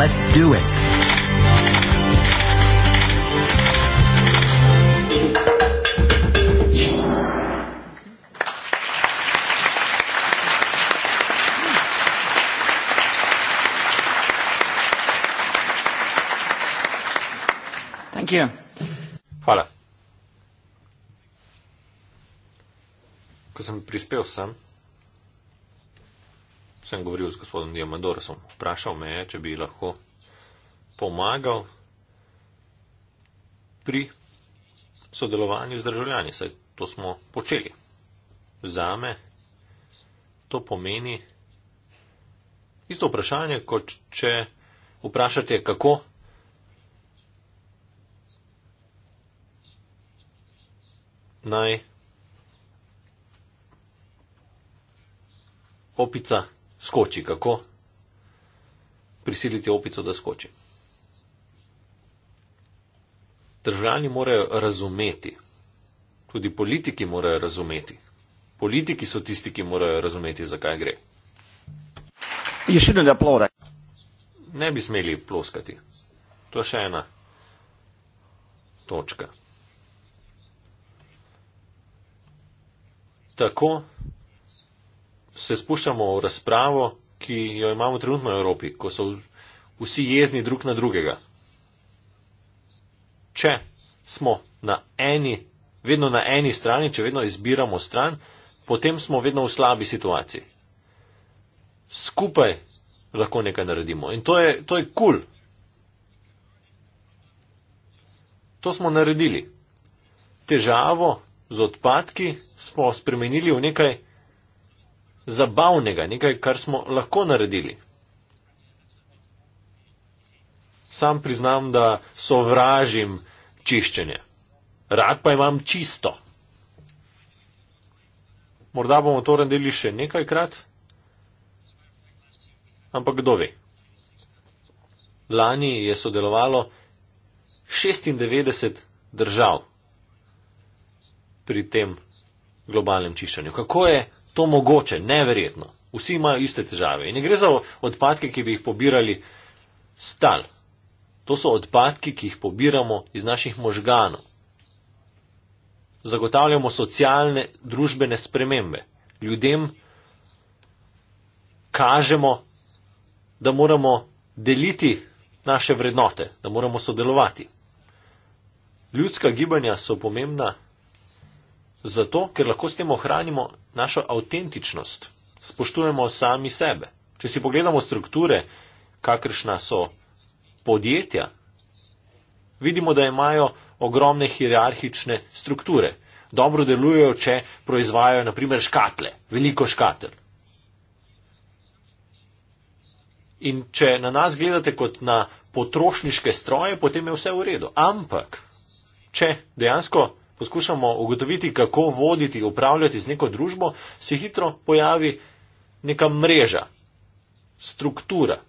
Let's do it. Hvala. Ko sem prispel sem, sem govoril z gospodom Diamandorosom. Vprašal me je, če bi lahko pomagal pri sodelovanju z državljani, saj to smo počeli. Za me to pomeni isto vprašanje, kot če vprašate, kako naj opica skoči kako? Prisiliti opico, da skoči. Državljani morajo razumeti, tudi politiki morajo razumeti. Politiki so tisti, ki morajo razumeti, zakaj gre. Je še ne da plora. Ne bi smeli ploskati. To je še ena točka. Tako se spuščamo v razpravo, ki jo imamo trenutno v Evropi, ko so vsi jezni drug na drugega. Če smo na eni, vedno na eni strani, če vedno izbiramo stran, potem smo vedno v slabi situaciji. Skupaj lahko nekaj naredimo in to je kul. To, cool. to smo naredili. Težavo z odpadki smo spremenili v nekaj, zabavnega, nekaj, kar smo lahko naredili. Sam priznam, da sovražim čiščenje. Rad pa imam čisto. Morda bomo to naredili še nekajkrat, ampak kdo ve. Lani je sodelovalo 96 držav pri tem globalnem čiščenju. Kako je to mogoče, neverjetno. Vsi imajo iste težave. In ne gre za odpadke, ki bi jih pobirali stal. To so odpadki, ki jih pobiramo iz naših možganov. Zagotavljamo socialne, družbene spremembe. Ljudem kažemo, da moramo deliti naše vrednote, da moramo sodelovati. Ljudska gibanja so pomembna Zato, ker lahko s tem ohranimo našo avtentičnost, spoštujemo sami sebe. Če si pogledamo strukture, kakršna so podjetja, vidimo, da imajo ogromne hierarhične strukture. Dobro delujejo, če proizvajajo naprimer škatle, veliko škatel. In če na nas gledate kot na potrošniške stroje, potem je vse v redu. Ampak, če dejansko poskušamo ugotoviti, kako voditi, upravljati z neko družbo, se hitro pojavi neka mreža, struktura.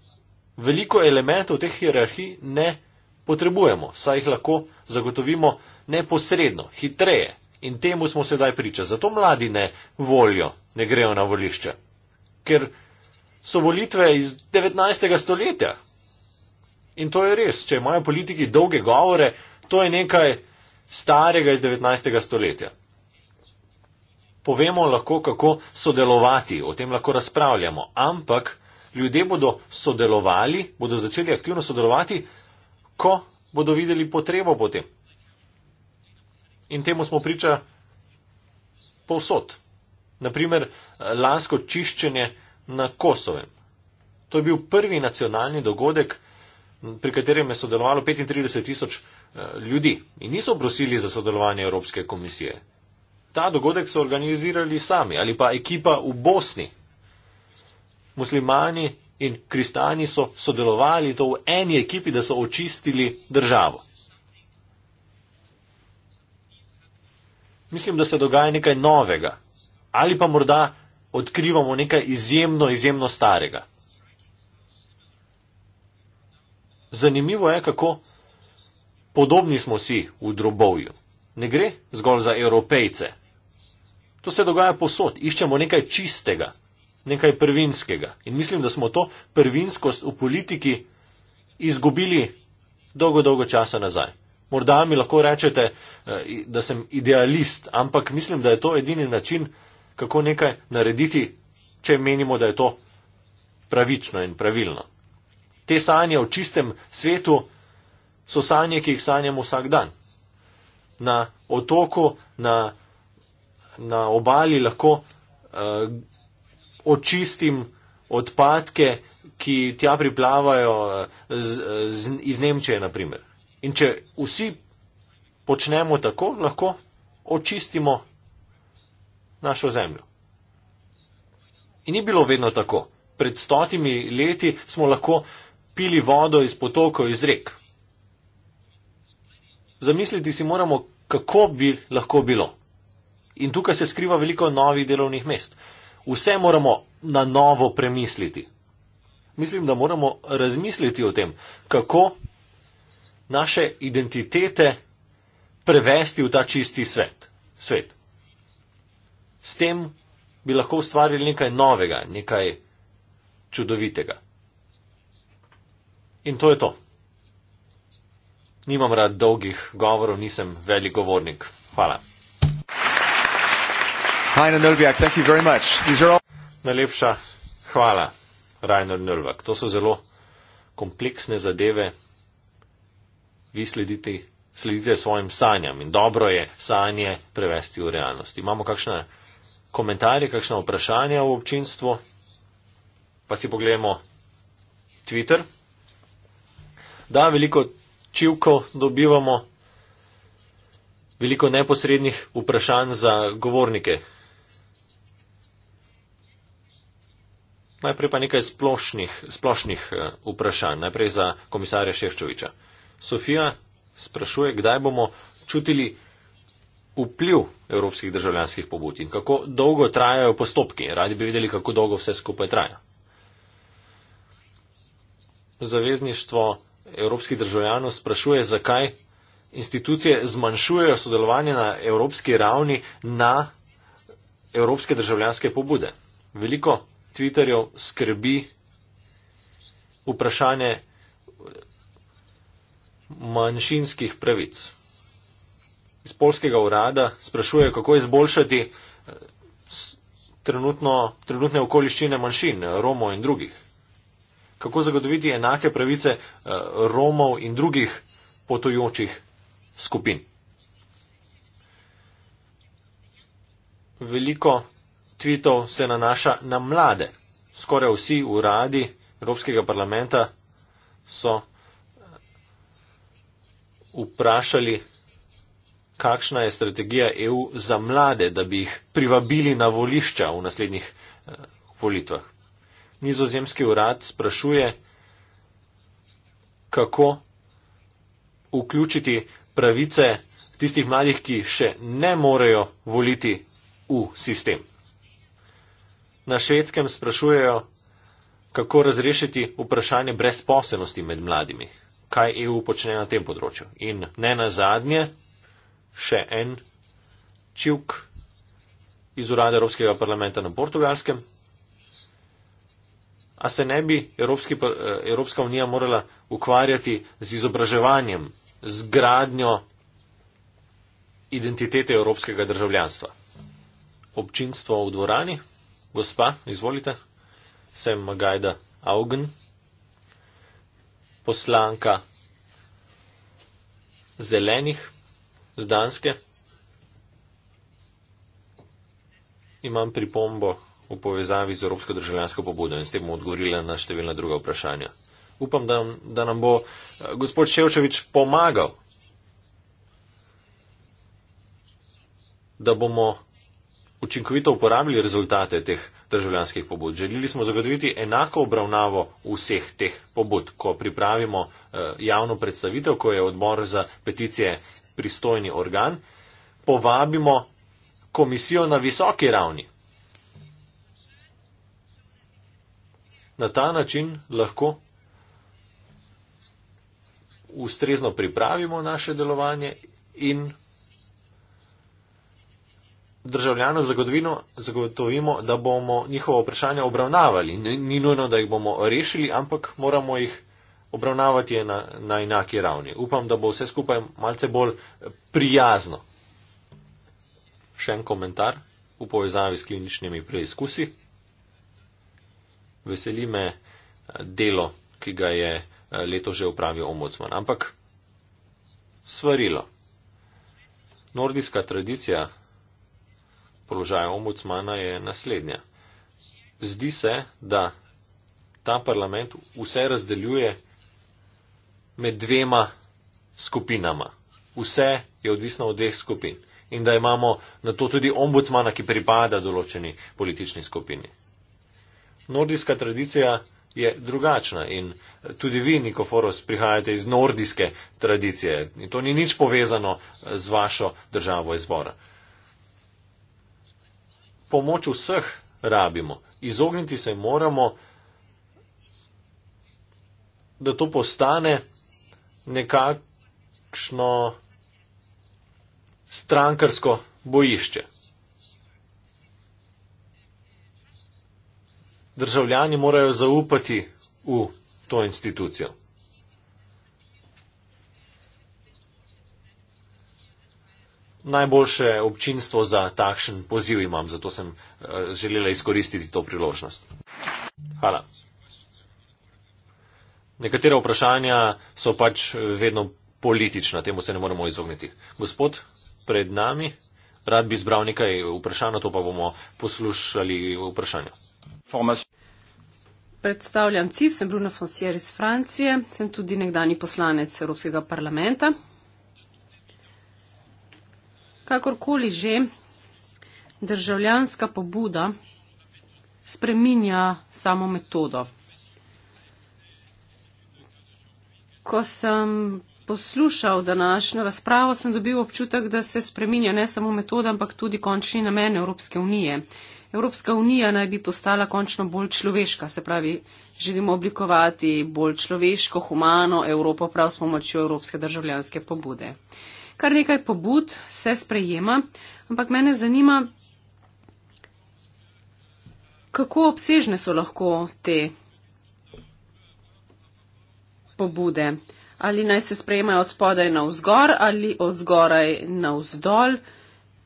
Veliko elementov teh hierarhij ne potrebujemo, saj jih lahko zagotovimo neposredno, hitreje. In temu smo sedaj priča. Zato mladi ne volijo, ne grejo na volišče. Ker so volitve iz 19. stoletja. In to je res, če imajo politiki dolge govore, to je nekaj, starega iz 19. stoletja. Povemo lahko, kako sodelovati, o tem lahko razpravljamo, ampak ljudje bodo sodelovali, bodo začeli aktivno sodelovati, ko bodo videli potrebo po tem. In temu smo priča povsod. Naprimer, lansko čiščenje na Kosovem. To je bil prvi nacionalni dogodek, pri katerem je sodelovalo 35 tisoč Eh, ljudi in niso prosili za sodelovanje Evropske komisije. Ta dogodek so organizirali sami ali pa ekipa v Bosni. Muslimani in kristani so sodelovali to v eni ekipi, da so očistili državo. Mislim, da se dogaja nekaj novega ali pa morda odkrivamo nekaj izjemno, izjemno starega. Zanimivo je, kako podobni smo si v drobovju. Ne gre zgolj za evropejce. To se dogaja posod, iščemo nekaj čistega, nekaj prvinskega. In mislim, da smo to prvinskost v politiki izgubili dolgo, dolgo časa nazaj. Morda mi lahko rečete, eh, da sem idealist, ampak mislim, da je to edini način, kako nekaj narediti, če menimo, da je to pravično in pravilno. Te sanje o čistem svetu so sanje, ki jih sanjamo vsak dan. Na otoku, na, na obali lahko uh, očistim odpadke, ki tja priplavajo eh, z, eh, z, iz Nemčije, naprimer. In če vsi počnemo tako, lahko očistimo našo zemljo. In ni bilo vedno tako. Pred stotimi leti smo lahko pili vodo iz potokov, iz rek zamisliti si moramo, kako bi lahko bilo. In tukaj se skriva veliko novih delovnih mest. Vse moramo na novo premisliti. Mislim, da moramo razmisliti o tem, kako naše identitete prevesti v ta čisti svet. svet. S tem bi lahko ustvarili nekaj novega, nekaj čudovitega. In to je to nimam rad dolgih govorov, nisem velik govornik. Hvala. Rainer Nurbjak, thank you very much. All... Najlepša hvala, Rainer Nurbjak. To so zelo kompleksne zadeve. Vi sledite, sledite svojim sanjam in dobro je sanje prevesti v realnost. Imamo kakšne komentarje, kakšne vprašanja v občinstvu? Pa si pogledamo Twitter. Da, veliko čivko dobivamo veliko neposrednih vprašanj za govornike. Najprej pa nekaj splošnih, splošnih eh, vprašanj, najprej za komisarja Ševčoviča. Sofija sprašuje, kdaj bomo čutili vpliv evropskih državljanskih pobud in kako dolgo trajajo postopki. Radi bi videli, kako dolgo vse skupaj traja. Zavezništvo evropskih državljanov sprašuje, zakaj institucije zmanjšujejo sodelovanje na evropski ravni na evropske državljanske pobude. Veliko Twitterjev skrbi vprašanje manjšinskih pravic. Iz polskega urada sprašuje, kako izboljšati eh, trenutno, trenutne okoliščine manjšin, Romo in drugih kako zagotoviti enake pravice eh, Romov in drugih potujočih skupin. Veliko tvitev se nanaša na mlade. Skoraj vsi uradi Evropskega parlamenta so eh, vprašali, kakšna je strategija EU za mlade, da bi jih privabili na volišča v naslednjih eh, volitvah nizozemski urad sprašuje, kako vključiti pravice tistih mladih, ki še ne morejo voliti v sistem. Na švedskem sprašujejo, kako razrešiti vprašanje brezposelnosti med mladimi, kaj EU počne na tem področju. In ne na zadnje, še en čivk iz urada Evropskega parlamenta na portugalskem, a se ne bi Evropski, eh, Evropska unija morala ukvarjati z izobraževanjem, z gradnjo identitete evropskega državljanstva. Občinstvo v dvorani, gospa, izvolite, sem Magajda Augen, poslanka zelenih z Danske. Imam pripombo v povezavi z Evropsko državljansko pobudo in s tem odgovorila na številna druga vprašanja. Upam, da, da nam bo eh, gospod Ševčevič pomagal, da bomo učinkovito uporabili rezultate teh državljanskih pobud. Želeli smo zagotoviti enako obravnavo vseh teh pobud, ko pripravimo eh, javno predstavitev, ko je odbor za peticije pristojni organ, povabimo komisijo na visoki ravni, na ta način lahko ustrezno pripravimo naše delovanje in državljanom zagotovimo, da bomo njihova vprašanja obravnavali. Ni nujno, da jih bomo rešili, ampak moramo jih obravnavati na, na enaki ravni. Upam, da bo vse skupaj malce bolj prijazno. Še en komentar v povezavi s kliničnimi preizkusi veseli me eh, delo, ki ga je eh, leto že upravil omocman. Ampak svarilo. Nordijska tradicija položaja omocmana je naslednja. Zdi se, da ta parlament vse razdeljuje med dvema skupinama. Vse je odvisno od dveh skupin. In da imamo na to tudi ombudsmana, ki pripada določeni politični skupini. Nordijska tradicija je drugačna in tudi vi, Nikoforos, prihajate iz nordijske tradicije in to ni nič povezano z vašo državo izvora. Pomoč vseh rabimo. Izogniti se moramo, da to postane nekakšno strankarsko bojišče. državljani morajo zaupati v to institucijo. Najboljše občinstvo za takšen poziv imam, zato sem eh, želela izkoristiti to priložnost. Hvala. Nekatera vprašanja so pač eh, vedno politična, temu se ne moremo izogniti. Gospod, pred nami, rad bi zbral nekaj vprašanj, to pa bomo poslušali vprašanja. Predstavljam CIF, sem Bruno Fonsier iz Francije, sem tudi nekdani poslanec Evropskega parlamenta. Kakorkoli že, državljanska pobuda spreminja samo metodo. Ko sem poslušal današnjo razpravo, sem dobil občutek, da se spreminja ne samo metoda, ampak tudi končni namen Evropske unije, Evropska unija naj bi postala končno bolj človeška, se pravi, želimo oblikovati bolj človeško, humano Evropo prav s pomočjo evropske državljanske pobude. Kar nekaj pobud se sprejema, ampak mene zanima, kako obsežne so lahko te pobude. Ali naj se sprejemajo od spodaj na vzgor ali od zgoraj na vzdolj.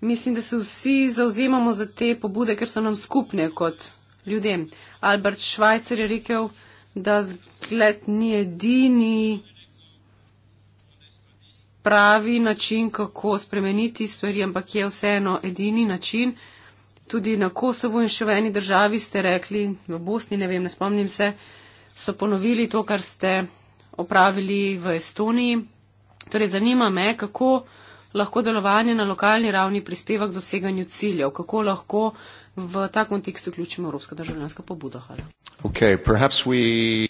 Mislim, da se vsi zauzemamo za te pobude, ker so nam skupne kot ljudem. Albert Schweitzer je rekel, da zgled ni edini pravi način, kako spremeniti stvari, ampak je vseeno edini način. Tudi na Kosovo in še v eni državi ste rekli, v Bosni, ne vem, ne spomnim se, so ponovili to, kar ste opravili v Estoniji. Torej, zanima me, kako lahko delovanje na lokalni ravni prispeva k doseganju ciljev? Kako lahko v ta kontekst vključimo Evropska državljanska pobuda? Hvala. Okay, we...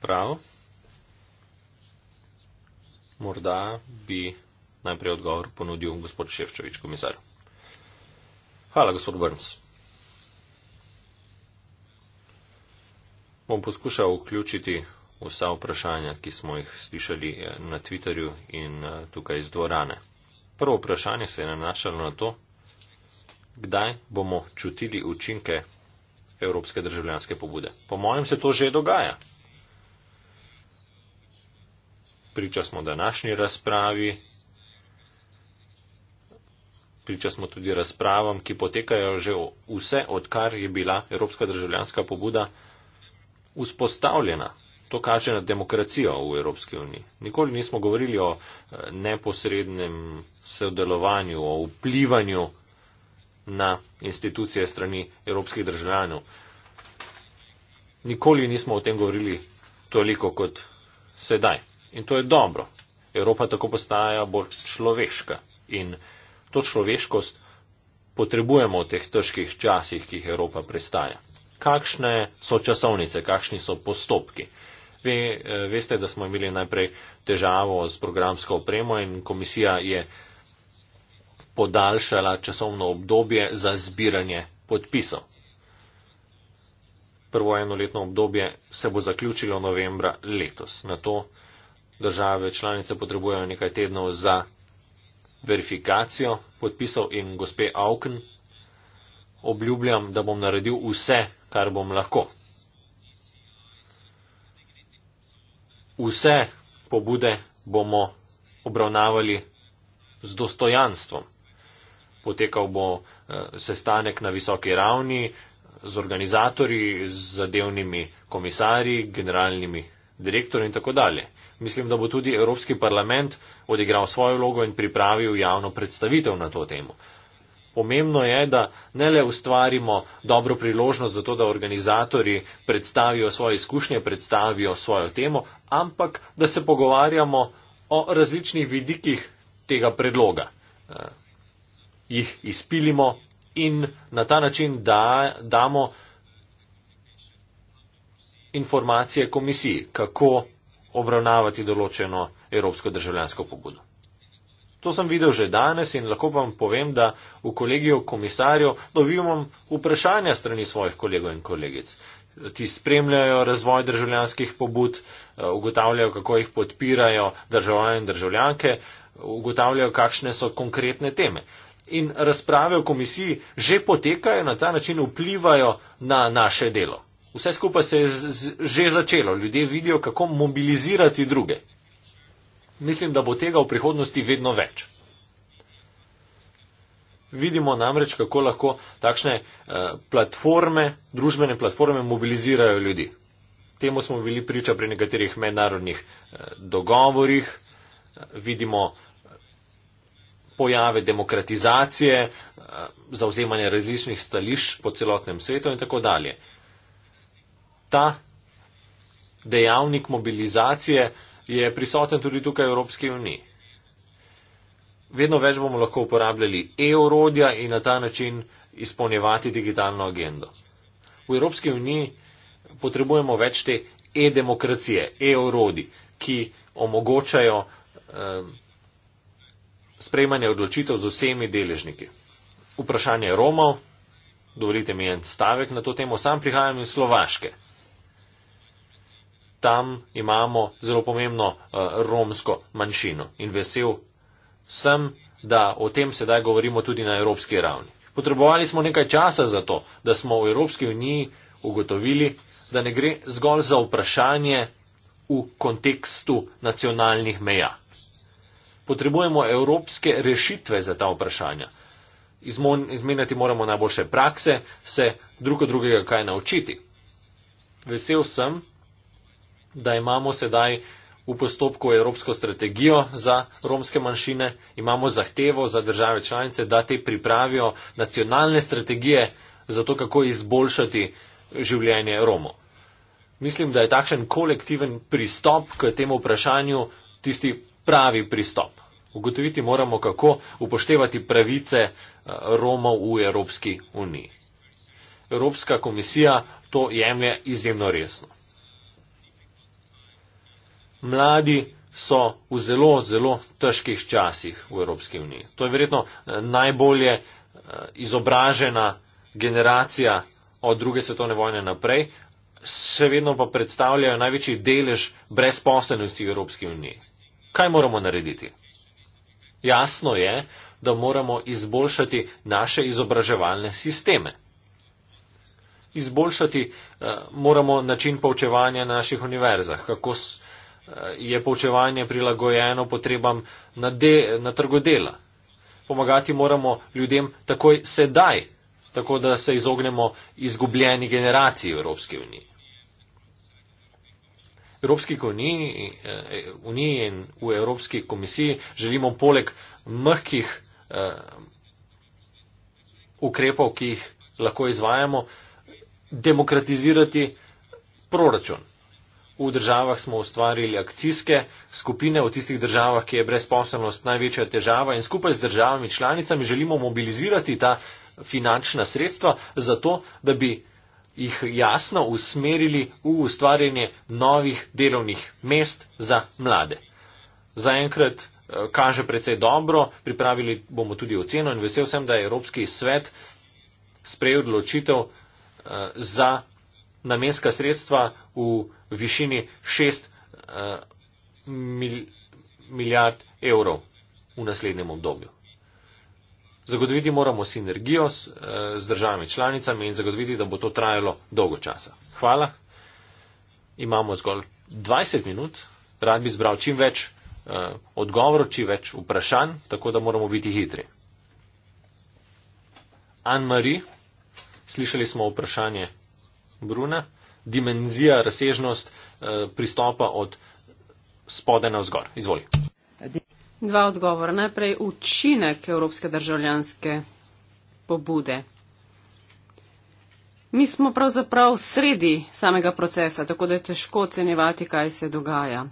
Prav. Morda bi najprej odgovor ponudil gospod Ševčovič, komisar. Hvala, gospod Brns. Bom poskušal vključiti vsa vprašanja, ki smo jih slišali eh, na Twitterju in eh, tukaj iz dvorane. Prvo vprašanje se je nanašalo na to, kdaj bomo čutili učinke evropske državljanske pobude. Po mojem se to že dogaja. Priča smo današnji razpravi, priča smo tudi razpravam, ki potekajo že vse, odkar je bila evropska državljanska pobuda vzpostavljena to kaže na demokracijo v Evropski uniji. Nikoli nismo govorili o eh, neposrednem sodelovanju, o vplivanju na institucije strani evropskih državljanov. Nikoli nismo o tem govorili toliko kot sedaj. In to je dobro. Evropa tako postaja bolj človeška. In to človeškost potrebujemo v teh težkih časih, ki jih Evropa prestaja. Kakšne so časovnice, kakšni so postopki? Ve, eh, veste, da smo imeli najprej težavo s programsko opremo in komisija je podaljšala časovno obdobje za zbiranje podpisov. Prvo enoletno obdobje se bo zaključilo novembra letos. Na to države članice potrebujejo nekaj tednov za verifikacijo podpisov in gospe Auken obljubljam, da bom naredil vse, kar bom lahko. Vse pobude bomo obravnavali z dostojanstvom. Potekal bo eh, sestanek na visoki ravni z organizatorji, z zadevnimi komisarji, generalnimi direktorji in tako dalje. Mislim, da bo tudi Evropski parlament odigral svojo vlogo in pripravil javno predstavitev na to temo. Pomembno je, da ne le ustvarimo dobro priložnost za to, da organizatori predstavijo svoje izkušnje, predstavijo svojo temo, ampak da se pogovarjamo o različnih vidikih tega predloga. Eh, jih izpilimo in na ta način da, damo informacije komisiji, kako obravnavati določeno evropsko državljansko pobudo. To sem videl že danes in lahko vam povem, da v kolegiju komisarjev dobivam vprašanja strani svojih kolegov in kolegic. Ti spremljajo razvoj državljanskih pobud, eh, ugotavljajo, kako jih podpirajo državljani in državljanke, ugotavljajo, kakšne so konkretne teme. In razprave v komisiji že potekajo, na ta način vplivajo na naše delo. Vse skupaj se je že začelo. Ljudje vidijo, kako mobilizirati druge. Mislim, da bo tega v prihodnosti vedno več. Vidimo namreč, kako lahko takšne eh, platforme, družbene platforme mobilizirajo ljudi. Temu smo bili priča pri nekaterih mednarodnih eh, dogovorih, vidimo eh, pojave demokratizacije, zauzemanje različnih stališč po celotnem svetu in tako dalje. Ta dejavnik mobilizacije je prisoten tudi tukaj v Evropski uniji. Vedno več bomo lahko uporabljali e-orodja in na ta način izpolnjevati digitalno agendo. V Evropski uniji potrebujemo več te e-demokracije, e-orodi, ki omogočajo eh, sprejmanje odločitev z vsemi deležniki. Vprašanje Romov, dovolite mi en stavek na to temo, sam prihajam iz Slovaške tam imamo zelo pomembno eh, romsko manjšino in vesel sem, da o tem sedaj govorimo tudi na evropski ravni. Potrebovali smo nekaj časa za to, da smo v Evropski uniji ugotovili, da ne gre zgolj za vprašanje v kontekstu nacionalnih meja. Potrebujemo evropske rešitve za ta vprašanja. Izmenjati moramo najboljše prakse, se drugo drugega kaj naučiti. Vesel sem, da imamo sedaj v postopku evropsko strategijo za romske manjšine, imamo zahtevo za države članice, da te pripravijo nacionalne strategije za to, kako izboljšati življenje Romo. Mislim, da je takšen kolektiven pristop k temu vprašanju tisti pravi pristop. Ugotoviti moramo, kako upoštevati pravice eh, Romov v Evropski uniji. Evropska komisija to jemlje izjemno resno mladi so v zelo, zelo težkih časih v Evropski uniji. To je verjetno eh, najbolje eh, izobražena generacija od druge svetovne vojne naprej, še vedno pa predstavljajo največji delež brezposelnosti v Evropski uniji. Kaj moramo narediti? Jasno je, da moramo izboljšati naše izobraževalne sisteme. Izboljšati uh, moramo način poučevanja na naših univerzah, kako, je poučevanje prilagojeno potrebam na, de, na trgu dela. Pomagati moramo ljudem takoj sedaj, tako da se izognemo izgubljeni generaciji Evropske unije. Evropski eh, uniji in v Evropski komisiji želimo poleg mehkih eh, ukrepov, ki jih lahko izvajamo, demokratizirati proračun v državah smo ustvarili akcijske skupine v tistih državah, ki je brezposobnost največja težava in skupaj z državami članicami želimo mobilizirati ta finančna sredstva zato, da bi jih jasno usmerili v ustvarjanje novih delovnih mest za mlade. Zaenkrat eh, kaže predvsej dobro, pripravili bomo tudi oceno in vesel sem, da je Evropski svet sprejel odločitev eh, za namenska sredstva v višini 6 eh, milijard evrov v naslednjem obdobju. Zagotoviti moramo sinergijo s, eh, z državami članicami in zagotoviti, da bo to trajalo dolgo časa. Hvala. Imamo zgolj 20 minut. Rad bi zbral čim več eh, odgovorov, čim več vprašanj, tako da moramo biti hitri. Anne-Marie, slišali smo vprašanje Bruna, dimenzija, razsežnost eh, pristopa od spode na vzgor. Izvoli. Dva odgovora. Najprej učinek evropske državljanske pobude. Mi smo pravzaprav sredi samega procesa, tako da je težko ocenjevati, kaj se dogaja.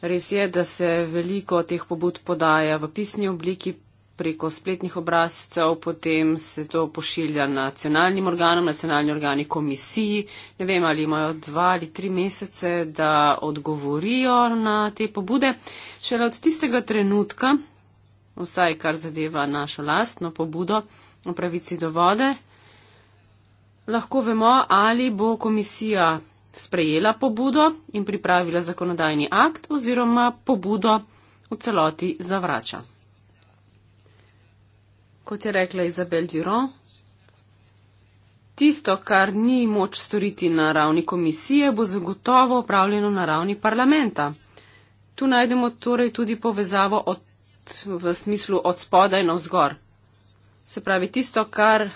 Res je, da se veliko teh pobud podaja v pisni obliki, preko spletnih obrazcev, potem se to pošilja nacionalnim organom, nacionalni organi komisiji. Ne vem, ali imajo dva ali tri mesece, da odgovorijo na te pobude. Šele od tistega trenutka, vsaj kar zadeva našo lastno pobudo o pravici do vode, lahko vemo, ali bo komisija sprejela pobudo in pripravila zakonodajni akt oziroma pobudo v celoti zavrača kot je rekla Izabel Duron, tisto, kar ni moč storiti na ravni komisije, bo zagotovo opravljeno na ravni parlamenta. Tu najdemo torej tudi povezavo od, v smislu od spodaj na vzgor. Se pravi, tisto, kar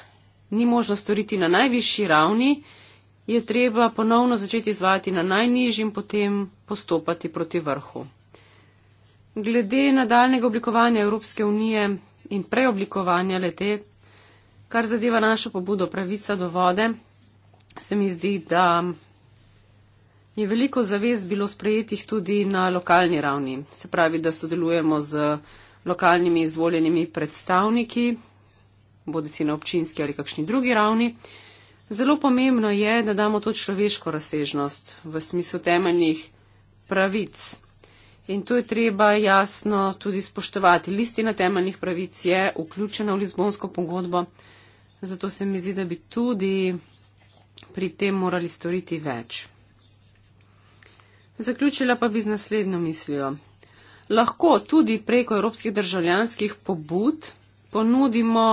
ni možno storiti na najvišji ravni, je treba ponovno začeti izvajati na najnižjim, potem postopati proti vrhu. Glede nadaljnega oblikovanja Evropske unije in preoblikovanja lete, kar zadeva našo pobudo pravica do vode, se mi zdi, da je veliko zavez bilo sprejetih tudi na lokalni ravni. Se pravi, da sodelujemo z lokalnimi izvoljenimi predstavniki, bodi si na občinski ali kakšni drugi ravni. Zelo pomembno je, da damo to človeško razsežnost v smislu temeljnih pravic In to je treba jasno tudi spoštovati. Listina temeljnih pravic je vključena v Lizbonsko pogodbo, zato se mi zdi, da bi tudi pri tem morali storiti več. Zaključila pa bi z naslednjo mislijo. Lahko tudi preko evropskih državljanskih pobud ponudimo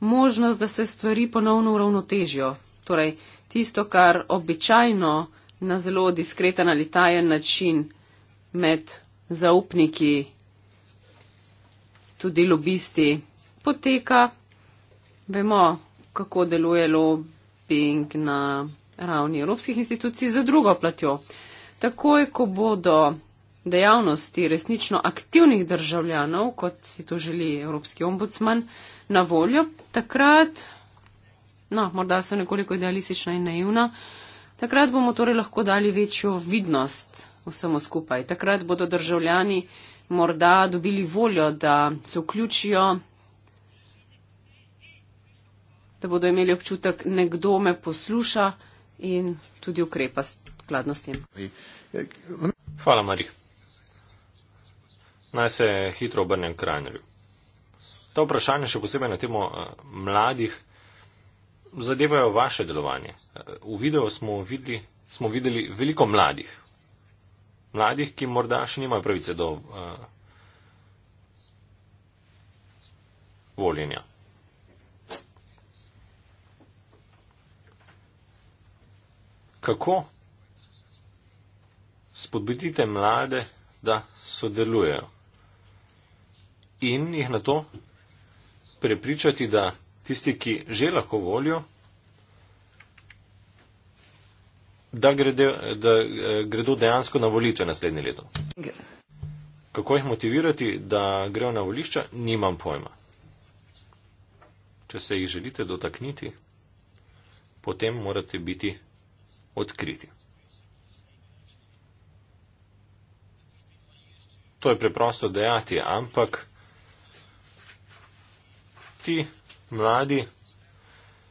možnost, da se stvari ponovno uravnotežijo. Torej, tisto, kar običajno na zelo diskreten ali tajen način med zaupniki, tudi lobisti, poteka. Vemo, kako deluje lobbying na ravni evropskih institucij za drugo platjo. Takoj, ko bodo dejavnosti resnično aktivnih državljanov, kot si to želi Evropski ombudsman, na voljo, takrat, no, morda sem nekoliko idealistična in naivna, takrat bomo torej lahko dali večjo vidnost vsemu skupaj. Takrat bodo državljani morda dobili voljo, da se vključijo, da bodo imeli občutek, nekdo me posluša in tudi ukrepa skladno s tem. Hvala, Mari. Naj se hitro obrnem k Rajnerju. Ta vprašanja, še posebej na temo eh, mladih, zadevajo vaše delovanje. Eh, v videu smo videli, smo videli veliko mladih, mladih, ki morda še nimajo pravice do uh, voljenja. Kako spodbudite mlade, da sodelujejo in jih na to prepričati, da tisti, ki že lahko volijo, da, grede, da eh, gredo dejansko na volitve naslednje leto. Kako jih motivirati, da grejo na volišča, nimam pojma. Če se jih želite dotakniti, potem morate biti odkriti. To je preprosto dejati, ampak ti mladi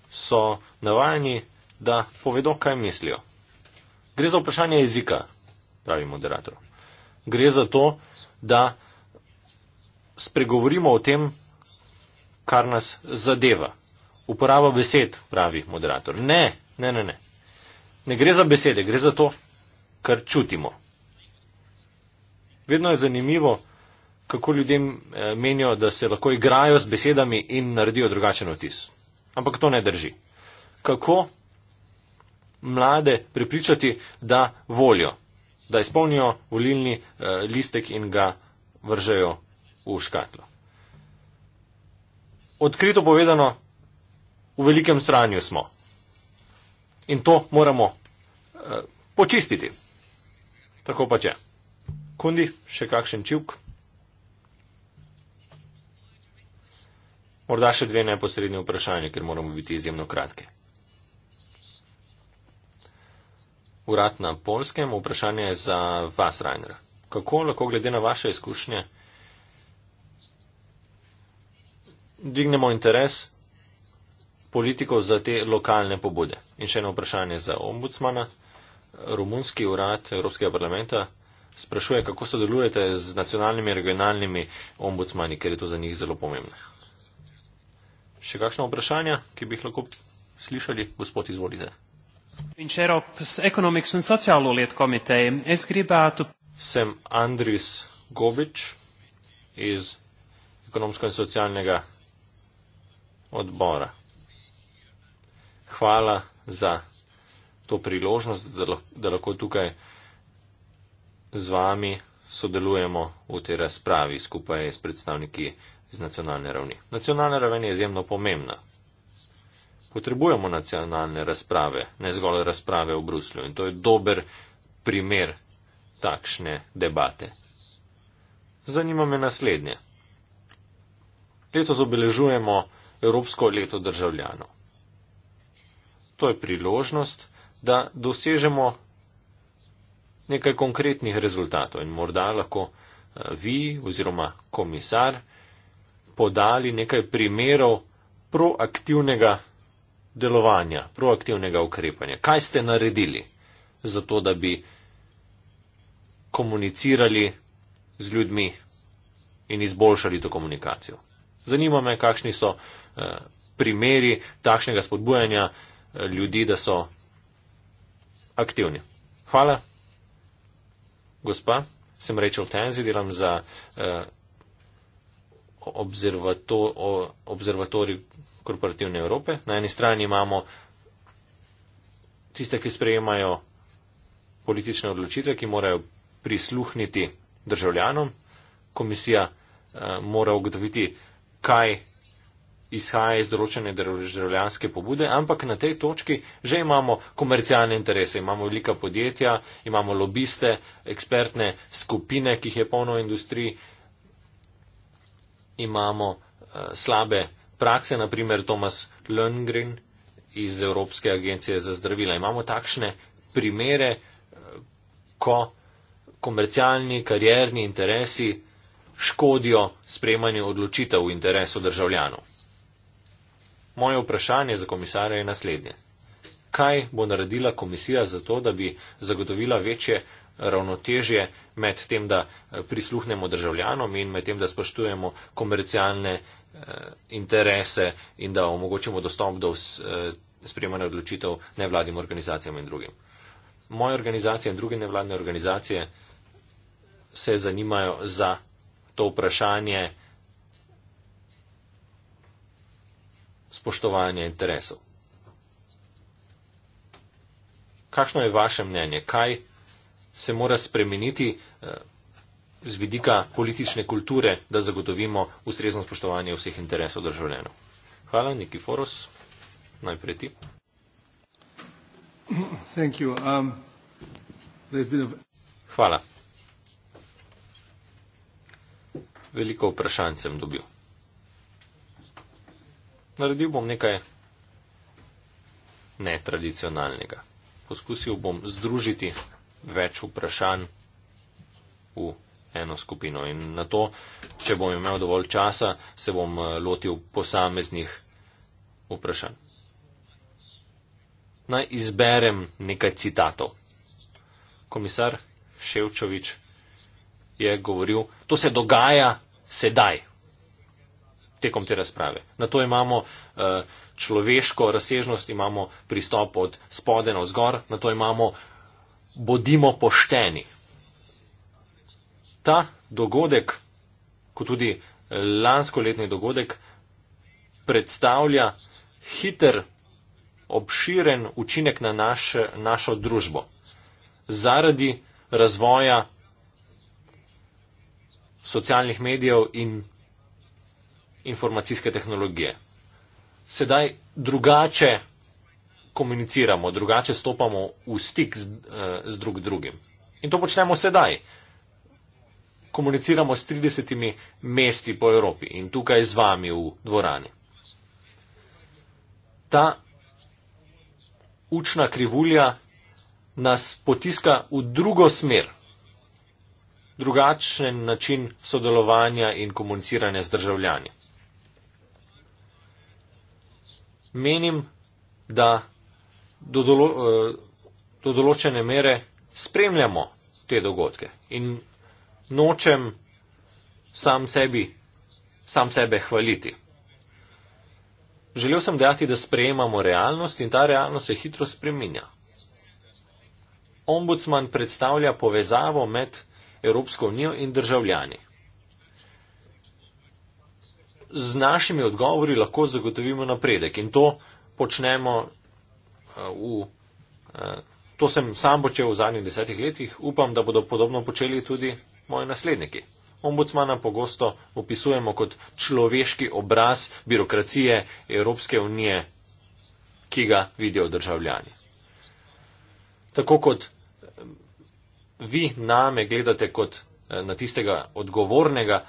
so navajeni, da povedo, kaj mislijo. Gre za vprašanje jezika, pravi moderator. Gre za to, da spregovorimo o tem, kar nas zadeva. Uporaba besed, pravi moderator. Ne, ne, ne, ne. Ne gre za besede, gre za to, kar čutimo. Vedno je zanimivo, kako ljudem eh, menijo, da se lahko igrajo z besedami in naredijo drugačen otis. Ampak to ne drži. Kako mlade prepričati, da volijo, da izpolnijo volilni eh, listek in ga vržejo v škatlo. Odkrito povedano, v velikem sranju smo. In to moramo eh, počistiti. Tako pa če. Kundi, še kakšen čivk? Morda še dve neposredne vprašanje, ker moramo biti izjemno kratke. urad na polskem. Vprašanje je za vas, Rainer. Kako lahko glede na vaše izkušnje dvignemo interes politikov za te lokalne pobude? In še eno vprašanje za ombudsmana. Romunski urad Evropskega parlamenta sprašuje, kako sodelujete z nacionalnimi in regionalnimi ombudsmani, ker je to za njih zelo pomembno. Še kakšno vprašanje, ki bi jih lahko slišali, gospod, izvolite. Viņš ir Eiropas ekonomikas un sociālo lietu komiteja. Es gribētu. Sem Andris Gobič iz ekonomiskā un sociālajā odbora. Hvala za to priložnost, da lahko tukaj z vami sodelujemo v tej razpravi skupaj s predstavniki z nacionalne ravni. Nacionalna raven je izjemno pomembna potrebujemo nacionalne razprave, ne zgolj razprave v Bruslju. In to je dober primer takšne debate. Zanima me naslednje. Letos obeležujemo Evropsko leto državljanov. To je priložnost, da dosežemo nekaj konkretnih rezultatov in morda lahko eh, vi oziroma komisar podali nekaj primerov proaktivnega delovanja, proaktivnega ukrepanja. Kaj ste naredili za to, da bi komunicirali z ljudmi in izboljšali to komunikacijo? Zanima me, kakšni so eh, primeri takšnega spodbujanja eh, ljudi, da so aktivni. Hvala, gospa. Sem Rachel Tenzi, delam za eh, observato, observatorij korporativne Evrope. Na eni strani imamo tiste, ki sprejemajo politične odločitve, ki morajo prisluhniti državljanom. Komisija eh, mora ugotoviti, kaj izhaja iz določene državljanske pobude, ampak na tej točki že imamo komercialne interese, imamo velika podjetja, imamo lobiste, ekspertne skupine, ki jih je polno v industriji, imamo eh, slabe eh, prakse, naprimer Tomas Lundgren iz Evropske agencije za zdravila. Imamo takšne primere, eh, ko komercialni, karjerni interesi škodijo spremanju odločitev v interesu državljanov. Moje vprašanje za komisarja je naslednje. Kaj bo naredila komisija za to, da bi zagotovila večje ravnotežje med tem, da eh, prisluhnemo državljanom in med tem, da spoštujemo komercialne eh, interese in da omogočimo dostop do eh, sprejemanja odločitev nevladnim organizacijam in drugim. Moja organizacija in druge nevladne organizacije se zanimajo za to vprašanje spoštovanja interesov. Kakšno je vaše mnenje? Kaj se mora spremeniti eh, z vidika politične kulture, da zagotovimo ustrezno spoštovanje vseh interesov državljanov. Hvala, Niki Foros. Najprej ti. Um, a... Hvala. Veliko vprašanj sem dobil. Naredil bom nekaj netradicionalnega. Poskusil bom združiti več vprašanj v eno skupino. In na to, če bom imel dovolj časa, se bom eh, lotil posameznih vprašanj. Naj izberem nekaj citatov. Komisar Ševčovič je govoril, to se dogaja sedaj, tekom te razprave. Na to imamo uh, človeško razsežnost, imamo pristop od spode na vzgor, na to imamo bodimo pošteni. Ta dogodek, kot tudi lansko letni dogodek, predstavlja hiter, obširen učinek na naš, našo družbo. Zaradi razvoja socialnih medijev in informacijske tehnologije. Sedaj drugače komuniciramo, drugače stopamo v stik z, eh, z drug drugim. In to počnemo sedaj. Komuniciramo s 30 mesti po Evropi in tukaj z vami v dvorani. Ta učna krivulja nas potiska v drugo smer, drugačen način sodelovanja in komuniciranja z državljani. Menim, da do, dolo, eh, do določene mere spremljamo te dogodke in nočem sam, sebi, sam sebe hvaliti. Želel sem dejati, da sprejemamo realnost in ta realnost se hitro spreminja. Ombudsman predstavlja povezavo med Evropsko unijo in državljani. Z našimi odgovori lahko zagotovimo napredek in to počnemo v, eh, to sem sam počel v zadnjih desetih letih, upam, da bodo podobno počeli tudi moji nasledniki. Ombudsmana pogosto opisujemo kot človeški obraz birokracije Evropske unije, ki ga vidijo državljani. Tako kot eh, vi name gledate kot eh, na tistega odgovornega,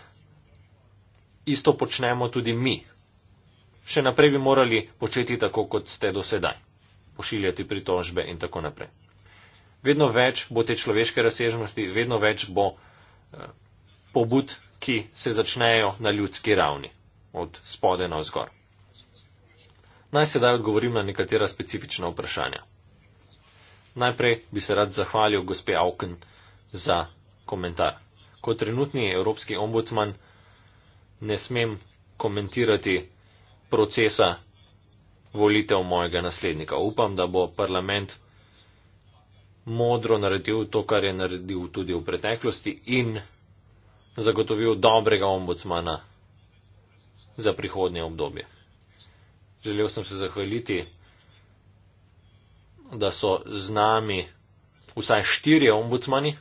isto počnemo tudi mi. Še naprej bi morali početi tako, kot ste do sedaj pošiljati pritožbe in tako naprej. Vedno več bo te človeške razsežnosti, vedno več bo eh, pobud, ki se začnejo na ljudski ravni, od spode na vzgor. Naj sedaj odgovorim na nekatera specifična vprašanja. Najprej bi se rad zahvalil gospe Auken za komentar. Kot trenutni evropski ombudsman ne smem komentirati procesa volitev mojega naslednika. Upam, da bo parlament modro naredil to, kar je naredil tudi v preteklosti in zagotovil dobrega ombudsmana za prihodnje obdobje. Želel sem se zahvaliti, da so z nami vsaj štirje ombudsmani.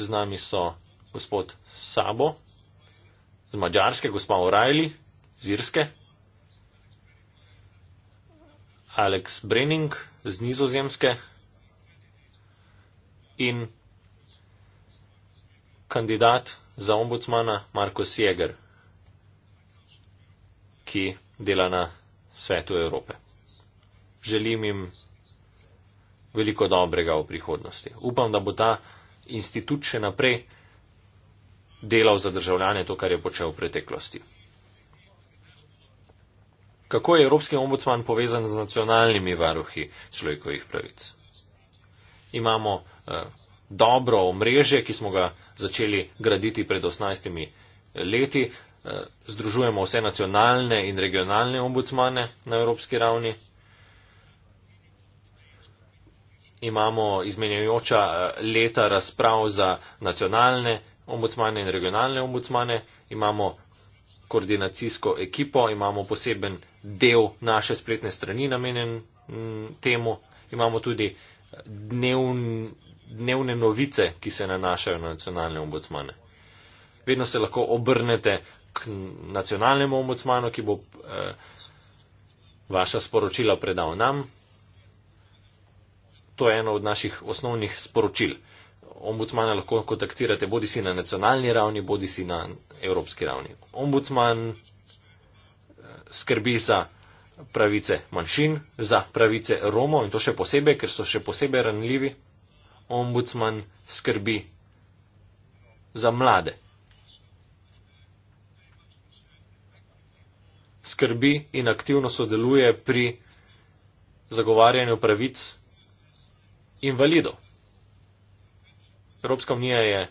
Z nami so gospod Sabo, z Mačarske, gospa Orajli, z Irske. Alex Brenning z Nizozemske in kandidat za ombudsmana Marko Sieger, ki dela na svetu Evrope. Želim jim veliko dobrega v prihodnosti. Upam, da bo ta institut še naprej delal za državljane to, kar je počel v preteklosti. Kako je Evropski ombudsman povezan z nacionalnimi varuhi človekovih pravic? Imamo eh, dobro omrežje, ki smo ga začeli graditi pred 18 eh, leti, eh, združujemo vse nacionalne in regionalne ombudsmane na evropski ravni, imamo izmenjujoča eh, leta razprav za nacionalne ombudsmane in regionalne ombudsmane, imamo koordinacijsko ekipo, imamo poseben del naše spletne strani namenjen mm, temu. Imamo tudi dnevn, dnevne novice, ki se nanašajo na nacionalne ombudsmane. Vedno se lahko obrnete k nacionalnemu ombudsmanu, ki bo eh, vaša sporočila predal nam. To je eno od naših osnovnih sporočil. Ombudsmana lahko kontaktirate bodi si na nacionalni ravni, bodi si na evropski ravni. Ombudsman skrbi za pravice manjšin, za pravice Romov in to še posebej, ker so še posebej ranljivi. Ombudsman skrbi za mlade. Skrbi in aktivno sodeluje pri zagovarjanju pravic invalidov. Evropska unija je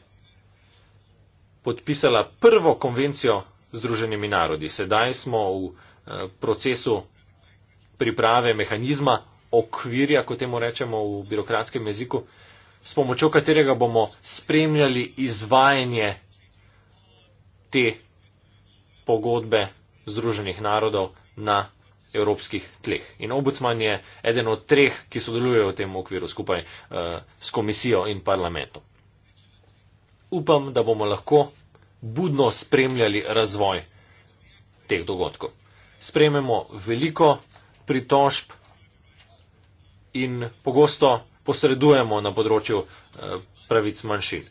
podpisala prvo konvencijo Združenimi narodi. Sedaj smo v procesu priprave mehanizma, okvirja, kot temu rečemo v birokratskem jeziku, s pomočjo katerega bomo spremljali izvajanje te pogodbe Združenih narodov na evropskih tleh. In obudsman je eden od treh, ki sodelujejo v tem okviru skupaj eh, s komisijo in parlamentom. Upam, da bomo lahko budno spremljali razvoj teh dogodkov sprejmemo veliko pritožb in pogosto posredujemo na področju eh, pravic manjšin.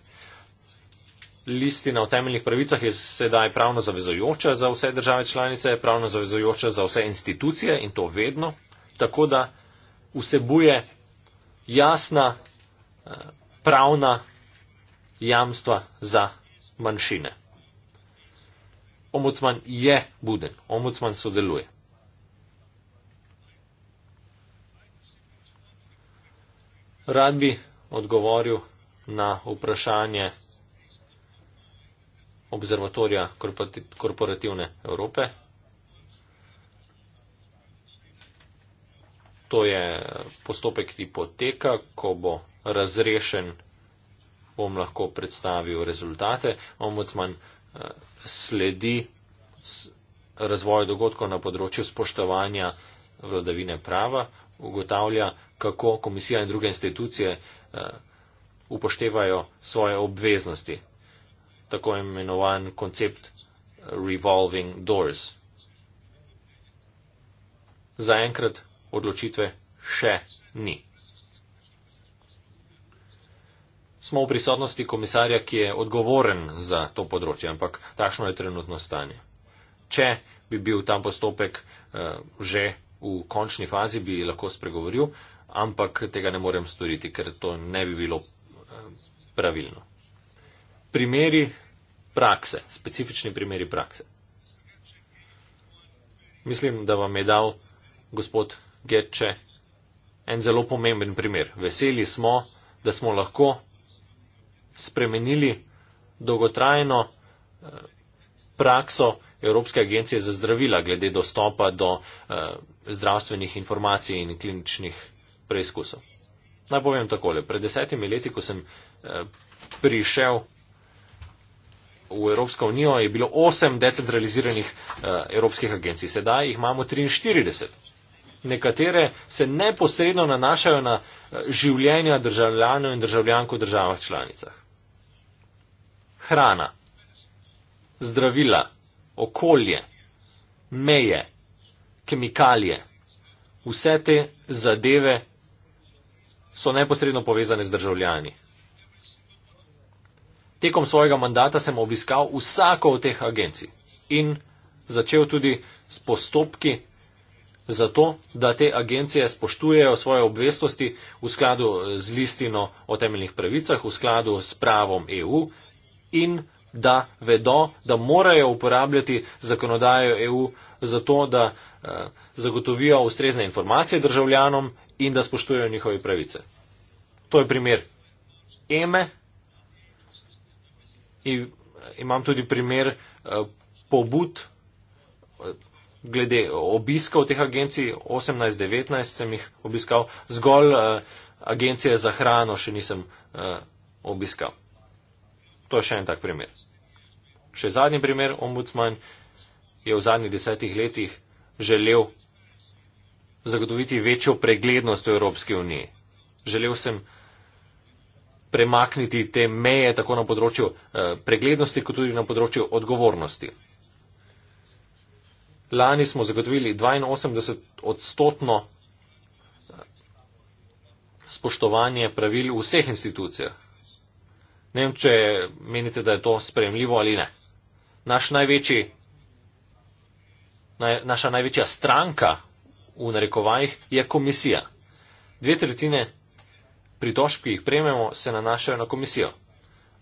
Listina o temeljnih pravicah je sedaj pravno zavezojoča za vse države članice, pravno zavezojoča za vse institucije in to vedno, tako da vsebuje jasna eh, pravna jamstva za manjšine. Ombudsman je buden, ombudsman sodeluje. Rad bi odgovoril na vprašanje Observatorija korporativne Evrope. To je postopek, ki poteka, ko bo razrešen, bom lahko predstavil rezultate. Ombudsman sledi razvoju dogodkov na področju spoštovanja vladavine prava, ugotavlja, kako komisija in druge institucije eh, upoštevajo svoje obveznosti, tako imenovan koncept revolving doors. Zaenkrat odločitve še ni. smo v prisotnosti komisarja, ki je odgovoren za to področje, ampak takšno je trenutno stanje. Če bi bil tam postopek eh, že v končni fazi, bi lahko spregovoril, ampak tega ne morem storiti, ker to ne bi bilo eh, pravilno. Primeri prakse, specifični primeri prakse. Mislim, da vam je dal gospod Getče en zelo pomemben primer. Veseli smo, da smo lahko spremenili dolgotrajno eh, prakso Evropske agencije za zdravila glede dostopa do eh, zdravstvenih informacij in kliničnih preizkusov. Naj povem takole. Pred desetimi leti, ko sem eh, prišel v Evropsko unijo, je bilo osem decentraliziranih evropskih agencij. Sedaj jih imamo 43. Nekatere se neposredno nanašajo na življenja državljanov in državljank v državah članicah hrana, zdravila, okolje, meje, kemikalije, vse te zadeve so neposredno povezane z državljani. Tekom svojega mandata sem obiskal vsako od teh agencij in začel tudi s postopki za to, da te agencije spoštujejo svoje obveznosti v skladu z listino o temeljnih pravicah, v skladu s pravom EU in da vedo, da morajo uporabljati zakonodajo EU za to, da eh, zagotovijo ustrezne informacije državljanom in da spoštujejo njihove pravice. To je primer EME in imam tudi primer eh, pobud eh, glede obiskov teh agencij. 18-19 sem jih obiskal, zgolj agencije za hrano še nisem obiskal. To je še en tak primer. Še zadnji primer, ombudsman je v zadnjih desetih letih želel zagotoviti večjo preglednost v Evropski uniji. Želel sem premakniti te meje tako na področju eh, preglednosti, kot tudi na področju odgovornosti. Lani smo zagotovili 82 odstotno eh, spoštovanje pravil v vseh institucijah. Ne vem, če menite, da je to sprejemljivo ali ne. Naš največji, naj, naša največja stranka v narekovajih je komisija. Dve tretjine pritožb, ki jih prejmemo, se nanašajo na komisijo.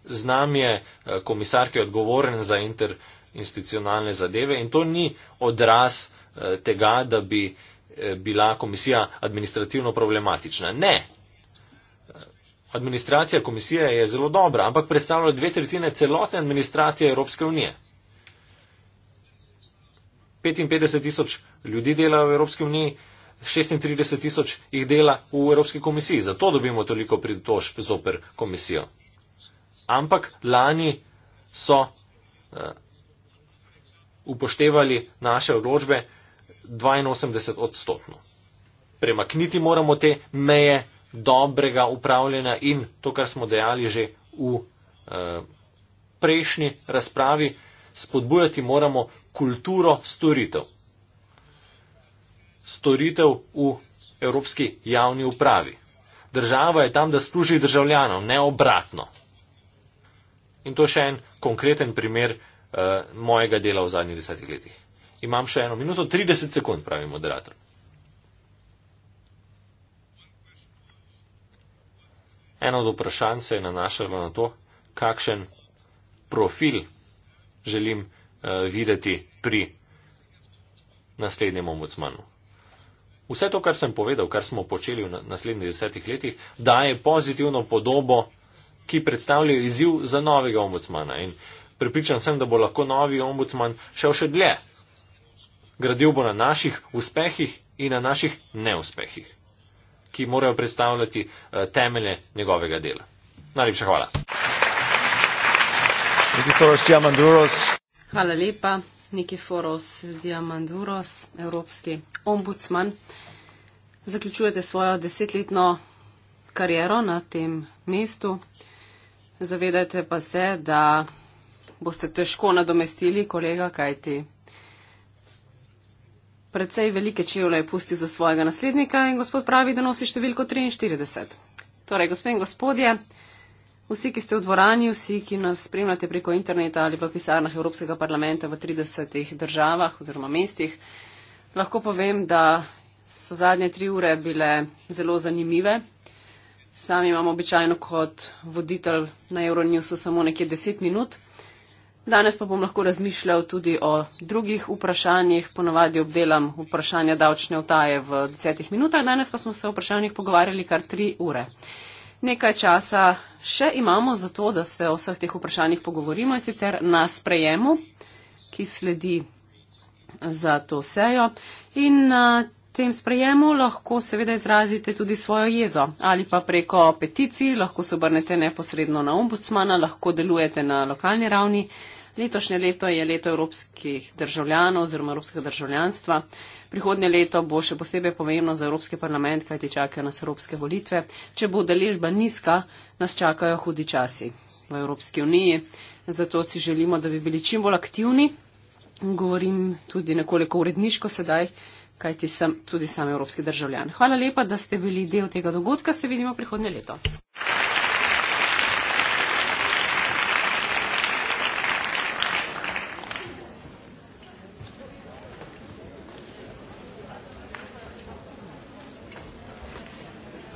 Z nami je eh, komisar, ki je odgovoren za interinstitucionalne zadeve in to ni odraz eh, tega, da bi eh, bila komisija administrativno problematična. Ne, administracija komisije je zelo dobra, ampak predstavlja dve tretjine celotne administracije Evropske unije. 55 tisoč ljudi dela v Evropski uniji, 36 tisoč jih dela v Evropski komisiji. Zato dobimo toliko pritožb zoper komisijo. Ampak lani so uh, upoštevali naše odločbe 82 odstotno. Premakniti moramo te meje dobrega upravljanja in to, kar smo dejali že v eh, prejšnji razpravi, spodbujati moramo kulturo storitev. Storitev v evropski javni upravi. Država je tam, da služi državljanom, ne obratno. In to je še en konkreten primer uh, mojega dela v zadnjih desetih letih. Imam še eno minuto, 30 sekund, pravi moderator. Eno od vprašanj se je nanašalo na to, kakšen profil želim uh, videti pri naslednjem ombudsmanu. Vse to, kar sem povedal, kar smo počeli v naslednjih desetih letih, daje pozitivno podobo, ki predstavlja izziv za novega ombudsmana. In pripričan sem, da bo lahko novi ombudsman šel še dlje. Gradil bo na naših uspehih in na naših neuspehih ki morajo predstavljati eh, temelje njegovega dela. Najlepša hvala. Hvala lepa, Nikiforos Diamanduros, evropski ombudsman. Zaključujete svojo desetletno kariero na tem mestu. Zavedajte pa se, da boste težko nadomestili kolega, kaj ti precej velike čevlje je pustil za svojega naslednika in gospod pravi, da nosi številko 43. Torej, gospe in gospodje, vsi, ki ste v dvorani, vsi, ki nas spremljate preko interneta ali pa pisarnah Evropskega parlamenta v 30 državah oziroma mestih, lahko povem, da so zadnje tri ure bile zelo zanimive. Sam imam običajno kot voditelj na Euronewsu samo nekje 10 minut. Danes pa bom lahko razmišljal tudi o drugih vprašanjih. Ponovadi obdelam vprašanja davčne vtaje v desetih minutah, danes pa smo se o vprašanjih pogovarjali kar tri ure. Nekaj časa še imamo za to, da se o vseh teh vprašanjih pogovorimo in sicer na sprejemu, ki sledi za to sejo. In na tem sprejemu lahko seveda izrazite tudi svojo jezo ali pa preko peticij, lahko se obrnete neposredno na ombudsmana, lahko delujete na lokalni ravni. Letošnje leto je leto evropskih državljanov oziroma evropskega državljanstva. Prihodnje leto bo še posebej pomembno za Evropski parlament, kajti čakajo nas evropske volitve. Če bo deležba nizka, nas čakajo hudi časi v Evropski uniji. Zato si želimo, da bi bili čim bolj aktivni. Govorim tudi nekoliko uredniško sedaj, kajti sem tudi sam evropski državljan. Hvala lepa, da ste bili del tega dogodka. Se vidimo prihodnje leto.